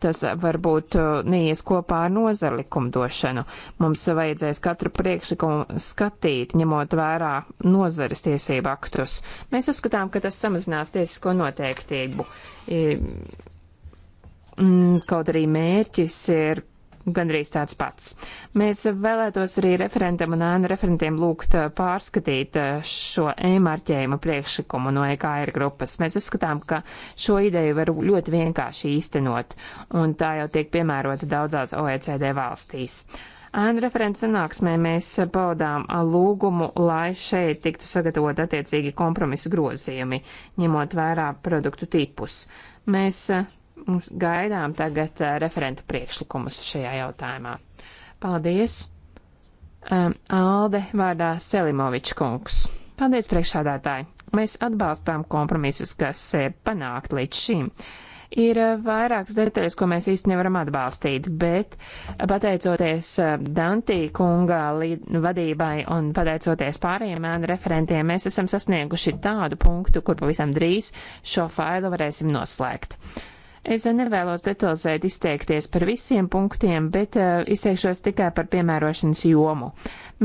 Tas varbūt neies kopā ar nozara likumdošanu. Mums vajadzēs katru priekšlikumu skatīt, ņemot vērā nozares tiesību aktus. Mēs uzskatām, ka tas samazinās tiesisko noteiktību. Mm, kaut arī mērķis ir gandrīz tāds pats. Mēs vēlētos arī referentam un ēnu referentiem lūgt eh, pārskatīt eh, šo e-marķējumu priekšlikumu no EKR grupas. Mēs uzskatām, ka šo ideju var ļoti vienkārši īstenot, un tā jau tiek piemērota daudzās OECD valstīs. Ēnu referents sanāksmē mēs paudām lūgumu, lai šeit tiktu sagatavot attiecīgi kompromisa grozījumi, ņemot vērā produktu tipus. Mēs eh, mums gaidām tagad eh, referenta priekšlikumus šajā jautājumā. Paldies! Alde vārdā Selimovičs kungs. Paldies priekšādātāji! Mēs atbalstām kompromisus, kas ir eh, panākt līdz šim. Ir eh, vairākas detaļas, ko mēs īsti nevaram atbalstīt, bet pateicoties Dantī kunga vadībai un pateicoties pārējiem mēnu referentiem, mēs esam sasnieguši tādu punktu, kur pavisam drīz šo failu varēsim noslēgt. Uh, Es nevēlos detalizēt izteikties par visiem punktiem, bet eh, izteikšos tikai par piemērošanas jomu.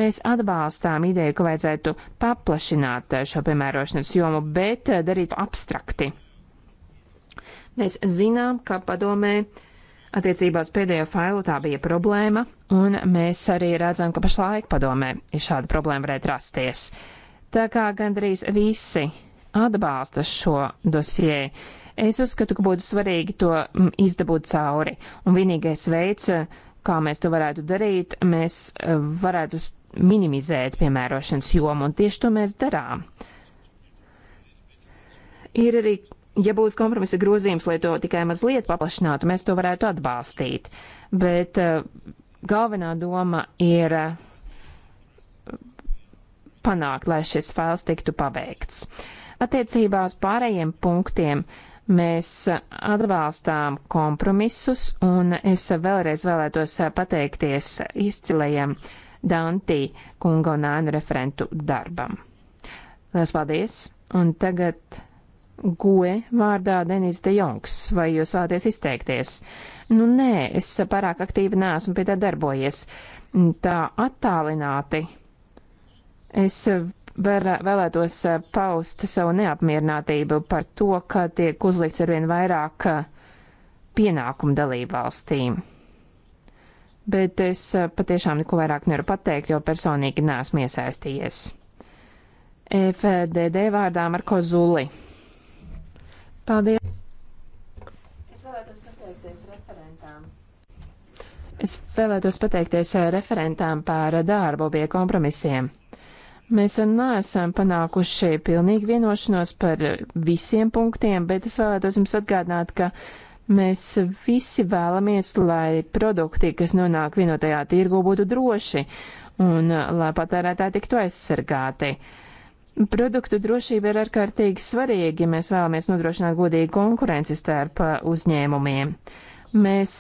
Mēs atbalstām ideju, ka vajadzētu paplašināt eh, šo piemērošanas jomu, bet eh, darīt abstrakti. Mēs zinām, ka padomē Attiecībā uz pēdējo failu tā bija problēma, un mēs arī redzam, ka pašlaik padomē ir šāda problēma varētu rasties. Tā kā gandrīz visi atbalsta šo dosie, Es uzskatu, ka būtu svarīgi to mm, izdabūt cauri. Un vienīgais veids, kā mēs to varētu darīt, mēs eh, varētu minimizēt piemērošanas jomu, un tieši to mēs darām. Ir arī, ja būs kompromisa grozījums, lai to tikai mazliet paplašinātu, mēs to varētu atbalstīt. Bet eh, galvenā doma ir eh, panākt, lai šis fails tiktu pabeigts. Attiecībā uz pārējiem punktiem Mēs atbalstām kompromisus, un es vēlreiz vēlētos pateikties izcilajam Dantī kunga un ēnu referentu darbam. Lielas paldies! Un tagad goe vārdā Denis de Jongs, vai jūs vēlaties izteikties? Nu nē, es pārāk aktīvi neesmu pie tā darbojies. Tā attālināti. Es vēlētos eh, paust savu neapmierinātību par to, ka tiek uzlikts arvien vairāk eh, pienākumu dalību valstīm. Bet es eh, patiešām neko vairāk nevaru pateikt, jo personīgi neesmu iesaistījies. E FDD vārdā Marko Zuli. Paldies! Es vēlētos pateikties referentām. Es vēlētos pateikties referentām par darbu pie kompromisiem. Mēs neesam panākuši pilnīgi vienošanos par visiem punktiem, bet es vēlētos jums atgādināt, ka mēs visi vēlamies, lai produkti, kas nonāk vienotajā tirgu, būtu droši un lai patērētāji tiktu aizsargāti. Produktu drošība ir ārkārtīgi svarīga, ja mēs vēlamies nodrošināt godīgu konkurenci starp uzņēmumiem. Mēs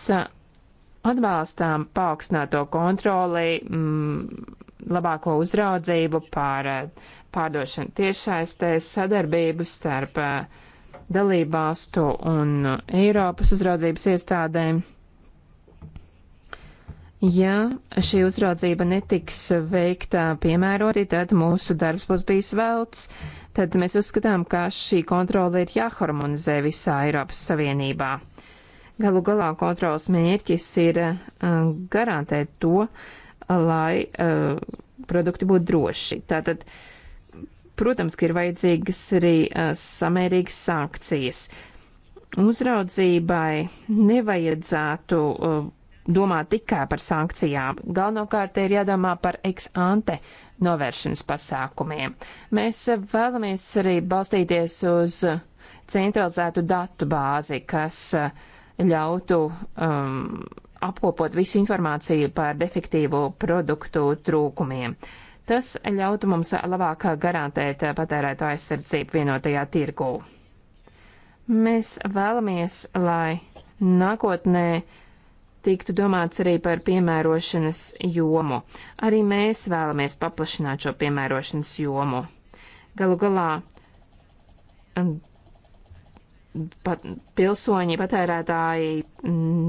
atbalstām paaugstināto kontroli, mm, labāko uzraudzību pār eh, pārdošanu tiešaistēs, sadarbību starp eh, dalībvalstu un eh, Eiropas uzraudzības iestādēm. Ja šī uzraudzība netiks veikta piemēroti, tad mūsu darbs būs bijis velts, tad mēs uzskatām, ka šī kontrole ir jāharmonizē visā Eiropas Savienībā. Galu galā kontrolas mērķis ir garantēt to, lai uh, produkti būtu droši. Tātad, protams, ka ir vajadzīgas arī uh, samērīgas sankcijas. Uzraudzībai nevajadzētu uh, domāt tikai par sankcijām. Galvenokārt ir jādomā par ex-ante novēršanas pasākumiem. Mēs vēlamies arī balstīties uz centralizētu datu bāzi, kas ļautu um, apkopot visu informāciju par defektīvu produktu trūkumiem. Tas ļautu mums labāk garantēt patērēto aizsardzību vienotajā tirgū. Mēs vēlamies, lai nākotnē tiktu domāts arī par piemērošanas jomu. Arī mēs vēlamies paplašināt šo piemērošanas jomu. Galu galā pat, pilsoņi, patērētāji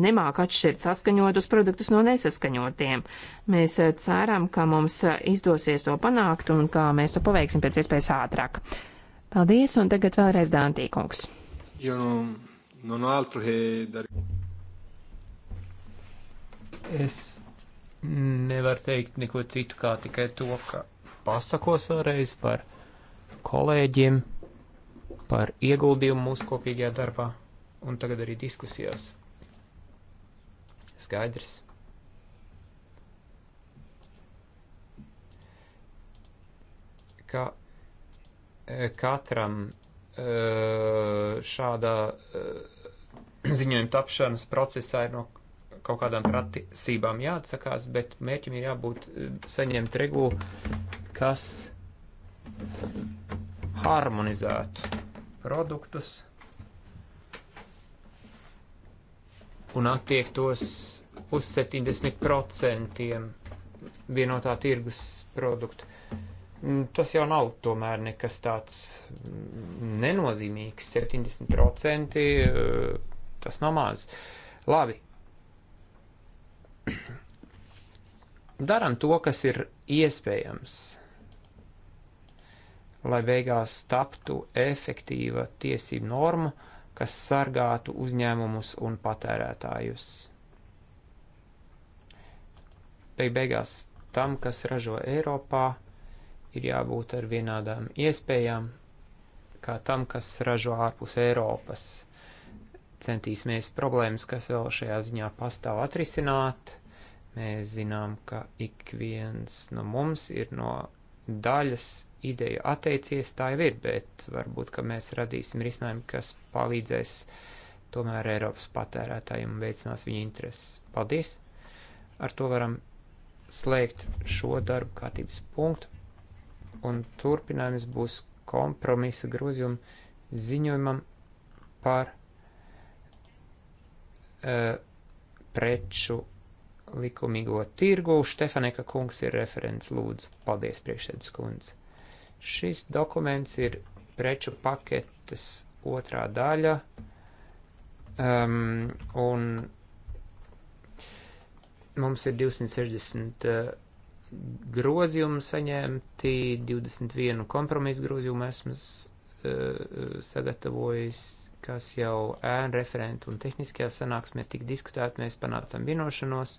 nemāk atšķirt saskaņotus produktus no nesaskaņotiem. Mēs eh, ceram, ka mums eh, izdosies to panākt un ka mēs to paveiksim pēc iespējas ātrāk. Paldies, un tagad vēlreiz Dāntīkungs. Es nevaru teikt neko citu, kā tikai to, ka pasakos vēlreiz par kolēģiem, par ieguldījumu mūsu kopīgajā darbā, un tagad arī diskusijās. Skaidrs. Ka e, katram e, šādā e, ziņojuma tapšanas procesā ir no kaut kādām prasībām jāatsakās, bet mērķim ir jābūt saņemt regulu, kas harmonizētu produktus un attiektos uz 70% vienotā tirgus produktu. Mm, tas jau nav tomēr nekas tāds nenozīmīgs. 70% eh, tas nav maz. Labi. Daram to, kas ir iespējams lai beigās taptu efektīva tiesību norma, kas sargātu uzņēmumus un patērētājus. Beig beigās tam, kas ražo Eiropā, ir jābūt ar vienādām iespējām, kā tam, kas ražo ārpus Eiropas. Centīsimies problēmas, kas vēl šajā ziņā pastāv atrisināt. Mēs zinām, ka ik viens no mums ir no daļas ideju atteicies, tā jau ir, bet varbūt, ka mēs radīsim risinājumu, kas palīdzēs tomēr Eiropas patērētājiem un veicinās viņu intereses. Paldies! Ar to varam slēgt šo darbu kārtības punktu, un turpinājums būs kompromisa grozījuma ziņojumam par uh, preču likumīgo tirgu. Štefaneka kungs ir referents lūdzu. Paldies, priekšsēdus kundze. Šis dokuments ir preču paketes otrā daļa. Um, un mums ir 260 uh, grozījumu saņemti, 21 kompromisu grozījumu esmu uh, sagatavojis, kas jau ēnu referentu un tehniskajās sanāksmēs tik diskutēt, mēs panācām vienošanos.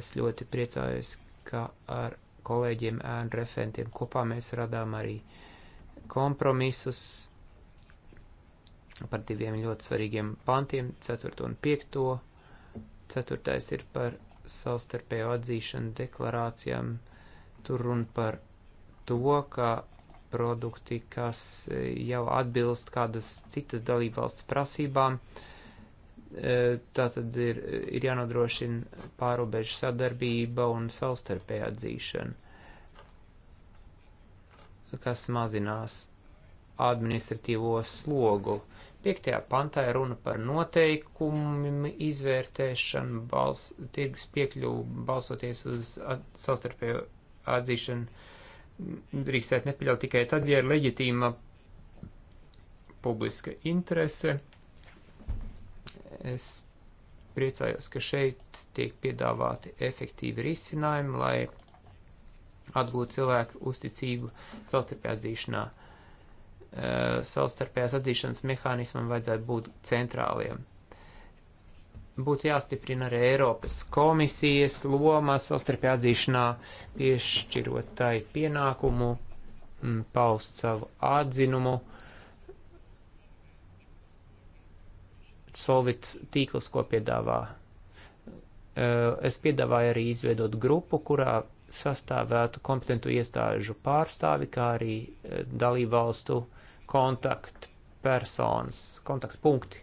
Es ļoti priecājos, ka ar kolēģiem, ēnu referentiem. Kopā mēs radām arī kompromisus par diviem ļoti svarīgiem pantiem, 4 un 5. Ceturtais ir par savstarpēju atzīšanu deklarācijām. Tur runa par to, ka produkti, kas jau atbilst kādas citas dalībvalsts prasībām, uh, E, Tā tad ir, ir jānodrošina pārobežu sadarbība un savstarpēja atzīšana, kas mazinās administratīvo slogu. Piektajā pantā ir runa par noteikumu izvērtēšanu, bals, tirgus piekļuvu balsoties uz at, savstarpēju atzīšanu. Drīkstēt nepieļaut tikai tad, ja ir leģitīma publiska interese Es priecājos, ka šeit tiek piedāvāti efektīvi risinājumi, lai atgūtu cilvēku uzticību savstarpējā atzīšanā. Eh, savstarpējās atzīšanas mehānismam vajadzētu būt centrāliem. Būtu jāstiprina arī Eiropas komisijas loma savstarpējā atzīšanā, piešķirot tai pienākumu mm, paust savu atzinumu solvits tīkls, ko piedāvā. Eh, es piedāvāju arī izveidot grupu, kurā sastāvētu kompetentu iestāžu pārstāvi, kā arī eh, dalībvalstu kontaktpersonas, kontaktpunkti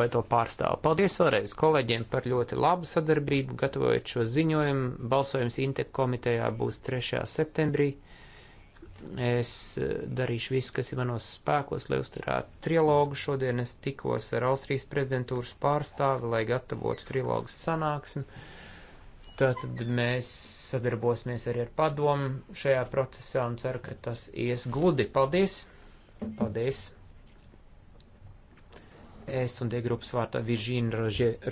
vai to pārstāvu. Paldies vēlreiz kolēģiem par ļoti labu sadarbību, gatavojot šo ziņojumu. Balsojums Intek komitejā būs 3. septembrī. Es eh, darīšu visu, kas ir manos spēkos, lai uzturētu trilogu. Šodien es tikos ar Austrijas prezidentūras pārstāvi, lai gatavotu trilogu sanāksmi. Tātad mēs sadarbosimies arī ar padomu šajā procesā un ceru, ka tas ies gludi. Paldies! Paldies! Es un D grupas vārtā Virģīna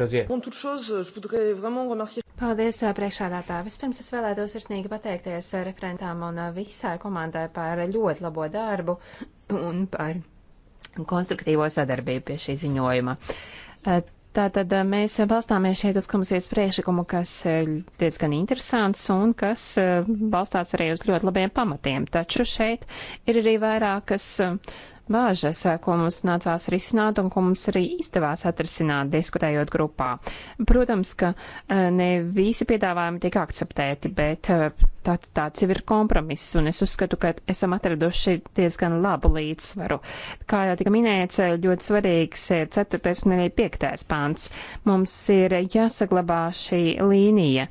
Rozie. Paldies, priekšādātā. Vispirms es vēlētos sirsnīgi pateikties referentām un visai komandai par ļoti labo darbu un par konstruktīvo sadarbību pie šī ziņojuma. Tātad mēs balstāmies šeit uz komisijas priekšlikumu, kas diezgan interesants un kas balstās arī uz ļoti labiem pamatiem. Taču šeit ir arī vairākas bāžas, ko mums nācās risināt un ko mums arī izdevās atrisināt, diskutējot grupā. Protams, ka e, ne visi piedāvājumi tiek akceptēti, bet e, tāds, tāds jau ir kompromiss, un es uzskatu, ka esam atraduši diezgan labu līdzsvaru. Kā jau tika minēts, ļoti svarīgs ir 4. un arī 5. pāns. Mums ir jāsaglabā šī līnija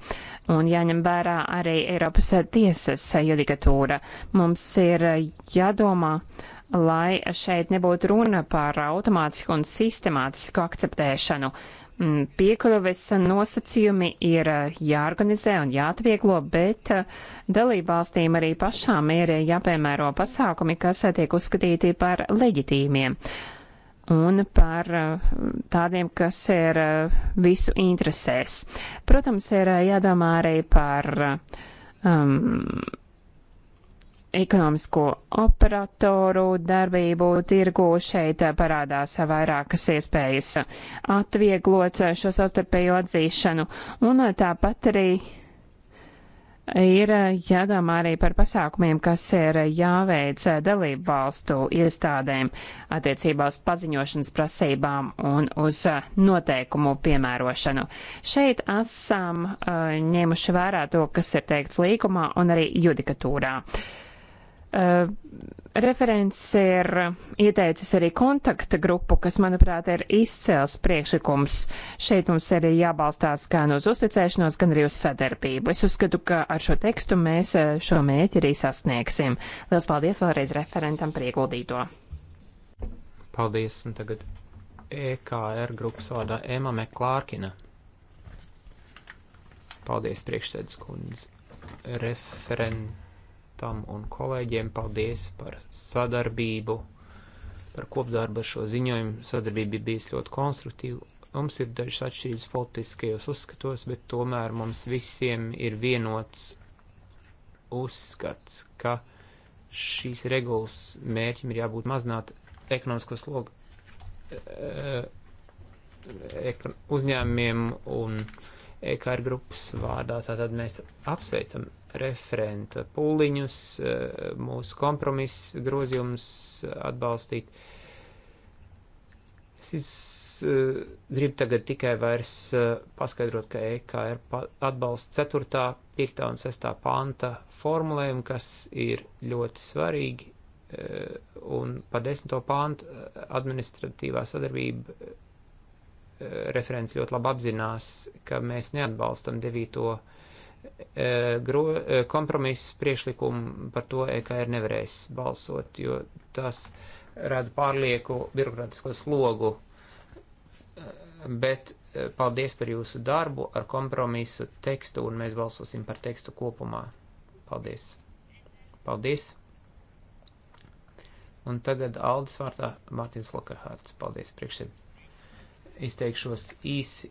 un jāņem vērā arī Eiropas tiesas judikatūra. Mums ir jādomā, uh, lai šeit nebūtu runa par automātisku un sistemātisku akceptēšanu. Mm, piekļuves nosacījumi ir eh, jāorganizē un jāatvieglo, bet eh, dalībvalstīm arī pašām ir jāpiemēro pasākumi, kas tiek uzskatīti par leģitīmiem un par eh, tādiem, kas ir visu interesēs. Protams, ir jādomā arī par um, ekonomisko operatoru darbību tirgu šeit parādās vairākas iespējas atvieglot šo savstarpējo atzīšanu, un tāpat arī ir jādomā arī par pasākumiem, kas ir jāveic dalību valstu iestādēm attiecībā uz paziņošanas prasībām un uz noteikumu piemērošanu. Šeit esam uh, ņēmuši vērā to, kas ir teikts līgumā un arī judikatūrā. Uh, Eh, referents ir ieteicis arī kontakta grupu, kas, manuprāt, ir izcēls priekšlikums. Šeit mums arī jābalstās gan uz uzticēšanos, gan arī uz sadarbību. Es uzskatu, ka ar šo tekstu mēs eh, šo mēķi arī sasniegsim. Lielas paldies vēlreiz referentam par ieguldīto. Paldies, un tagad EKR grupas vārdā Ema Meklārkina. Paldies, priekšsēdus kundze. Referent Tam un kolēģiem paldies par sadarbību, par kopdarbu ar šo ziņojumu. Sadarbība bija bijis ļoti konstruktīva. Mums ir dažas atšķirības politiskajos uzskatos, bet tomēr mums visiem ir vienots uzskats, ka šīs regulas mērķim ir jābūt mazināt ekonomisko slogu eh, eh, uzņēmumiem un EKR grupas vārdā. Tātad mēs apsveicam referenta pūliņus, e, mūsu kompromisu grozījumus atbalstīt. Es e, gribu tagad tikai vairs e, paskaidrot, ka EKR atbalsta 4., 5. un 6. panta formulējumu, kas ir ļoti svarīgi, un pa 10. pantu administratīvā sadarbība referents ļoti labi apzinās, ka mēs neatbalstam 9 E, e, kompromiss priešlikumu par to EKR nevarēs balsot, jo tas rada pārlieku birokrātisko slogu. E, bet paldies par jūsu darbu ar kompromisu tekstu, un mēs balsosim par tekstu kopumā. Paldies! Paldies! Un tagad Aldis vārtā Mārtiņš Lokarhārds. Paldies priekšsēd. Izteikšos īsi,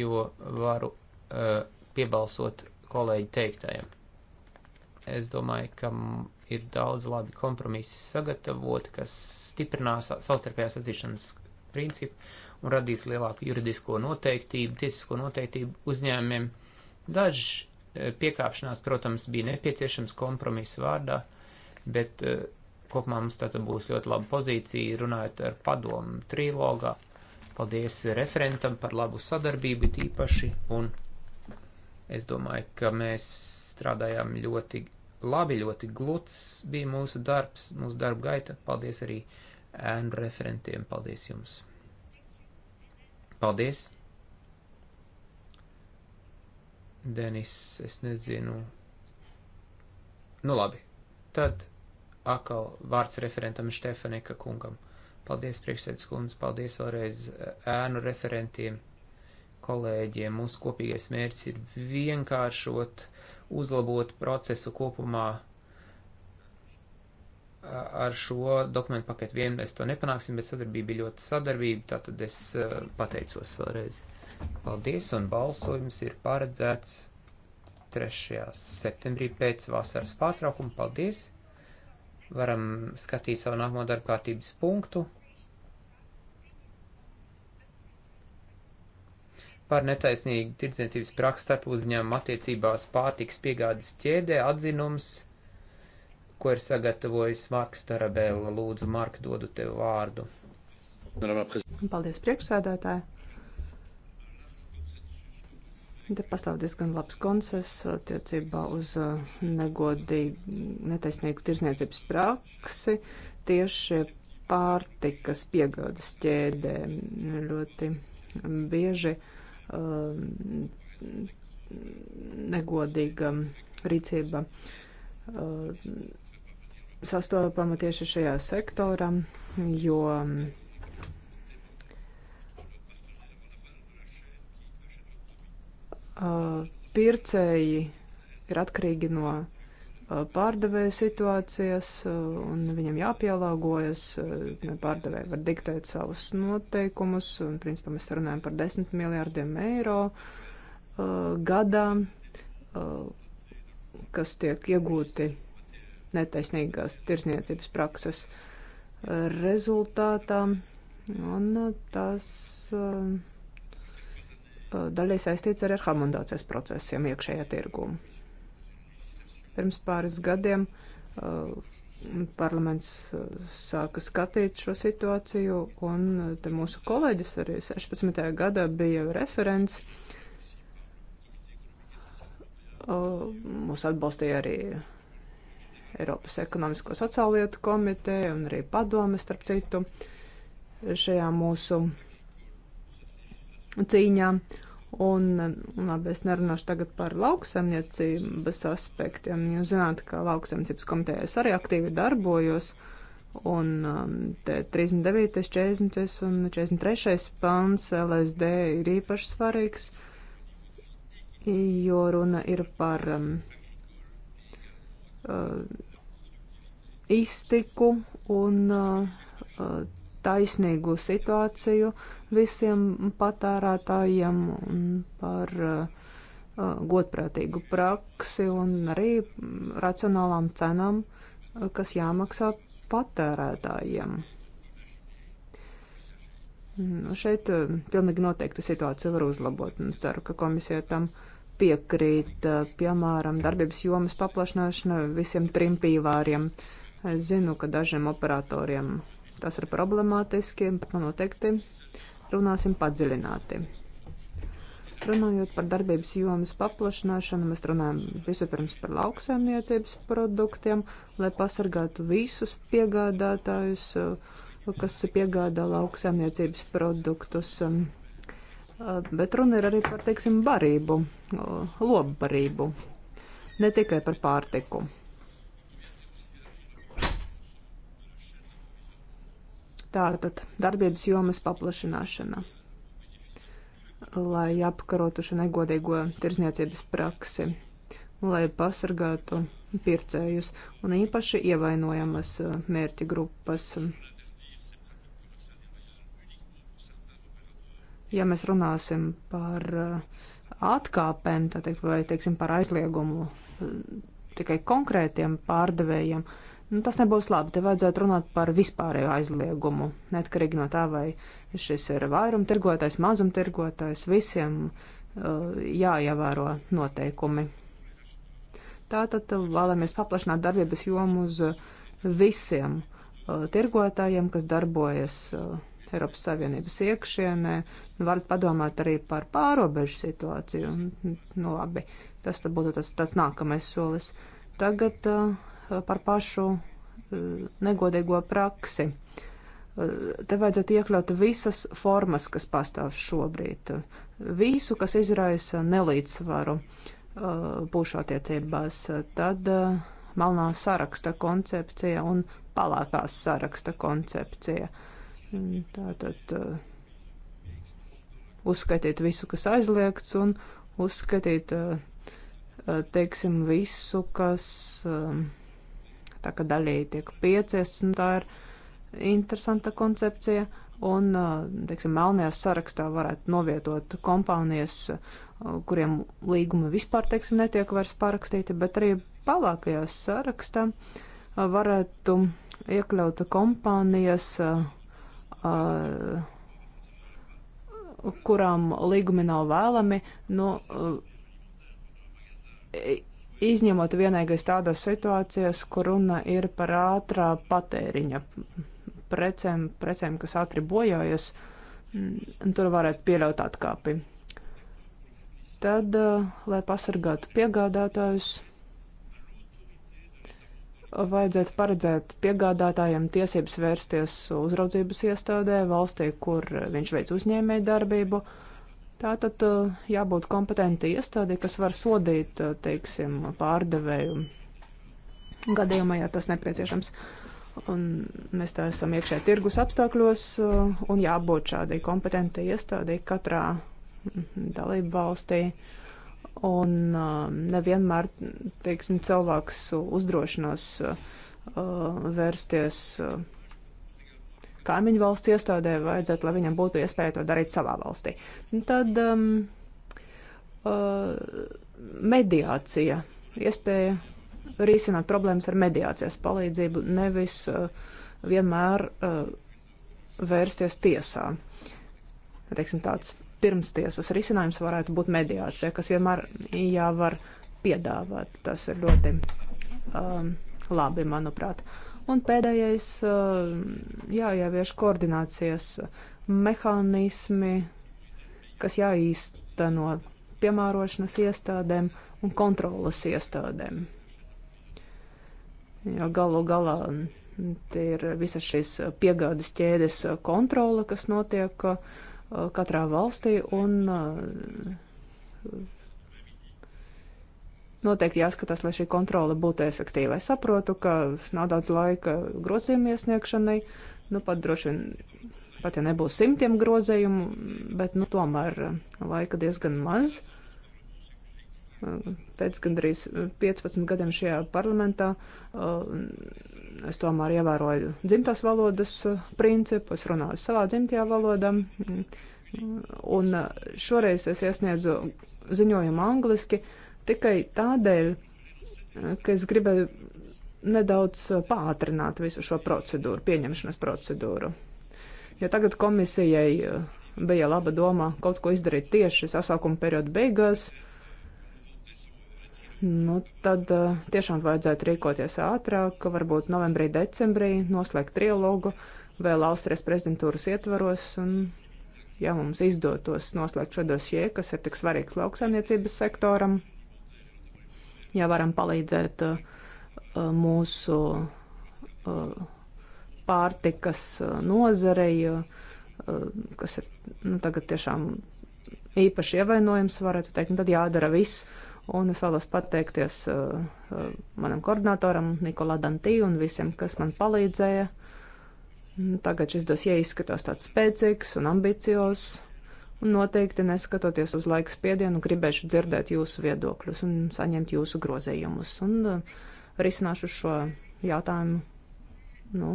jo varu uh, piebalsot kolēģi teiktajam. Es domāju, ka ir daudz labi kompromisi sagatavot, kas stiprinās savstarpējās atzīšanas principu un radīs lielāku juridisko noteiktību, tiesisko noteiktību uzņēmumiem. Daži e, piekāpšanās, protams, bija nepieciešams kompromisu vārdā, bet e, kopumā mums tātad būs ļoti laba pozīcija runājot ar padomu trilogā. Paldies referentam par labu sadarbību tīpaši un Es domāju, ka mēs strādājām ļoti labi, ļoti gluts bija mūsu darbs, mūsu darba gaita. Paldies arī ēnu referentiem. Paldies jums. Paldies. Denis, es nezinu. Nu labi. Tad atkal vārds referentam Štefaneka kungam. Paldies priekšsēdus kundze, paldies vēlreiz ēnu referentiem kolēģiem. Mūsu kopīgais mērķis ir vienkāršot, uzlabot procesu kopumā. Ar šo dokumentu paketu vien mēs to nepanāksim, bet sadarbība bija ļoti sadarbība, tātad es pateicos vēlreiz. Paldies, un balsojums ir paredzēts 3. septembrī pēc vasaras pārtraukuma. Paldies! Varam skatīt savu nākamo darbkārtības punktu. par netaisnīgu tirdzniecības praksi starp uzņēmumu attiecībās pārtiks piegādes ķēdē atzinums, ko ir sagatavojis Marks Tarabēla. Lūdzu, Mark, dodu tev vārdu. Paldies, priekšsēdētāji! Te pastāv diezgan labs konsensus attiecībā uz uh, negodīgu, netaisnīgu tirzniecības praksi tieši pārtikas piegādes ķēdē. Ļoti bieži uh, Um, negodīga rīcība uh, sastopama tieši šajā sektorā, jo uh, pircēji ir atkarīgi no pārdevēja situācijas, un viņam jāpielāgojas. Eh, pārdevēja var diktēt savus noteikumus, un principā mēs runājam par 10 miljārdiem eiro uh, gadā, uh, kas tiek iegūti netaisnīgās tirsniecības prakses rezultātā, un tas uh, daļai saistīts arī ar harmonizācijas procesiem iekšējā tirgumā. Pirms pāris gadiem uh, parlaments uh, sāka skatīt šo situāciju, un uh, te mūsu kolēģis arī 16. gadā bija referents. Mūs atbalstīja arī Eiropas ekonomisko sociālietu komiteja un arī padome, starp citu, šajā mūsu cīņā. Un labi, es nerunāšu tagad par lauksaimniecības aspektiem. Jūs zināt, ka lauksaimniecības komitejas arī aktīvi darbojos. Un um, te 39, 40 un 43 pants LSD ir īpaši svarīgs, jo runa ir par um, uh, iztiku un uh, uh taisnīgu situāciju visiem patērētājiem un par uh, godprātīgu praksi un arī racionālām cenām, uh, kas jāmaksā patērētājiem. Nu, šeit uh, pilnīgi noteikti situāciju var uzlabot, un es ceru, ka komisija tam piekrīt, piemēram, darbības jomas paplašināšana visiem trim pīlāriem. Es zinu, ka dažiem operatoriem Tas ir problemātiski, bet man nu noteikti runāsim padziļināti. Runājot par darbības jomas paplašināšanu, mēs runājam vispirms par lauksaimniecības produktiem, lai pasargātu visus piegādātājus, kas piegādā lauksaimniecības produktus. Bet runa ir arī par, teiksim, barību, lobbarību, ne tikai par pārtiku. Tātad darbības jomas paplašināšana, lai apkarotu šo negodīgo tirzniecības praksi, lai pasargātu pircējus un īpaši ievainojamas eh, mērķa grupas. Ja mēs runāsim par eh, atkāpēm, tā teikt, vai, teiksim, par aizliegumu eh, tikai konkrētiem pārdevējiem, uh, Nu, tas nebūs labi. Te vajadzētu runāt par vispārēju aizliegumu, neatkarīgi no tā, vai šis ir vairumtirgotais, mazumtirgotais, visiem uh, jāievēro noteikumi. Tātad vēlamies paplašināt darbības jomu uz visiem uh, tirgotājiem, kas darbojas uh, Eiropas Savienības iekšienē. Nu, varat padomāt arī par pārobežu situāciju. Nu, labi, tas būtu tas, tas nākamais solis. Tagad uh, par pašu e, negodīgo praksi. E, te vajadzētu iekļaut visas formas, kas pastāv šobrīd, visu, kas izraisa nelīdzsvaru e, pušu attiecībās, tad melnā saraksta koncepcija un palākās saraksta koncepcija. Tātad uzskaitīt visu, kas aizliegts, un uzskaitīt, teiksim, visu, kas. Um, tā kā daļēji tiek piecies, un tā ir interesanta koncepcija. Un, teiksim, melnajā sarakstā varētu novietot kompānijas, kuriem līguma vispār, teiksim, netiek vairs parakstīti, bet arī palākajā sarakstā varētu iekļaut kompānijas, kurām līgumi nav vēlami, nu, izņemot vienīgais tādas situācijas, kur runa ir par ātrā patēriņa precēm, precēm kas ātri bojājas, mm, tur varētu pieļaut atkāpi. Tad, eh, lai pasargātu piegādātājus, vajadzētu paredzēt piegādātājiem tiesības vērsties uzraudzības iestādē valstī, kur viņš veic uzņēmēju darbību. Uh, Tātad eh, jābūt kompetentai iestādē, kas var sodīt, eh, teiksim, pārdevēju gadījumā, ja tas nepieciešams. Un mēs tā esam iekšē tirgus apstākļos, eh, un jābūt šādai kompetentai iestādē katrā dalību valstī. Un nevienmēr, teiksim, cilvēks uzdrošinās vērsties kaimiņu valsts iestādē, vajadzētu, lai viņam būtu iespēja to darīt savā valstī. Tad um, uh, mediācija, iespēja risināt problēmas ar mediācijas palīdzību, nevis uh, vienmēr uh, vērsties tiesā. Teiksim, tāds pirmstiesas risinājums varētu būt mediācija, kas vienmēr jāvar piedāvāt. Tas ir ļoti um, labi, manuprāt. Uh, Un pēdējais jāievieš koordinācijas mehānismi, kas jāīsteno piemērošanas iestādēm un kontrolas iestādēm. Jo galu galā tie ir visas šīs piegādes ķēdes kontrola, kas notiek katrā valstī un Noteikti jāskatās, lai šī kontrola būtu efektīva. Es saprotu, ka nav daudz laika grozījumu iesniegšanai, nu pat droši vien, pat ja nebūs simtiem grozējumu, bet nu tomēr eh, laika diezgan maz. Eh, pēc gandrīz 15 eh, gadiem šajā parlamentā es tomēr ievēroju dzimtās valodas principu, es runāju savā dzimtajā valodā. Mm, mm, un šoreiz es iesniedzu ziņojumu angliski, uh, tikai tādēļ, ka es gribēju nedaudz pātrināt visu šo procedūru, pieņemšanas procedūru. Jo tagad komisijai uh, bija laba doma kaut ko izdarīt tieši sasaukuma perioda beigās, nu, tad uh, tiešām vajadzētu rīkoties ātrāk, varbūt novembrī, decembrī noslēgt trilogu vēl Austrijas prezidentūras ietvaros. Un, ja mums izdotos noslēgt šo dosie, kas ir tik svarīgs lauksaimniecības sektoram, ja varam palīdzēt uh, mūsu uh, pārtikas uh, nozarei, kas ir nu, tagad tiešām īpaši ievainojums, varētu teikt, nu, tad jādara viss. Un es vēlos pateikties uh, uh, manam koordinatoram Nikolā Dantī un visiem, kas man palīdzēja. Tagad šis dosie izskatās tāds spēcīgs un ambiciozs. Noteikti neskatoties uz laiku spiedienu, gribēšu dzirdēt jūsu viedokļus un saņemt jūsu grozējumus. Un uh, risināšu šo jautājumu nu,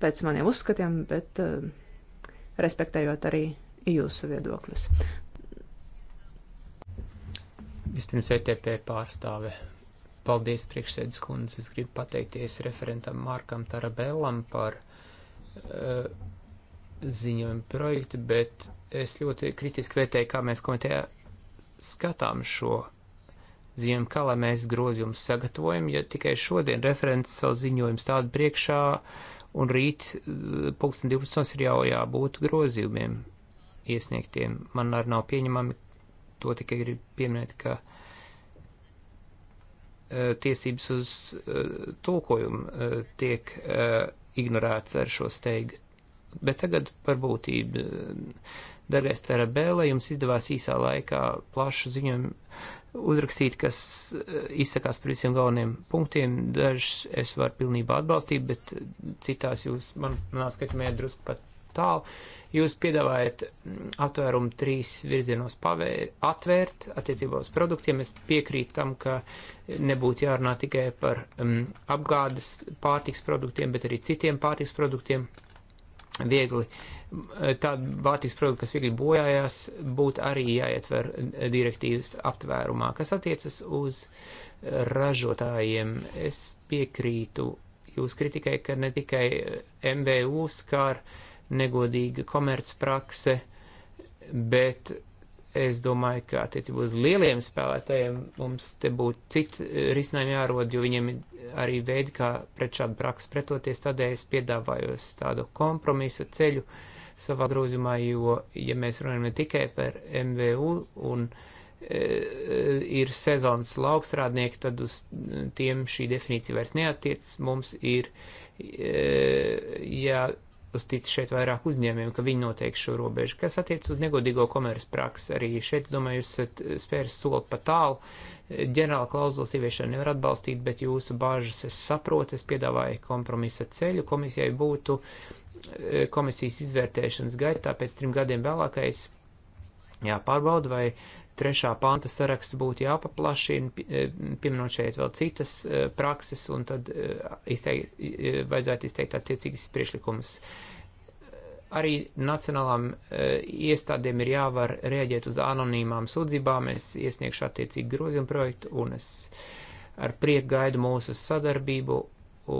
pēc maniem uzskatiem, bet uh, respektējot arī jūsu viedokļus. Vispirms ETP pārstāve. Paldies, priekšsēdus kundze. Es gribu pateikties referentam Markam Tarabellam par uh, ziņojumu projektu, bet es ļoti kritiski vērtēju, kā mēs komitejā skatām šo ziņojumu, kā lai mēs grozījumus sagatavojam, ja tikai šodien referents savu ziņojumu stādu priekšā un rīt 2012. Eh, ir jau jābūt grozījumiem iesniegtiem. Man arī nav pieņemami, to tikai gribu pieminēt, ka eh, tiesības uz eh, tulkojumu tiek ignorēts ar šo steigu Bet tagad par būtību. Dargais Tarabēlē, jums izdevās īsā laikā plašu ziņojumu uzrakstīt, kas eh, izsakās par visiem galveniem punktiem. Dažs es varu pilnībā atbalstīt, bet citās jūs, man, manā skatījumā, drusku pat tālu. Jūs piedāvājat mm, aptvērumu trīs virzienos pavēr, atvērt attiecībā uz produktiem. Es piekrītu tam, ka nebūtu jārunā tikai par um, apgādes pārtiks produktiem, bet arī citiem pārtiks produktiem viegli, tādi vārtīgs produkti, kas viegli bojājās, būtu arī jāietver direktīvas aptvērumā, kas attiecas uz ražotājiem. Es piekrītu jūs kritikai, ka ne tikai MVU skār negodīga komercprakse, bet es domāju, ka attiecībā uz lieliem spēlētājiem mums te būtu citi risinājumi jārod, jo viņiem ir arī veidi, kā pret šādu praksi pretoties, tādēļ es piedāvāju tādu kompromisa ceļu savā grozījumā, jo, ja mēs runājam ne tikai par MVU un e, e, ir sezonas laukstrādnieki, tad uz tiem šī definīcija vairs neatiec. Mums ir e, jā, uztic šeit vairāk uzņēmiem, ka viņi noteikti šo robežu. Kas attiec uz negodīgo komerces praksi, arī šeit, domāju, jūs esat eh, spēris soli pa tālu. Ģenerāla klauzulas ieviešana nevar atbalstīt, bet jūsu bāžas es saprotu, es piedāvāju kompromisa ceļu. Komisijai būtu eh, komisijas izvērtēšanas gaitā pēc trim gadiem vēlākais jāpārbauda, vai trešā panta saraksts būtu jāpaplašina, e, pieminot šeit vēl citas e, prakses, un tad e, izteik, vajadzētu izteikt attiecīgas priešlikumus arī nacionālām e, iestādēm ir jāvar rēģēt uz anonīmām sūdzībām. Es iesniegšu attiecīgi grozījumu projektu un es ar prieku gaidu mūsu sadarbību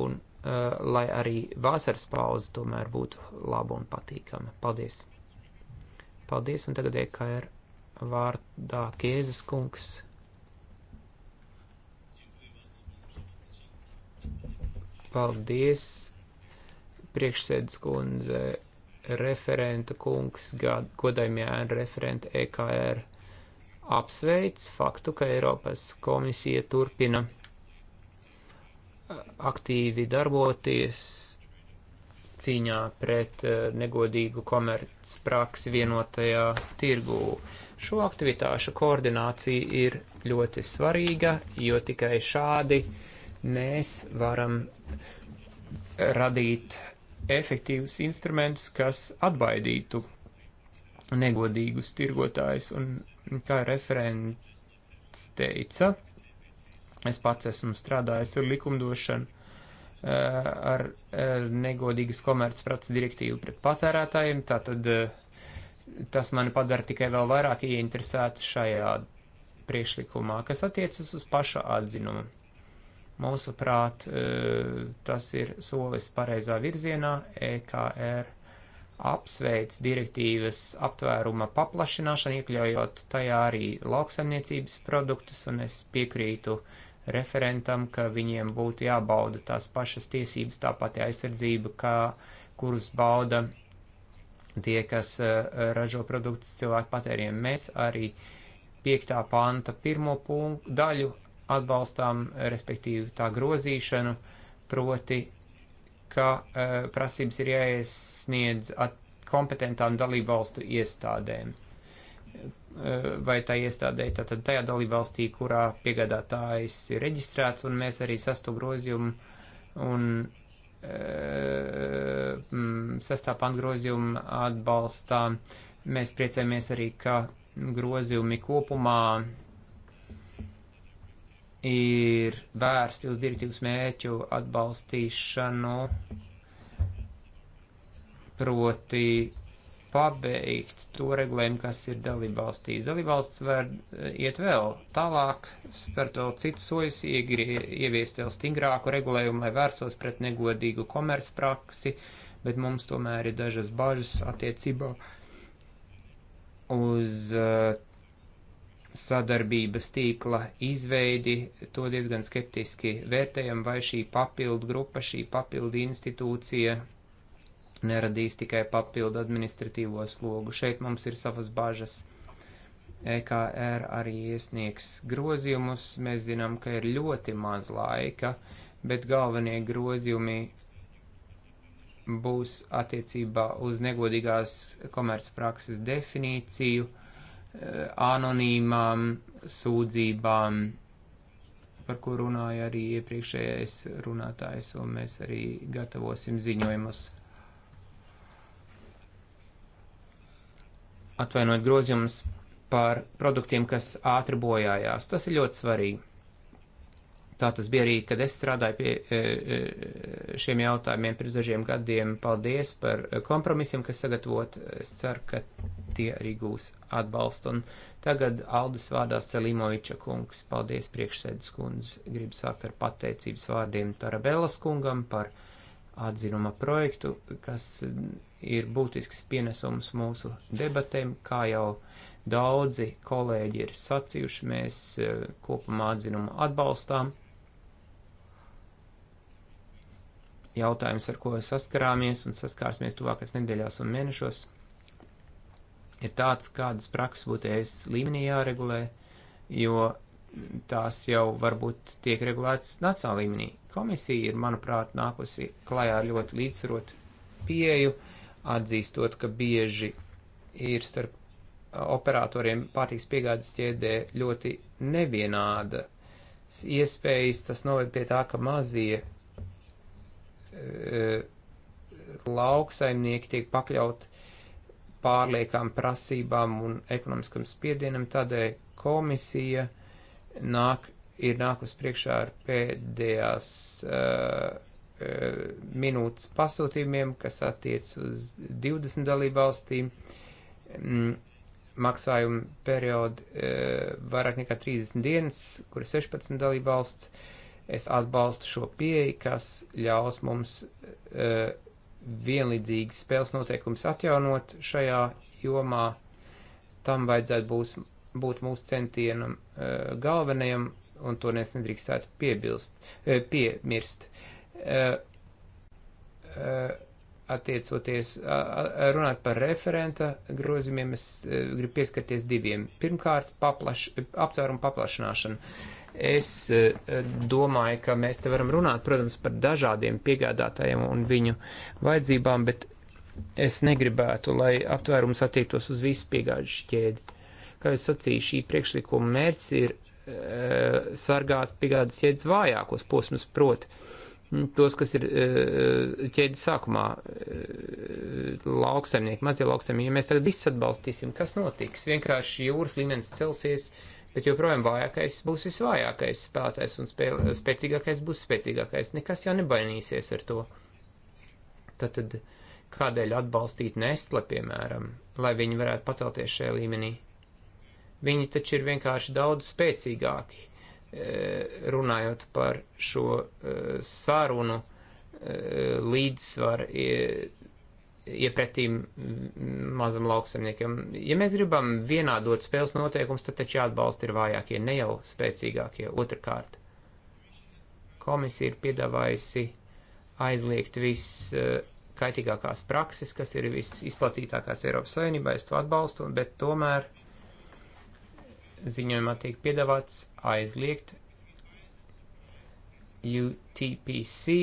un e, lai arī vasaras pauze tomēr būtu laba un patīkama. Paldies! Paldies un tagad EKR vārdā Kiezes kungs. Paldies, priekšsēdus kundze, referenta kungs, godājumie ēna referenta EKR apsveic faktu, ka Eiropas komisija turpina aktīvi darboties cīņā pret negodīgu komerc praksi vienotajā tirgū. Uh, Šo aktivitāšu koordinācija ir ļoti svarīga, jo tikai šādi mēs varam radīt efektīvus instrumentus, kas atbaidītu negodīgus tirgotājus. Un kā referents teica, es pats esmu strādājis ar likumdošanu, eh, ar eh, negodīgas komercprats direktīvu pret patērētājiem, tātad uh, Tas mani padara tikai vēl vairāk ieinteresēti šajā priekšlikumā, kas attiecas uz paša atzinumu. Mūsuprāt, e, tas ir solis pareizā virzienā. EKR apsveic direktīvas aptvēruma paplašināšanu, iekļaujot tajā arī lauksaimniecības produktus, un es piekrītu referentam, ka viņiem būtu jābauda tās pašas tiesības, tā pati aizsardzība, kā kurus bauda tie, kas e, e, ražo produktus cilvēku patēriem. Mēs arī 5. panta pirmo punktu daļu atbalstām, respektīvi tā grozīšanu, proti, ka uh, prasības ir jāiesniedz kompetentām dalībvalstu iestādēm. Uh, vai tā iestādē, tātad tajā dalībvalstī, kurā piegādātājs ir reģistrēts, un mēs arī sasto grozījumu un Mm, sastā pantgrozījuma atbalstā. Mēs priecājamies arī, ka grozījumi kopumā ir vērsti uz direktīvas mērķu atbalstīšanu, proti pabeigt to regulējumu, kas ir dalībvalstīs. Dalībvalsts var eh, iet vēl tālāk, spērt vēl citus soļus, ieviest vēl stingrāku regulējumu, lai vērsos pret negodīgu komercpraksi, bet mums tomēr ir dažas bažas attiecībā uz eh, sadarbības tīkla izveidi, to diezgan skeptiski vērtējam, vai šī papildu grupa, šī papildu institūcija neradīs tikai papildu administratīvo slogu. Šeit mums ir savas bažas. EKR arī iesniegs grozījumus. Mēs zinām, ka ir ļoti maz laika, bet galvenie grozījumi būs attiecībā uz negodīgās komercprakses definīciju, e, anonīmām sūdzībām, par ko runāja arī iepriekšējais runātājs, un mēs arī gatavosim ziņojumus atvainot grozījumus par produktiem, kas ātri bojājās. Tas ir ļoti svarīgi. Tā tas bija arī, kad es strādāju pie e, e, šiem jautājumiem pirms dažiem gadiem. Paldies par kompromisiem, kas sagatavot. Es ceru, ka tie arī gūs atbalstu. Un tagad Aldis vārdā Selimoviča kungs. Paldies priekšsēdus kundz. Gribu sākt ar pateicības vārdiem Tarabellas kungam par atzinuma projektu, kas ir būtisks pienesums mūsu debatēm, kā jau daudzi kolēģi ir sacījuši, mēs e, kopumā atzinumu atbalstām. Jautājums, ar ko saskarāmies un saskārsimies tuvākais nedēļās un mēnešos, ir tāds, kādas prakses būtu es līmenī jāregulē, jo tās jau varbūt tiek regulētas nacionālā līmenī. Komisija ir, manuprāt, nākusi klajā ar ļoti līdzsvarotu pieeju, uh, atzīstot, ka bieži ir starp operatoriem pārtiks piegādes ķēdē ļoti nevienāda iespējas, tas noved pie tā, ka mazie e, lauksaimnieki tiek pakļaut pārliekām prasībām un ekonomiskam spiedienam, tādēļ komisija nāk, ir nākus priekšā ar pēdējās uh, e, Eh, minūtes pasūtījumiem, kas attiec uz 20 dalībvalstīm. Mm, maksājuma periodu eh, vairāk nekā 30 dienas, kur ir 16 dalībvalsts. Es atbalstu šo pieeju, kas ļaus mums eh, vienlīdzīgi spēles noteikums atjaunot šajā jomā. Tam vajadzētu būs, būt mūsu centienam galvenajam, un to nes nedrīkstētu piebilst, piemirst. Uh, E, e, attiecoties, runāt par referenta grozījumiem, es e, gribu pieskarties diviem. Pirmkārt, paplaš, aptvērumu paplašināšanu. Es domāju, ka mēs te varam runāt, protams, par dažādiem piegādātājiem un viņu vajadzībām, bet es negribētu, lai aptvērums attiektos uz visu piegāžu ķēdi. Kā jau sacīju, šī priekšlikuma mērķis ir e, sargāt piegādes ķēdes vājākos posmus, proti tos, kas ir ķēdes e, sākumā e, lauksaimnieki, mazie lauksaimnieki, ja mēs tagad visus atbalstīsim, kas notiks? Vienkārši jūras līmenis celsies, bet joprojām vājākais būs visvājākais spēlētājs un spēl, spēcīgākais būs spēcīgākais. Nekas jau nebainīsies ar to. Tad, tad kādēļ atbalstīt Nestle, piemēram, lai viņi varētu pacelties šajā līmenī? Viņi taču ir vienkārši daudz spēcīgāki Eh, runājot par šo eh, sarunu eh, līdzsvaru iepretīm mm, mazam lauksaimniekam. Ja mēs gribam vienādot spēles noteikums, tad taču jāatbalsta ir vājākie, ne jau spēcīgākie. Otrakārt, komisija ir piedāvājusi aizliegt viss kaitīgākās prakses, kas ir visizplatītākās Eiropas Savienībā, es to atbalstu, bet tomēr uh, ziņojumā tiek piedāvāts aizliegt UTPC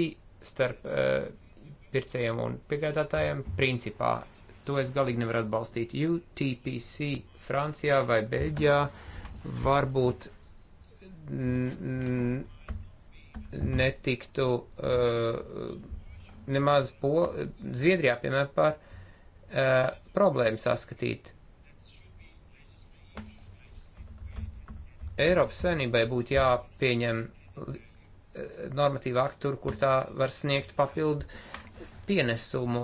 starp uh, pircējiem un piegādātājiem principā. To es galīgi nevaru atbalstīt. UTPC Francijā vai Beļģijā varbūt netiktu uh, nemaz Pol Zviedrijā, piemēram, par uh, problēmu saskatīt Eiropas saimnībai būtu jāpieņem eh, normatīva aktu tur, kur tā var sniegt papildu pienesumu.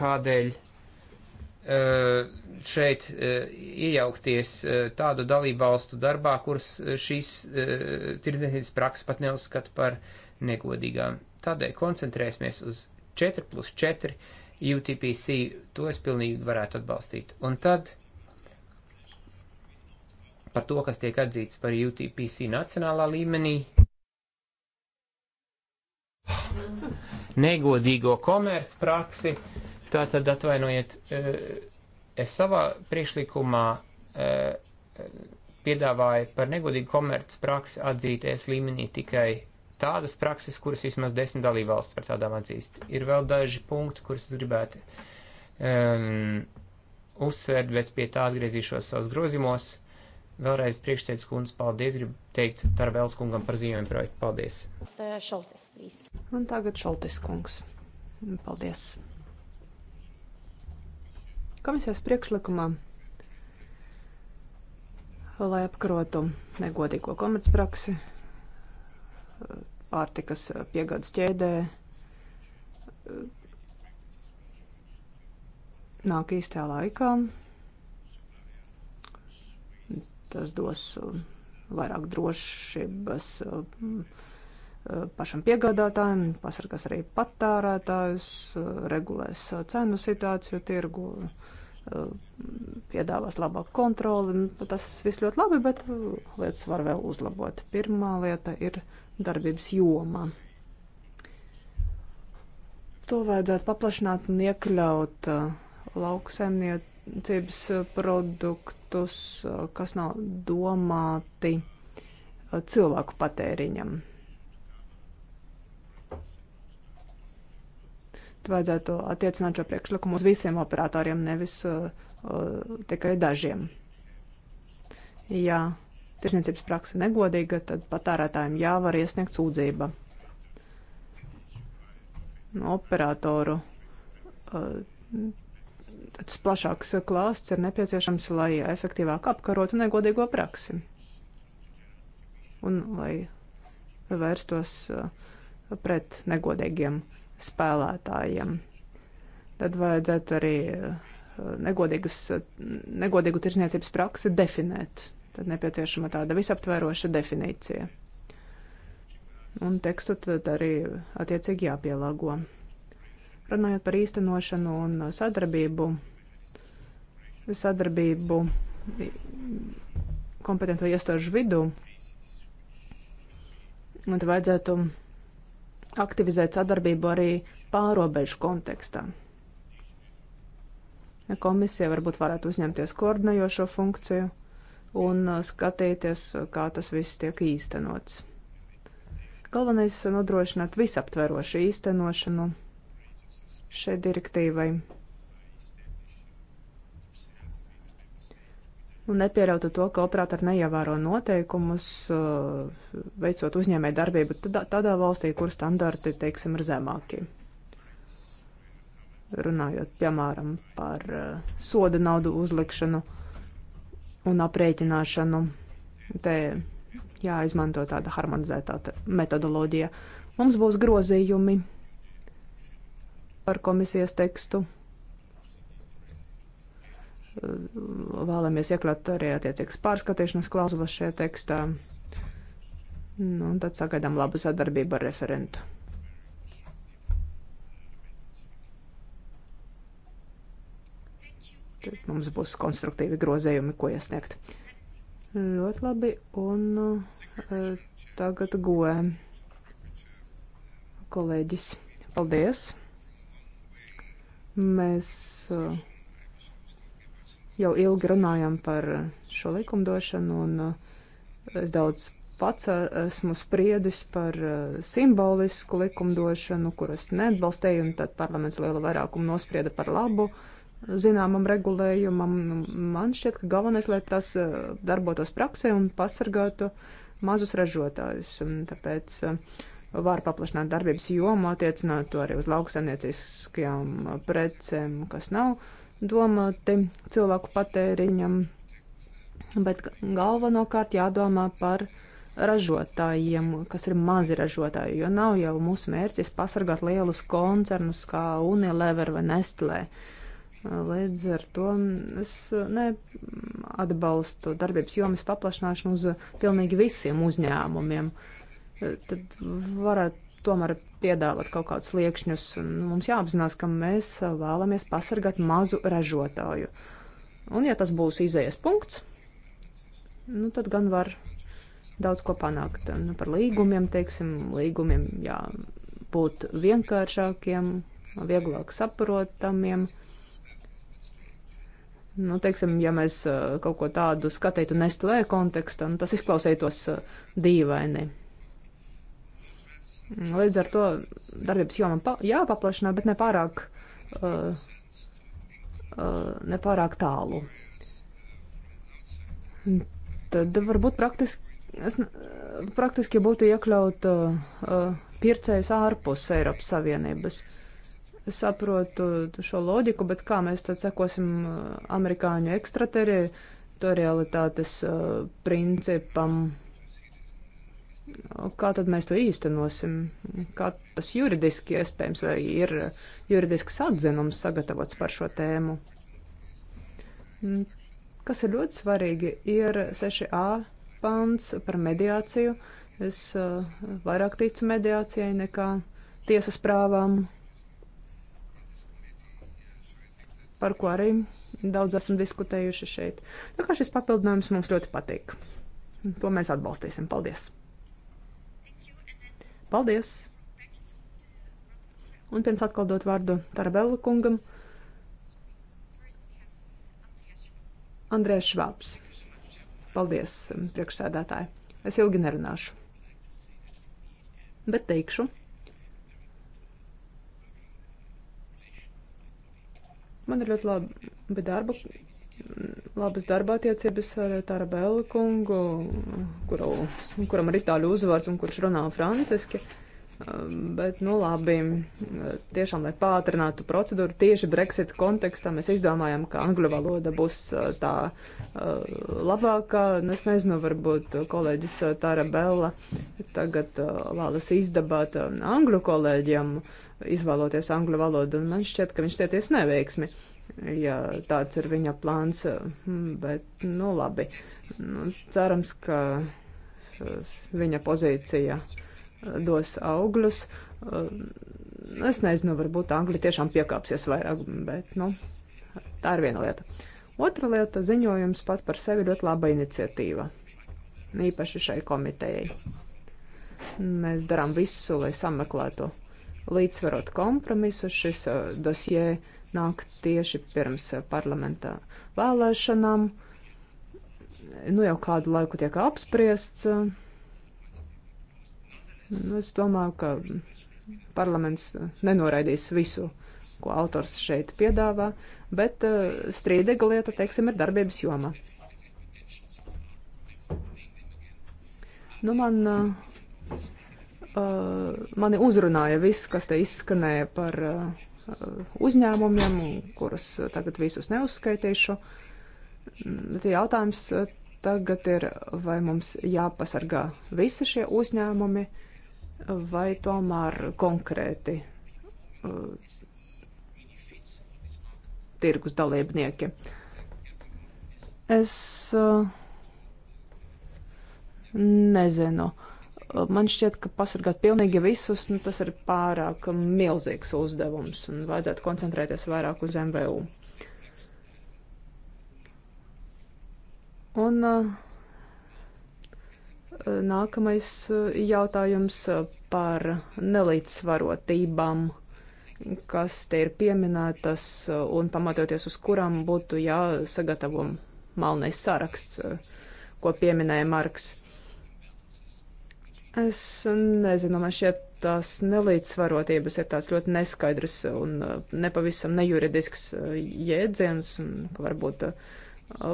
Kādēļ eh, šeit eh, iejaukties tādu dalību valstu darbā, kuras šīs tirdzniecības prakses pat neuzskata par negodīgām. Tādēļ koncentrēsimies uz 4 plus 4 UTPC, to es pilnīgi varētu atbalstīt. Un tad par to, kas tiek atzīts par UTPC nacionālā līmenī. Negodīgo komercpraksi, tā tad atvainojiet, eh, es savā priekšlikumā eh, piedāvāju par negodīgu komercpraksi atzīt es līmenī tikai tādas prakses, kuras vismaz desmit dalībvalsts par tādām atzīst. Ir vēl daži punkti, kurus es gribētu um, uzsvērt, bet pie tā atgriezīšos savos grozījumos. Vēlreiz priekšsēdus kundze, paldies, gribu teikt Tarvēls kungam par ziņojumu projektu. Paldies. Šoltis, please. Un tagad Šoltis kungs. Paldies. Komisijas priekšlikumā, lai apkarotu negodīgo komercpraksi, pārtikas piegādes ķēdē nāk īstajā laikā, Tas dos uh, vairāk drošības uh, uh, pašam piegādātājiem, pasargās arī patērētājus, regulēs cenu situāciju tirgu, piedāvās labāku kontroli. Nu, tas viss ļoti labi, bet lietas var vēl uzlabot. Pirmā lieta ir darbības joma. To vajadzētu paplašināt un iekļaut lauksaimniecību tirdzniecības produktus, kas nav domāti cilvēku patēriņam. Vajadzētu attiecināt šo priekšlikumu uz visiem operatoriem, nevis uh, tikai dažiem. Ja tirsniecības praksa negodīga, tad patērētājiem jāvar iesniegt sūdzība. No nu, operatoru uh, Tas plašāks klāsts ir nepieciešams, lai efektīvāk apkarotu negodīgo praksi un lai vērstos uh, pret negodīgiem spēlētājiem. Tad vajadzētu arī uh, negodīgu tirsniecības praksi definēt. Tad nepieciešama tāda visaptveroša definīcija. Un tekstu tad arī attiecīgi jāpielāgo. Runājot par īstenošanu un sadarbību, sadarbību kompetento iestāžu vidū, man te vajadzētu aktivizēt sadarbību arī pārobežu kontekstā. Komisija varbūt varētu uzņemties koordinējošo funkciju un skatīties, kā tas viss tiek īstenots. Galvenais ir nodrošināt visaptverošu īstenošanu šai direktīvai. Un nepieļautu to, ka operatori neievēro noteikumus, uh, veicot uzņēmē darbību tādā valstī, kur standarti, teiksim, ir zemāki. Runājot, piemēram, par uh, soda naudu uzlikšanu un aprēķināšanu, te jāizmanto tāda harmonizētā metodoloģija. Mums būs grozījumi par komisijas tekstu. Vēlamies iekļaut arī attiecīgas pārskatīšanas klauzulas šajā tekstā. Nu, un tad sagaidām labu sadarbību ar referentu. Tad mums būs konstruktīvi grozējumi, ko iesniegt. Ļoti labi, un uh, tagad goēm kolēģis. Paldies! Mēs uh, jau ilgi runājam par šo likumdošanu, un uh, es daudz pats uh, esmu spriedis par simbolisku likumdošanu, kuras neatbalstēju, un tad parlaments lielu vairākumu nosprieda par labu zināmam regulējumam. Man šķiet, ka galvenais, lai tas darbotos praksē un pasargātu mazus ražotājus. Tāpēc uh, var paplašināt darbības jomu, attiecināt to arī uz lauksaimnieciskajām precēm, kas nav domāti cilvēku patēriņam, bet galvenokārt jādomā par ražotājiem, kas ir mazi ražotāji, jo nav jau mūsu mērķis pasargāt lielus koncernus kā Unilever vai Nestlé. Līdz ar to es neatbalstu darbības jomas paplašināšanu uz pilnīgi visiem uzņēmumiem. Uh, tad varētu tomēr piedāvāt kaut kādus liekšņus. Mums jāapzinās, ka mēs vēlamies pasargāt mazu ražotāju. Un ja tas būs izējas punkts, nu tad gan var daudz ko panākt. Nu, par līgumiem, teiksim, līgumiem jābūt vienkāršākiem, vieglāk saprotamiem. Nu, teiksim, ja mēs eh, kaut ko tādu skatītu Nestlé kontekstā, nu, tas izklausītos eh, dīvaini. Nu, līdz ar to darbības joma jāpaplašina, bet ne pārāk, uh, uh, ne pārāk tālu. Tad varbūt praktiski, es, uh, praktiski būtu iekļaut uh, uh, pircējus ārpus Eiropas Savienības. Es saprotu šo loģiku, bet kā mēs tad sekosim uh, amerikāņu ekstrateritorialitātes uh, principam? Nu, kā tad mēs to īstenosim? Kā tas juridiski iespējams, vai ir juridisks atzinums sagatavots par šo tēmu? Mm, kas ir ļoti svarīgi, ir 6a pants par mediāciju. Es uh, vairāk ticu mediācijai nekā tiesas prāvām, par ko arī daudz esam diskutējuši šeit. Tā kā šis papildinājums mums ļoti patīk. To mēs atbalstīsim. Paldies! Paldies! Un pirms atkal dot vārdu Tarabella kungam, Andrēs Švāps. Paldies, um, priekšsēdētāji. Es ilgi nerunāšu. Bet teikšu. Man ir ļoti labi darba labas darba attiecības ar Tarbēlu kungu, kuru, kuram ir itāļu uzvārds un kurš runā franciski. Um, bet, nu labi, tiešām, lai pātrinātu procedūru, tieši Brexit kontekstā mēs izdomājam, ka angļu valoda būs uh, tā uh, labākā. Nu, es nezinu, varbūt kolēģis uh, Tāra Bella tagad vēlas izdabāt um, angļu kolēģiem, izvēloties angļu valodu, un man šķiet, ka viņš tieties neveiksmi. Uh, ja tāds ir viņa plāns, bet, nu, labi. Nu, cerams, ka viņa pozīcija dos augļus. Es nezinu, varbūt angļi tiešām piekāpsies vairāk, bet, nu, tā ir viena lieta. Otra lieta - ziņojums pats par sevi ļoti laba iniciatīva, īpaši šai komitejai. Mēs darām visu, lai sameklētu līdzsvarot kompromisu. Šis uh, dosie uh, nāk tieši pirms parlamenta vēlēšanām. Nu jau kādu laiku tiek apspriests. Nu, es domāju, ka parlaments nenoraidīs visu, ko autors šeit piedāvā, bet eh, strīdīga lieta, teiksim, ir darbības joma. Nu, man uh, mani uzrunāja viss, kas te izskanēja par uh, uzņēmumiem, kurus tagad visus neuzskaitīšu. Bet jautājums tagad ir, vai mums jāpasargā visi šie uzņēmumi, vai tomēr konkrēti uh, tirgus dalībnieki. Es uh, nezinu. Uh, Man šķiet, ka pasargāt pilnīgi visus, nu, tas ir pārāk milzīgs uzdevums un vajadzētu koncentrēties vairāk uz MVU. Un uh, nākamais uh, jautājums uh, par nelīdzsvarotībām, kas te ir pieminētas un pamatoties uz kurām būtu jāsagatavo malnais saraksts, ko pieminēja Marks. Es nezinu, man šķiet, tās nelīdzsvarotības ir tāds ļoti neskaidrs un uh, nepavisam nejuridisks uh, jēdziens, un varbūt uh,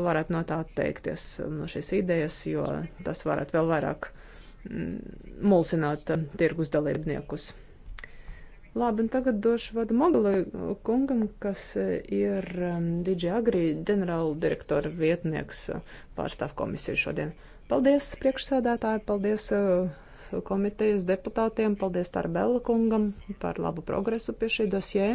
varētu no tā atteikties no šīs idejas, jo tas varētu vēl vairāk mm, mulsināt tirgus dalībniekus. Labi, un tagad došu vadu Mogalai kungam, kas ir um, DJ Agri ģenerāla direktora vietnieks pārstāv komisiju šodien. Paldies priekšsēdētāji, paldies uh, komitejas deputātiem, paldies Tarbela kungam par labu progresu pie šī dosjē.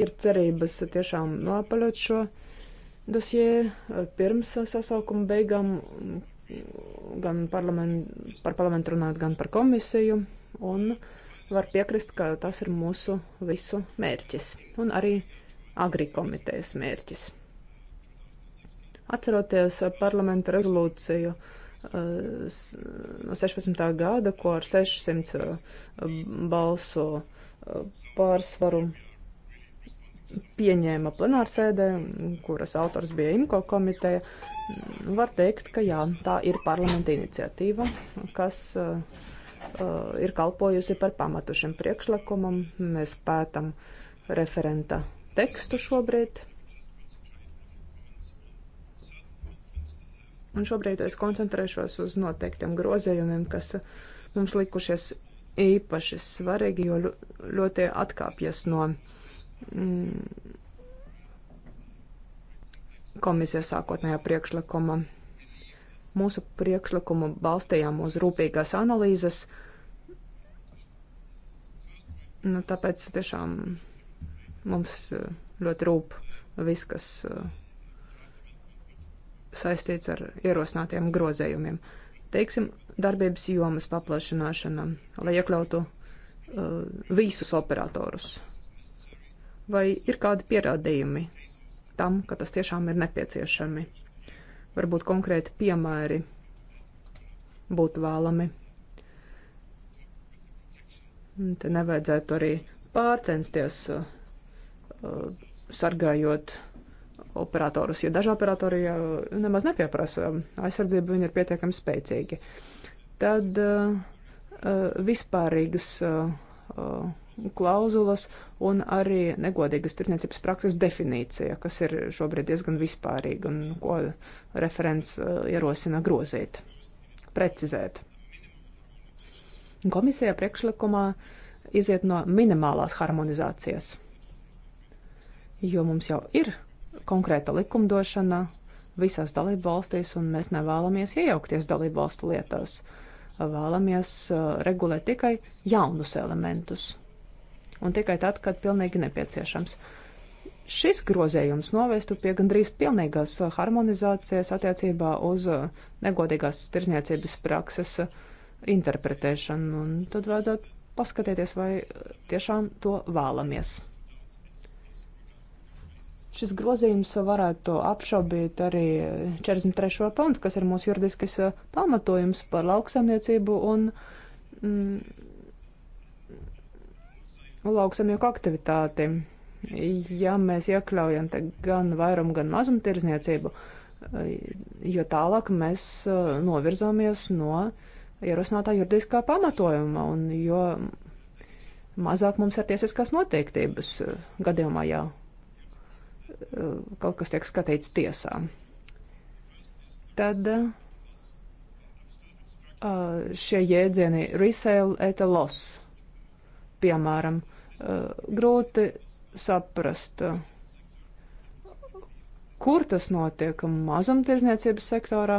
Ir cerības tiešām nopaļot šo dosjē pirms sasaukuma beigām, gan parlament, par parlamentu runāt, gan par komisiju, un var piekrist, ka tas ir mūsu visu mērķis, un arī agrikomitejas mērķis. Atceroties parlamenta rezolūciju no 16. gada, ko ar 600 eh, balsu eh, pārsvaru pieņēma plenārsēdē, kuras autors bija IMCO komiteja. Var teikt, ka jā, tā ir parlamenta iniciatīva, kas uh, ir kalpojusi par pamatu šim priekšlikumam. Mēs pētam referenta tekstu šobrīd. Un šobrīd es koncentrēšos uz noteiktiem grozējumiem, kas mums likušies īpaši svarīgi, jo ļoti atkāpjas no mm, komisijas sākotnējā priekšlikuma. Mūsu priekšlikumu balstījām uz rūpīgās analīzes. Nu, tāpēc tiešām mums ļoti rūp viss, kas uh, saistīts ar ierosinātiem grozējumiem. Teiksim, darbības jomas paplašināšana, lai iekļautu uh, visus operatorus. Vai ir kādi pierādījumi tam, ka tas tiešām ir nepieciešami? Varbūt konkrēti piemēri būtu vēlami. Te nevajadzētu arī pārcensties, uh, sargājot uh, operatorus, jo daži operatori jau nemaz nepieprasa um, aizsardzību, viņi ir pietiekami spēcīgi. Tad uh, uh vispārīgas uh, uh, klauzulas un arī negodīgas tirdzniecības prakses definīcija, kas ir šobrīd diezgan vispārīga un ko referents uh, ierosina grozīt, precizēt. Komisija priekšlikumā iziet no minimālās harmonizācijas, jo mums jau ir konkrēta likumdošana visās dalību valstīs, un mēs nevēlamies iejaukties dalību valstu lietās. Vēlamies uh, regulēt tikai jaunus elementus. Un tikai tad, kad pilnīgi nepieciešams. Šis grozējums novestu pie gandrīz pilnīgas uh, harmonizācijas attiecībā uz uh, negodīgās tirzniecības prakses interpretēšanu, un tad vajadzētu paskatīties, vai tiešām to vēlamies. Šis grozījums varētu apšaubīt arī 43. pantu, kas ir mūsu juridiskais eh, pamatojums par lauksamniecību un mm, lauksamnieku aktivitāti. Ja mēs iekļaujam te gan vairumu, gan mazumtirdzniecību, eh, jo tālāk mēs eh, novirzāmies no ierosinātā juridiskā pamatojuma un jo mazāk mums ir tiesiskās noteiktības gadījumā, ja kaut kas tiek skatīts tiesā. Tad šie jēdzieni resale et loss, piemēram, grūti saprast, kur tas notiek mazumtirdzniecības sektorā,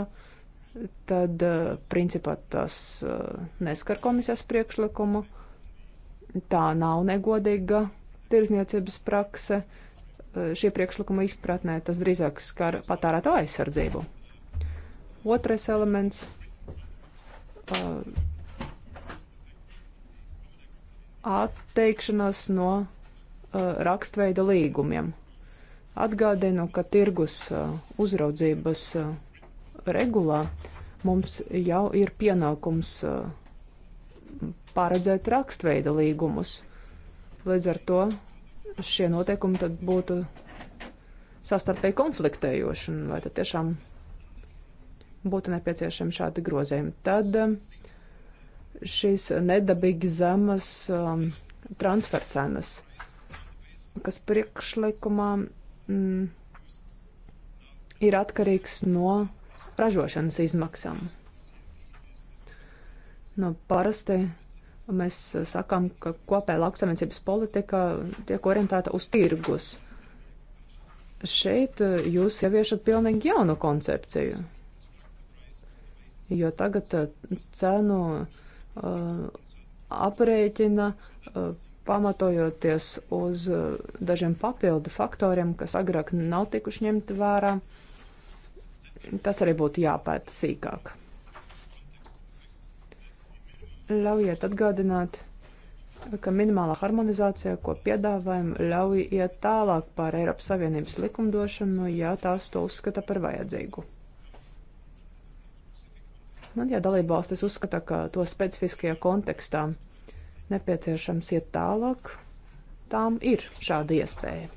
tad principā tas neskar komisijas priekšlikumu. Tā nav negodīga tirdzniecības prakse. Uh, Eh, šī priekšlikuma izpratnē tas drīzāk skar patērēto aizsardzību. Otrais elements eh, - atteikšanās no eh, rakstveida līgumiem. Atgādinu, ka tirgus uzraudzības regulā mums jau ir pienākums paredzēt rakstveida līgumus. Līdz ar to šie noteikumi tad būtu sastarpēji konfliktējoši, un vai tad tiešām būtu nepieciešami šādi grozējumi. Tad um, šīs nedabīgi zemas um, transfercenas, kas priekšlikumā mm, ir atkarīgs no ražošanas izmaksām. No parasti Mēs sakām, ka kopēja lauksaimniecības politika tiek orientēta uz tirgus. Šeit eh, jūs ieviešat pilnīgi jaunu koncepciju, jo tagad eh, cenu uh, aprēķina uh, pamatojoties uz uh, dažiem papildu faktoriem, kas agrāk nav tikuši ņemti vērā. Tas arī būtu jāpēta sīkāk. Ļaujiet atgādināt, ka minimālā harmonizācija, ko piedāvājam, ļauj iet tālāk pār Eiropas Savienības likumdošanu, ja tās to uzskata par vajadzīgu. Nu, ja dalībvalstis uzskata, ka to specifiskajā kontekstā nepieciešams iet tālāk, tām ir šāda iespēja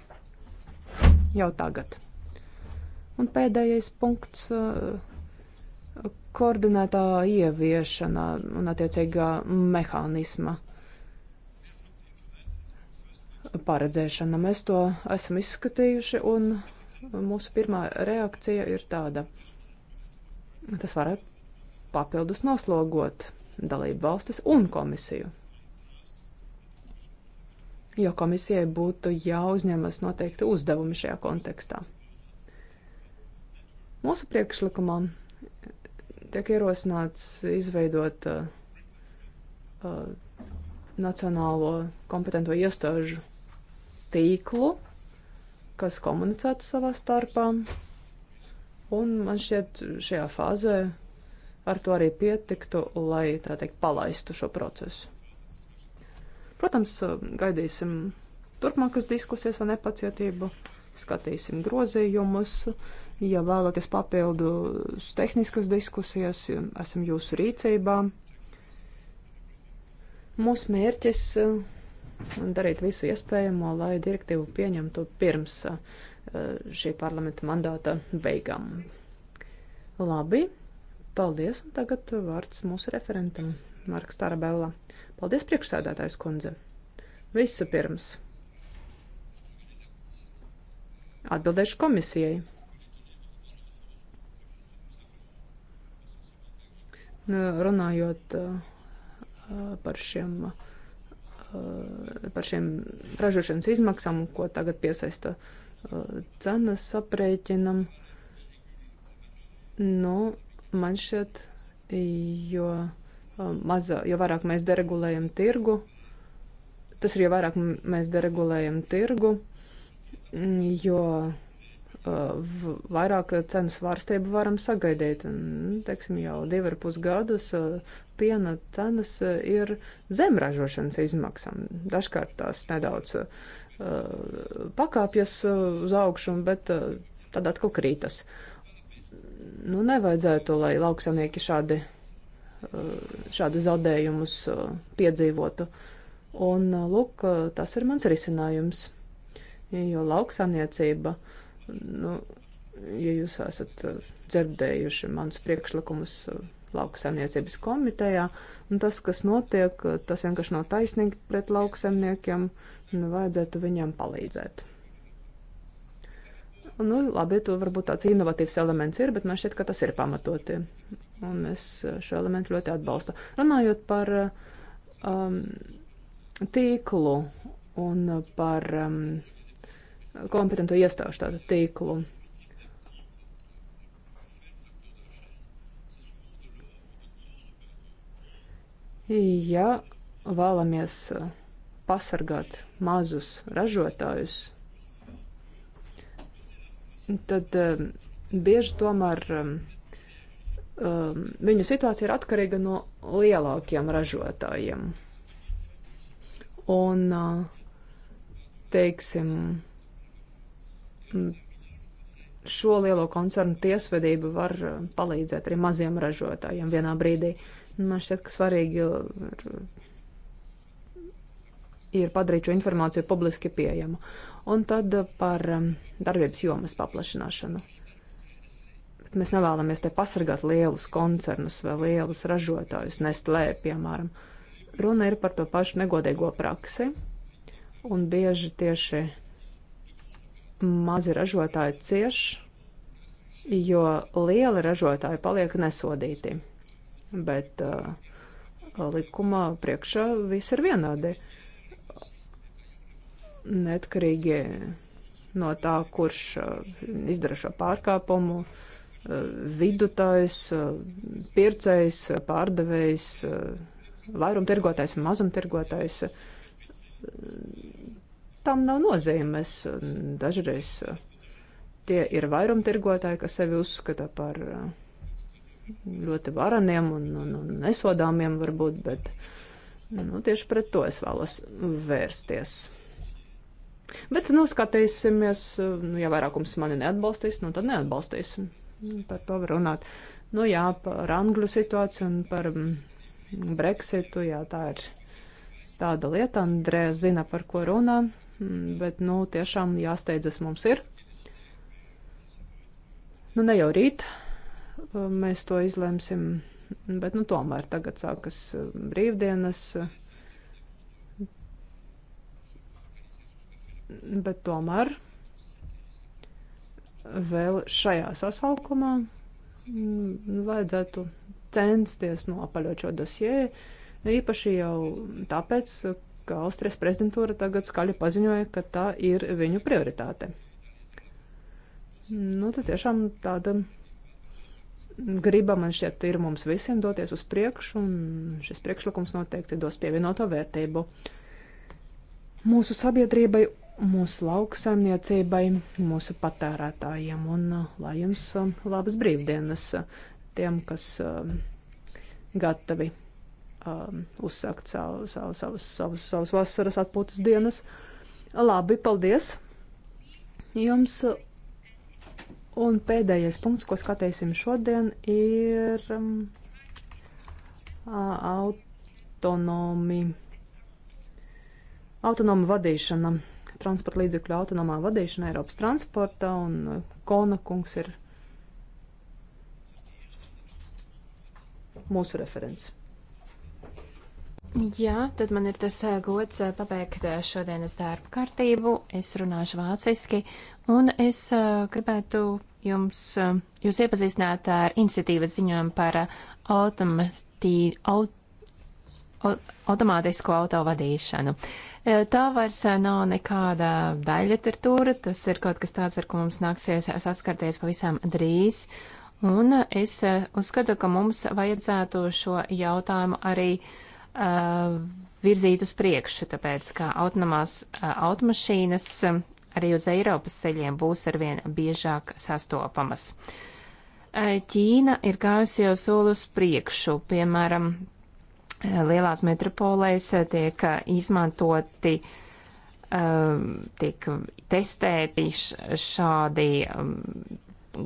jau tagad. Un pēdējais punkts uh, koordinētā ieviešana un attiecīgā mehānisma paredzēšana. Mēs to esam izskatījuši, un mūsu pirmā reakcija ir tāda. Tas varētu papildus noslogot dalību valstis un komisiju. Jo komisijai būtu jāuzņemas noteikti uzdevumi šajā kontekstā. Mūsu priekšlikumam tiek ierosināts izveidot uh, uh, nacionālo kompetento iestāžu tīklu, kas komunicētu savā starpā. Un man šķiet, šajā fāzē ar to arī pietiktu, lai tā teikt palaistu šo procesu. Protams, gaidīsim turpmākas diskusijas ar nepacietību, skatīsim grozījumus. Uh, Ja vēlaties papildus tehniskas diskusijas, esam jūsu rīcībā. Mūsu mērķis eh, darīt visu iespējamo, lai direktīvu pieņemtu pirms eh, šī parlamenta mandāta beigām. Labi, paldies, un tagad vārds mūsu referentam, Marks Tarabella. Paldies, priekšsēdētājs kundze. Visu pirms. Atbildēšu komisijai. runājot par šiem, par šiem ražošanas izmaksām, ko tagad piesaista cenas aprēķinam. Nu, man šķiet, jo, maza, jo vairāk mēs deregulējam tirgu, tas ir, jo vairāk mēs deregulējam tirgu, jo vairāk cenu svārstību varam sagaidīt. Un, nu, teiksim, jau divi ar pus gadus eh, piena cenas eh, ir zem ražošanas izmaksām. Dažkārt tās nedaudz uh, pakāpjas uz augšu, bet uh, tad atkal krītas. Nu, nevajadzētu, lai lauksamnieki šādi, uh, šādi zaudējumus piedzīvotu. Un, lūk, tas ir mans risinājums, jo lauksamniecība uh, Nu, ja jūs esat uh, dzirdējuši manus priekšlikumus uh, lauksaimniecības komitejā, un tas, kas notiek, uh, tas vienkārši nav taisnīgi pret lauksaimniekiem, un vajadzētu viņiem palīdzēt. Nu, labi, to varbūt tāds inovatīvs elements ir, bet man šķiet, ka tas ir pamatoti. Un es šo elementu ļoti atbalstu. Runājot par um, tīklu un par um, kompetento iestāžu tādu tīklu. Ja vēlamies pasargāt mazus ražotājus, tad eh, bieži tomēr um, viņu situācija ir atkarīga no lielākiem ražotājiem. Un, teiksim, šo lielo koncernu tiesvedība var eh, palīdzēt arī maziem ražotājiem vienā brīdī. Man šķiet, ka svarīgi ir, ir padarīt šo informāciju publiski pieejamu. Un tad eh, par ehm, darbības jomas paplašināšanu. Bet mēs nevēlamies te pasargāt lielus koncernus vai lielus ražotājus, nestlē, piemēram. Runa ir par to pašu negodīgo praksi, un bieži tieši mazi ražotāji cieš, jo lieli ražotāji paliek nesodīti. Bet uh, likuma priekšā viss ir vienādi. Neatkarīgi no tā, kurš uh, izdara šo pārkāpumu, uh, vidutājs, uh, pircējs, pārdevējs, uh, vairumtirgotājs, mazumtirgotājs. Uh, tam nav nozīmes. Dažreiz uh, tie ir vairumtirgotāji, kas sevi uzskata par uh, ļoti varaniem un, un, un nesodāmiem varbūt, bet nu, tieši pret to es vēlos vērsties. Bet, nu, skatīsimies, uh, nu, ja vairākums mani neatbalstīs, nu, tad neatbalstīs. Par to var runāt. Nu, jā, par angļu situāciju un par mm, Brexitu, jā, tā ir tāda lieta. Andrē zina, par ko runā. Mm, bet, nu, tiešām jāsteidzas mums ir. Nu, ne jau rīt uh, mēs to izlemsim, bet, nu, tomēr tagad sākas uh, brīvdienas. Uh, bet tomēr vēl šajā sasaukumā mm, vajadzētu censties noapaļot nu, šo dosieru. Īpaši jau tāpēc, ka Austrijas prezidentūra tagad skaļi paziņoja, ka tā ir viņu prioritāte. Nu, tad tiešām tāda griba man šķiet ir mums visiem doties uz priekšu, un šis priekšlikums noteikti dos pievienoto vērtību mūsu sabiedrībai, mūsu lauksaimniecībai, mūsu patērētājiem, un uh, lai jums uh, labas brīvdienas uh, tiem, kas gatavi um, uzsākt savu, savu, savus, savus, savus vasaras atpūtas dienas. Labi, paldies jums. Un pēdējais punkts, ko skatīsim šodien, ir um, autonomi, autonoma vadīšana, transporta līdzekļu autonomā vadīšana Eiropas transporta, un uh, Kona kungs ir mūsu referents. Jā, tad man ir tas eh, gods eh, pabeigt eh, šodienas darba kārtību. Es runāšu vāciski, un es gribētu jums, jūs iepazīstināt ar iniciatīvas ziņojumu par automatī, aut, aut, automātisko autovadīšanu. Tā vairs nav nekāda daļliteratūra, tas ir kaut kas tāds, ar ko mums nāksies saskarties pavisam drīz. Un es uzskatu, ka mums vajadzētu šo jautājumu arī uh, virzīt uz priekšu, tāpēc kā autonomās automašīnas arī uz Eiropas ceļiem būs arvien biežāk sastopamas. Ķīna ir gājusi jau soli uz priekšu, piemēram, lielās metropolēs tiek izmantoti, tiek testēti šādi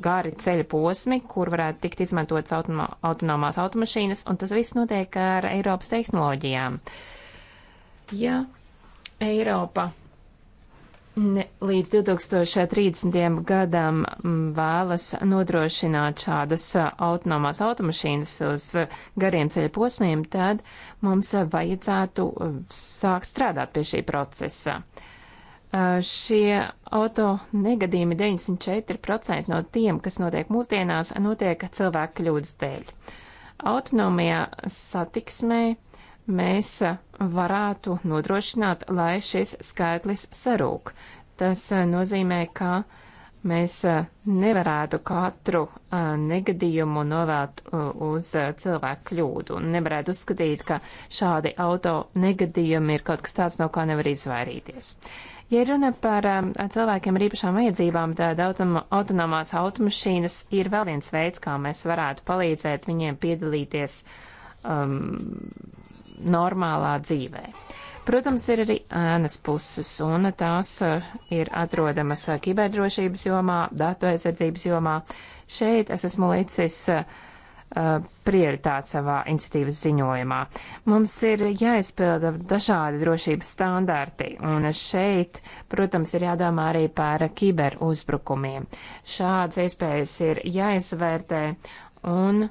gari ceļa posmi, kur varētu tikt izmantotas automa, autonomās automašīnas, un tas viss notiek ar Eiropas tehnoloģijām. Ja Eiropa ne, līdz 2030. gadam vēlas nodrošināt šādas autonomās automašīnas uz gariem ceļa posmiem, tad mums vajadzētu sākt strādāt pie šī procesa. Uh, Šie auto negadījumi 94% no tiem, kas notiek mūsdienās, notiek cilvēku kļūdas dēļ. Autonomijā satiksmē mēs varētu nodrošināt, lai šis skaitlis sarūk. Tas nozīmē, ka uh, Mēs e, nevarētu katru e, negadījumu novēlt e, uz cilvēku kļūdu un nevarētu uzskatīt, ka šādi auto negadījumi ir kaut kas tāds, no kā nevar izvairīties. Ja runa par cilvēkiem ar īpašām vajadzībām, tad autonomās automašīnas ir vēl viens veids, kā mēs varētu palīdzēt viņiem piedalīties um, normālā dzīvē. Uh, Protams, ir arī ēnas puses, un tās eh, ir atrodamas eh, kiberdrošības jomā, datu aizsardzības jomā. Šeit es esmu līdzis eh, prioritāti savā iniciatīvas ziņojumā. Mums ir jāizpilda dažādi drošības standarti, un šeit, protams, ir jādomā arī par kiberuzbrukumiem. Šādas iespējas ir jāizvērtē, un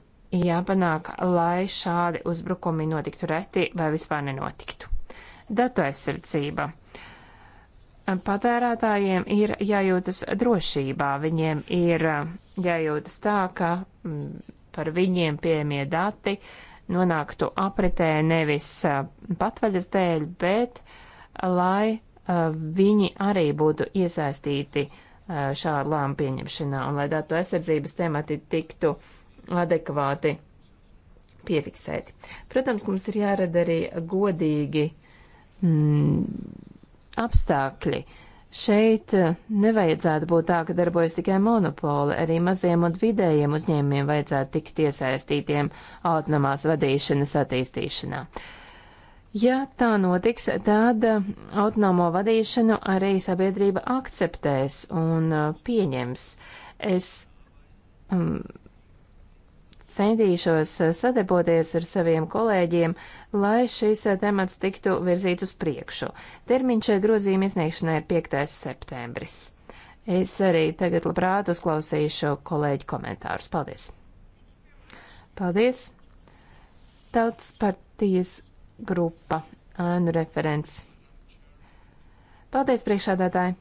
jāpanāk, lai šādi uzbrukumi notiktu reti vai vispār nenotiktu datu aizsardzība. Patērētājiem ir jājūtas drošībā, viņiem ir jājūtas tā, ka mm, par viņiem pieejamie dati nonāktu apritē nevis patvaļas dēļ, bet lai viņi arī būtu iesaistīti šādu lēmu pieņemšanā un lai datu aizsardzības temati tiktu adekvāti piefiksēti. Protams, mums ir jārada arī godīgi uh, mm, apstākļi. Šeit eh, nevajadzētu būt tā, ka darbojas tikai monopoli, arī maziem un vidējiem uzņēmumiem vajadzētu tikt iesaistītiem autonomās vadīšanas attīstīšanā. Ja tā notiks, tad eh, autonomo vadīšanu arī sabiedrība akceptēs un eh, pieņems. Es um, centīšos eh, sadarboties ar saviem kolēģiem, lai šis eh, temats tiktu virzīts uz priekšu. Termiņš eh, grozījuma iesniegšanai ir 5. septembris. Es arī tagad labprāt uzklausīšu kolēģu komentārus. Paldies! Paldies! Tautas partijas grupa ēnu referents. Paldies priekšādātāji!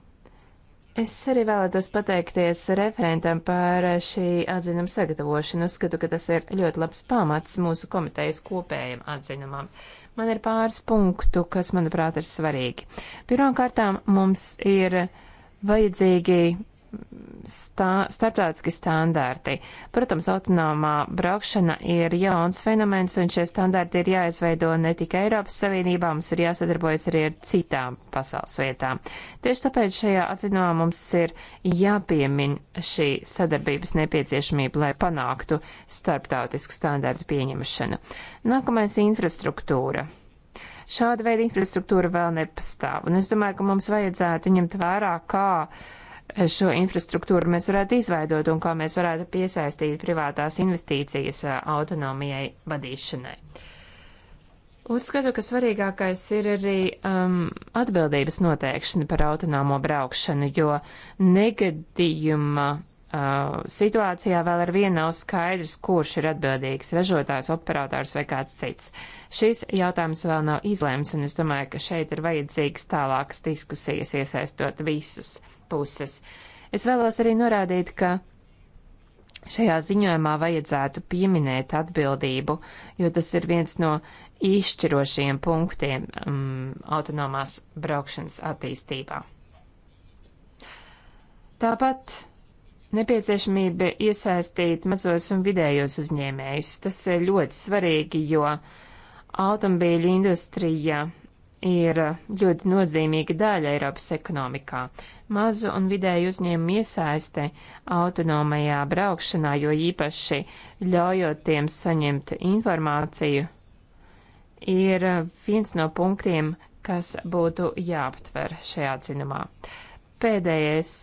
Es arī vēlētos pateikties referentam par šī atzinuma sagatavošanu. Uzskatu, ka tas ir ļoti labs pamats mūsu komitejas kopējam atzinumam. Man ir pāris punktu, kas, manuprāt, ir svarīgi. Pirmkārtām mums ir vajadzīgi stā, starptautiski standarti. Protams, autonomā braukšana ir jauns fenomens, un šie standarti ir jāizveido ne tikai Eiropas Savienībā, mums ir jāsadarbojas arī ar citām pasaules vietām. Tieši tāpēc šajā atzinumā mums ir jāpiemin šī sadarbības nepieciešamība, lai panāktu starptautisku standartu pieņemšanu. Nākamais - infrastruktūra. Šāda veida infrastruktūra vēl nepastāv, un es domāju, ka mums vajadzētu ņemt vērā, kā uh, šo infrastruktūru mēs varētu izveidot un kā mēs varētu piesaistīt privātās investīcijas autonomijai vadīšanai. Uzskatu, ka svarīgākais ir arī um, atbildības noteikšana par autonomo braukšanu, jo negadījuma uh, situācijā vēl ar vienu nav skaidrs, kurš ir atbildīgs - ražotājs, operators vai kāds cits. Šis jautājums vēl nav izlēms, un es domāju, ka šeit ir vajadzīgas tālākas diskusijas iesaistot visus. Uh, puses. Es vēlos arī norādīt, ka šajā ziņojumā vajadzētu pieminēt atbildību, jo tas ir viens no izšķirošajiem punktiem um, autonomās braukšanas attīstībā. Tāpat nepieciešamība iesaistīt mazos un vidējos uzņēmējus. Tas ir ļoti svarīgi, jo automobīļu industrija ir ļoti nozīmīga daļa Eiropas ekonomikā mazu un vidēju uzņēmumu iesaistē autonomajā braukšanā, jo īpaši ļaujot tiem saņemt informāciju, ir viens no punktiem, kas būtu jāaptver šajā atzinumā. Pēdējais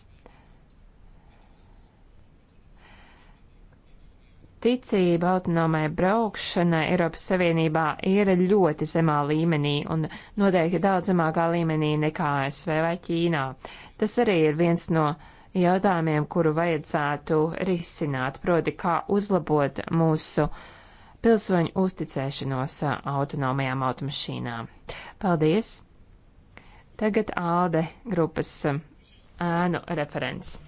Ticība autonomai braukšanai Eiropas Savienībā ir ļoti zemā līmenī un noteikti daudz zemākā līmenī nekā ASV vai Ķīnā. Tas arī ir viens no jautājumiem, kuru vajadzētu risināt, proti kā uzlabot mūsu pilsoņu uzticēšanos autonomajām automašīnām. Paldies! Tagad Alde grupas ēnu referents.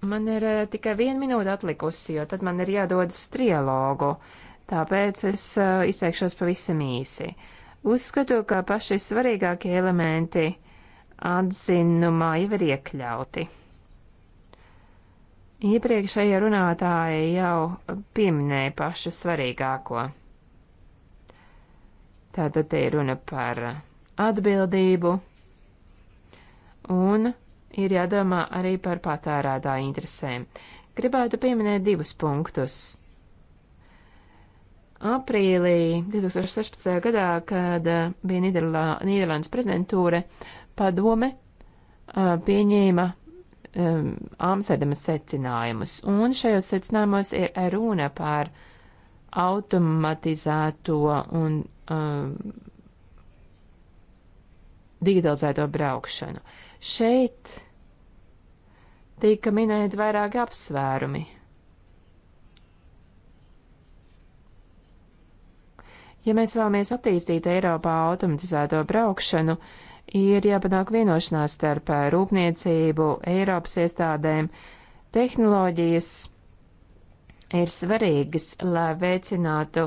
Man ir eh, tikai viena minūte atlikusi, jo tad man ir jādodas trialogu, tāpēc es eh, izteikšos pavisam īsi. Uzskatu, ka paši svarīgākie elementi atzinumā jau ir iekļauti. Iepriekšējie runātāji jau pieminēja pašu svarīgāko. Tātad te ir runa par atbildību un ir jādomā arī par patērētāju interesēm. Gribētu pieminēt divus punktus. Aprīlī 2016. gadā, kad bija Nīderlā, Nīderlandes prezidentūre, padome pieņēma um, Amsterdamas secinājumus, un šajos secinājumos ir runa par automatizēto un um, digitalizēto braukšanu. Šeit tika minēti vairāki apsvērumi. Ja mēs vēlamies attīstīt Eiropā automatizēto braukšanu, ir jāpanāk vienošanās starp eh, rūpniecību, Eiropas iestādēm. Tehnoloģijas ir svarīgas, lai veicinātu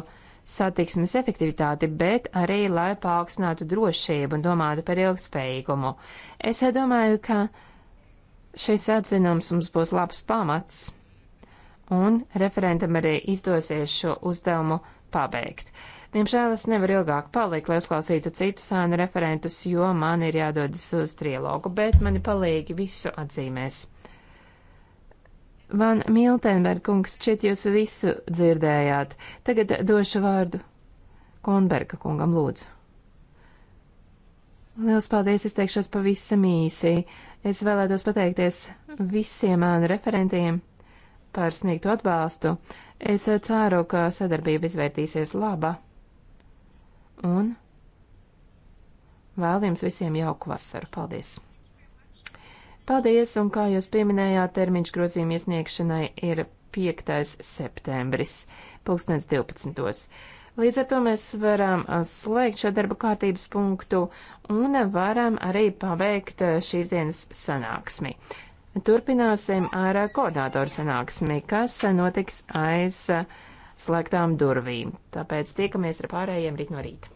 satiksmes efektivitāti, bet arī lai paaugstinātu drošību un domātu par ilgspējīgumu. Es eh, domāju, ka Šis atzinums mums būs labs pamats, un referentam arī izdosies šo uzdevumu pabeigt. Diemžēl es nevaru ilgāk palikt, lai uzklausītu citus sānu referentus, jo man ir jādodas uz trilogu, bet mani palīgi visu atzīmēs. Van Miltenberg kungs, šķiet jūs visu dzirdējāt. Tagad došu vārdu Konberga kungam lūdzu. Liels paldies, izteikšos pavisam īsi. Es vēlētos pateikties visiem referentiem par sniegto atbalstu. Es ceru, ka sadarbība izvērtīsies laba. Un vēlu jums visiem jauku vasaru. Paldies! Paldies, un kā jūs pieminējāt, termiņš grozījuma iesniegšanai ir 5. septembris, 2012. Līdz ar to mēs varam slēgt šo darba kārtības punktu un varam arī pabeigt šīs dienas sanāksmi. Turpināsim ar koordinātoru sanāksmi, kas notiks aiz slēgtām durvīm. Tāpēc tiekamies ar pārējiem rīt no rīta.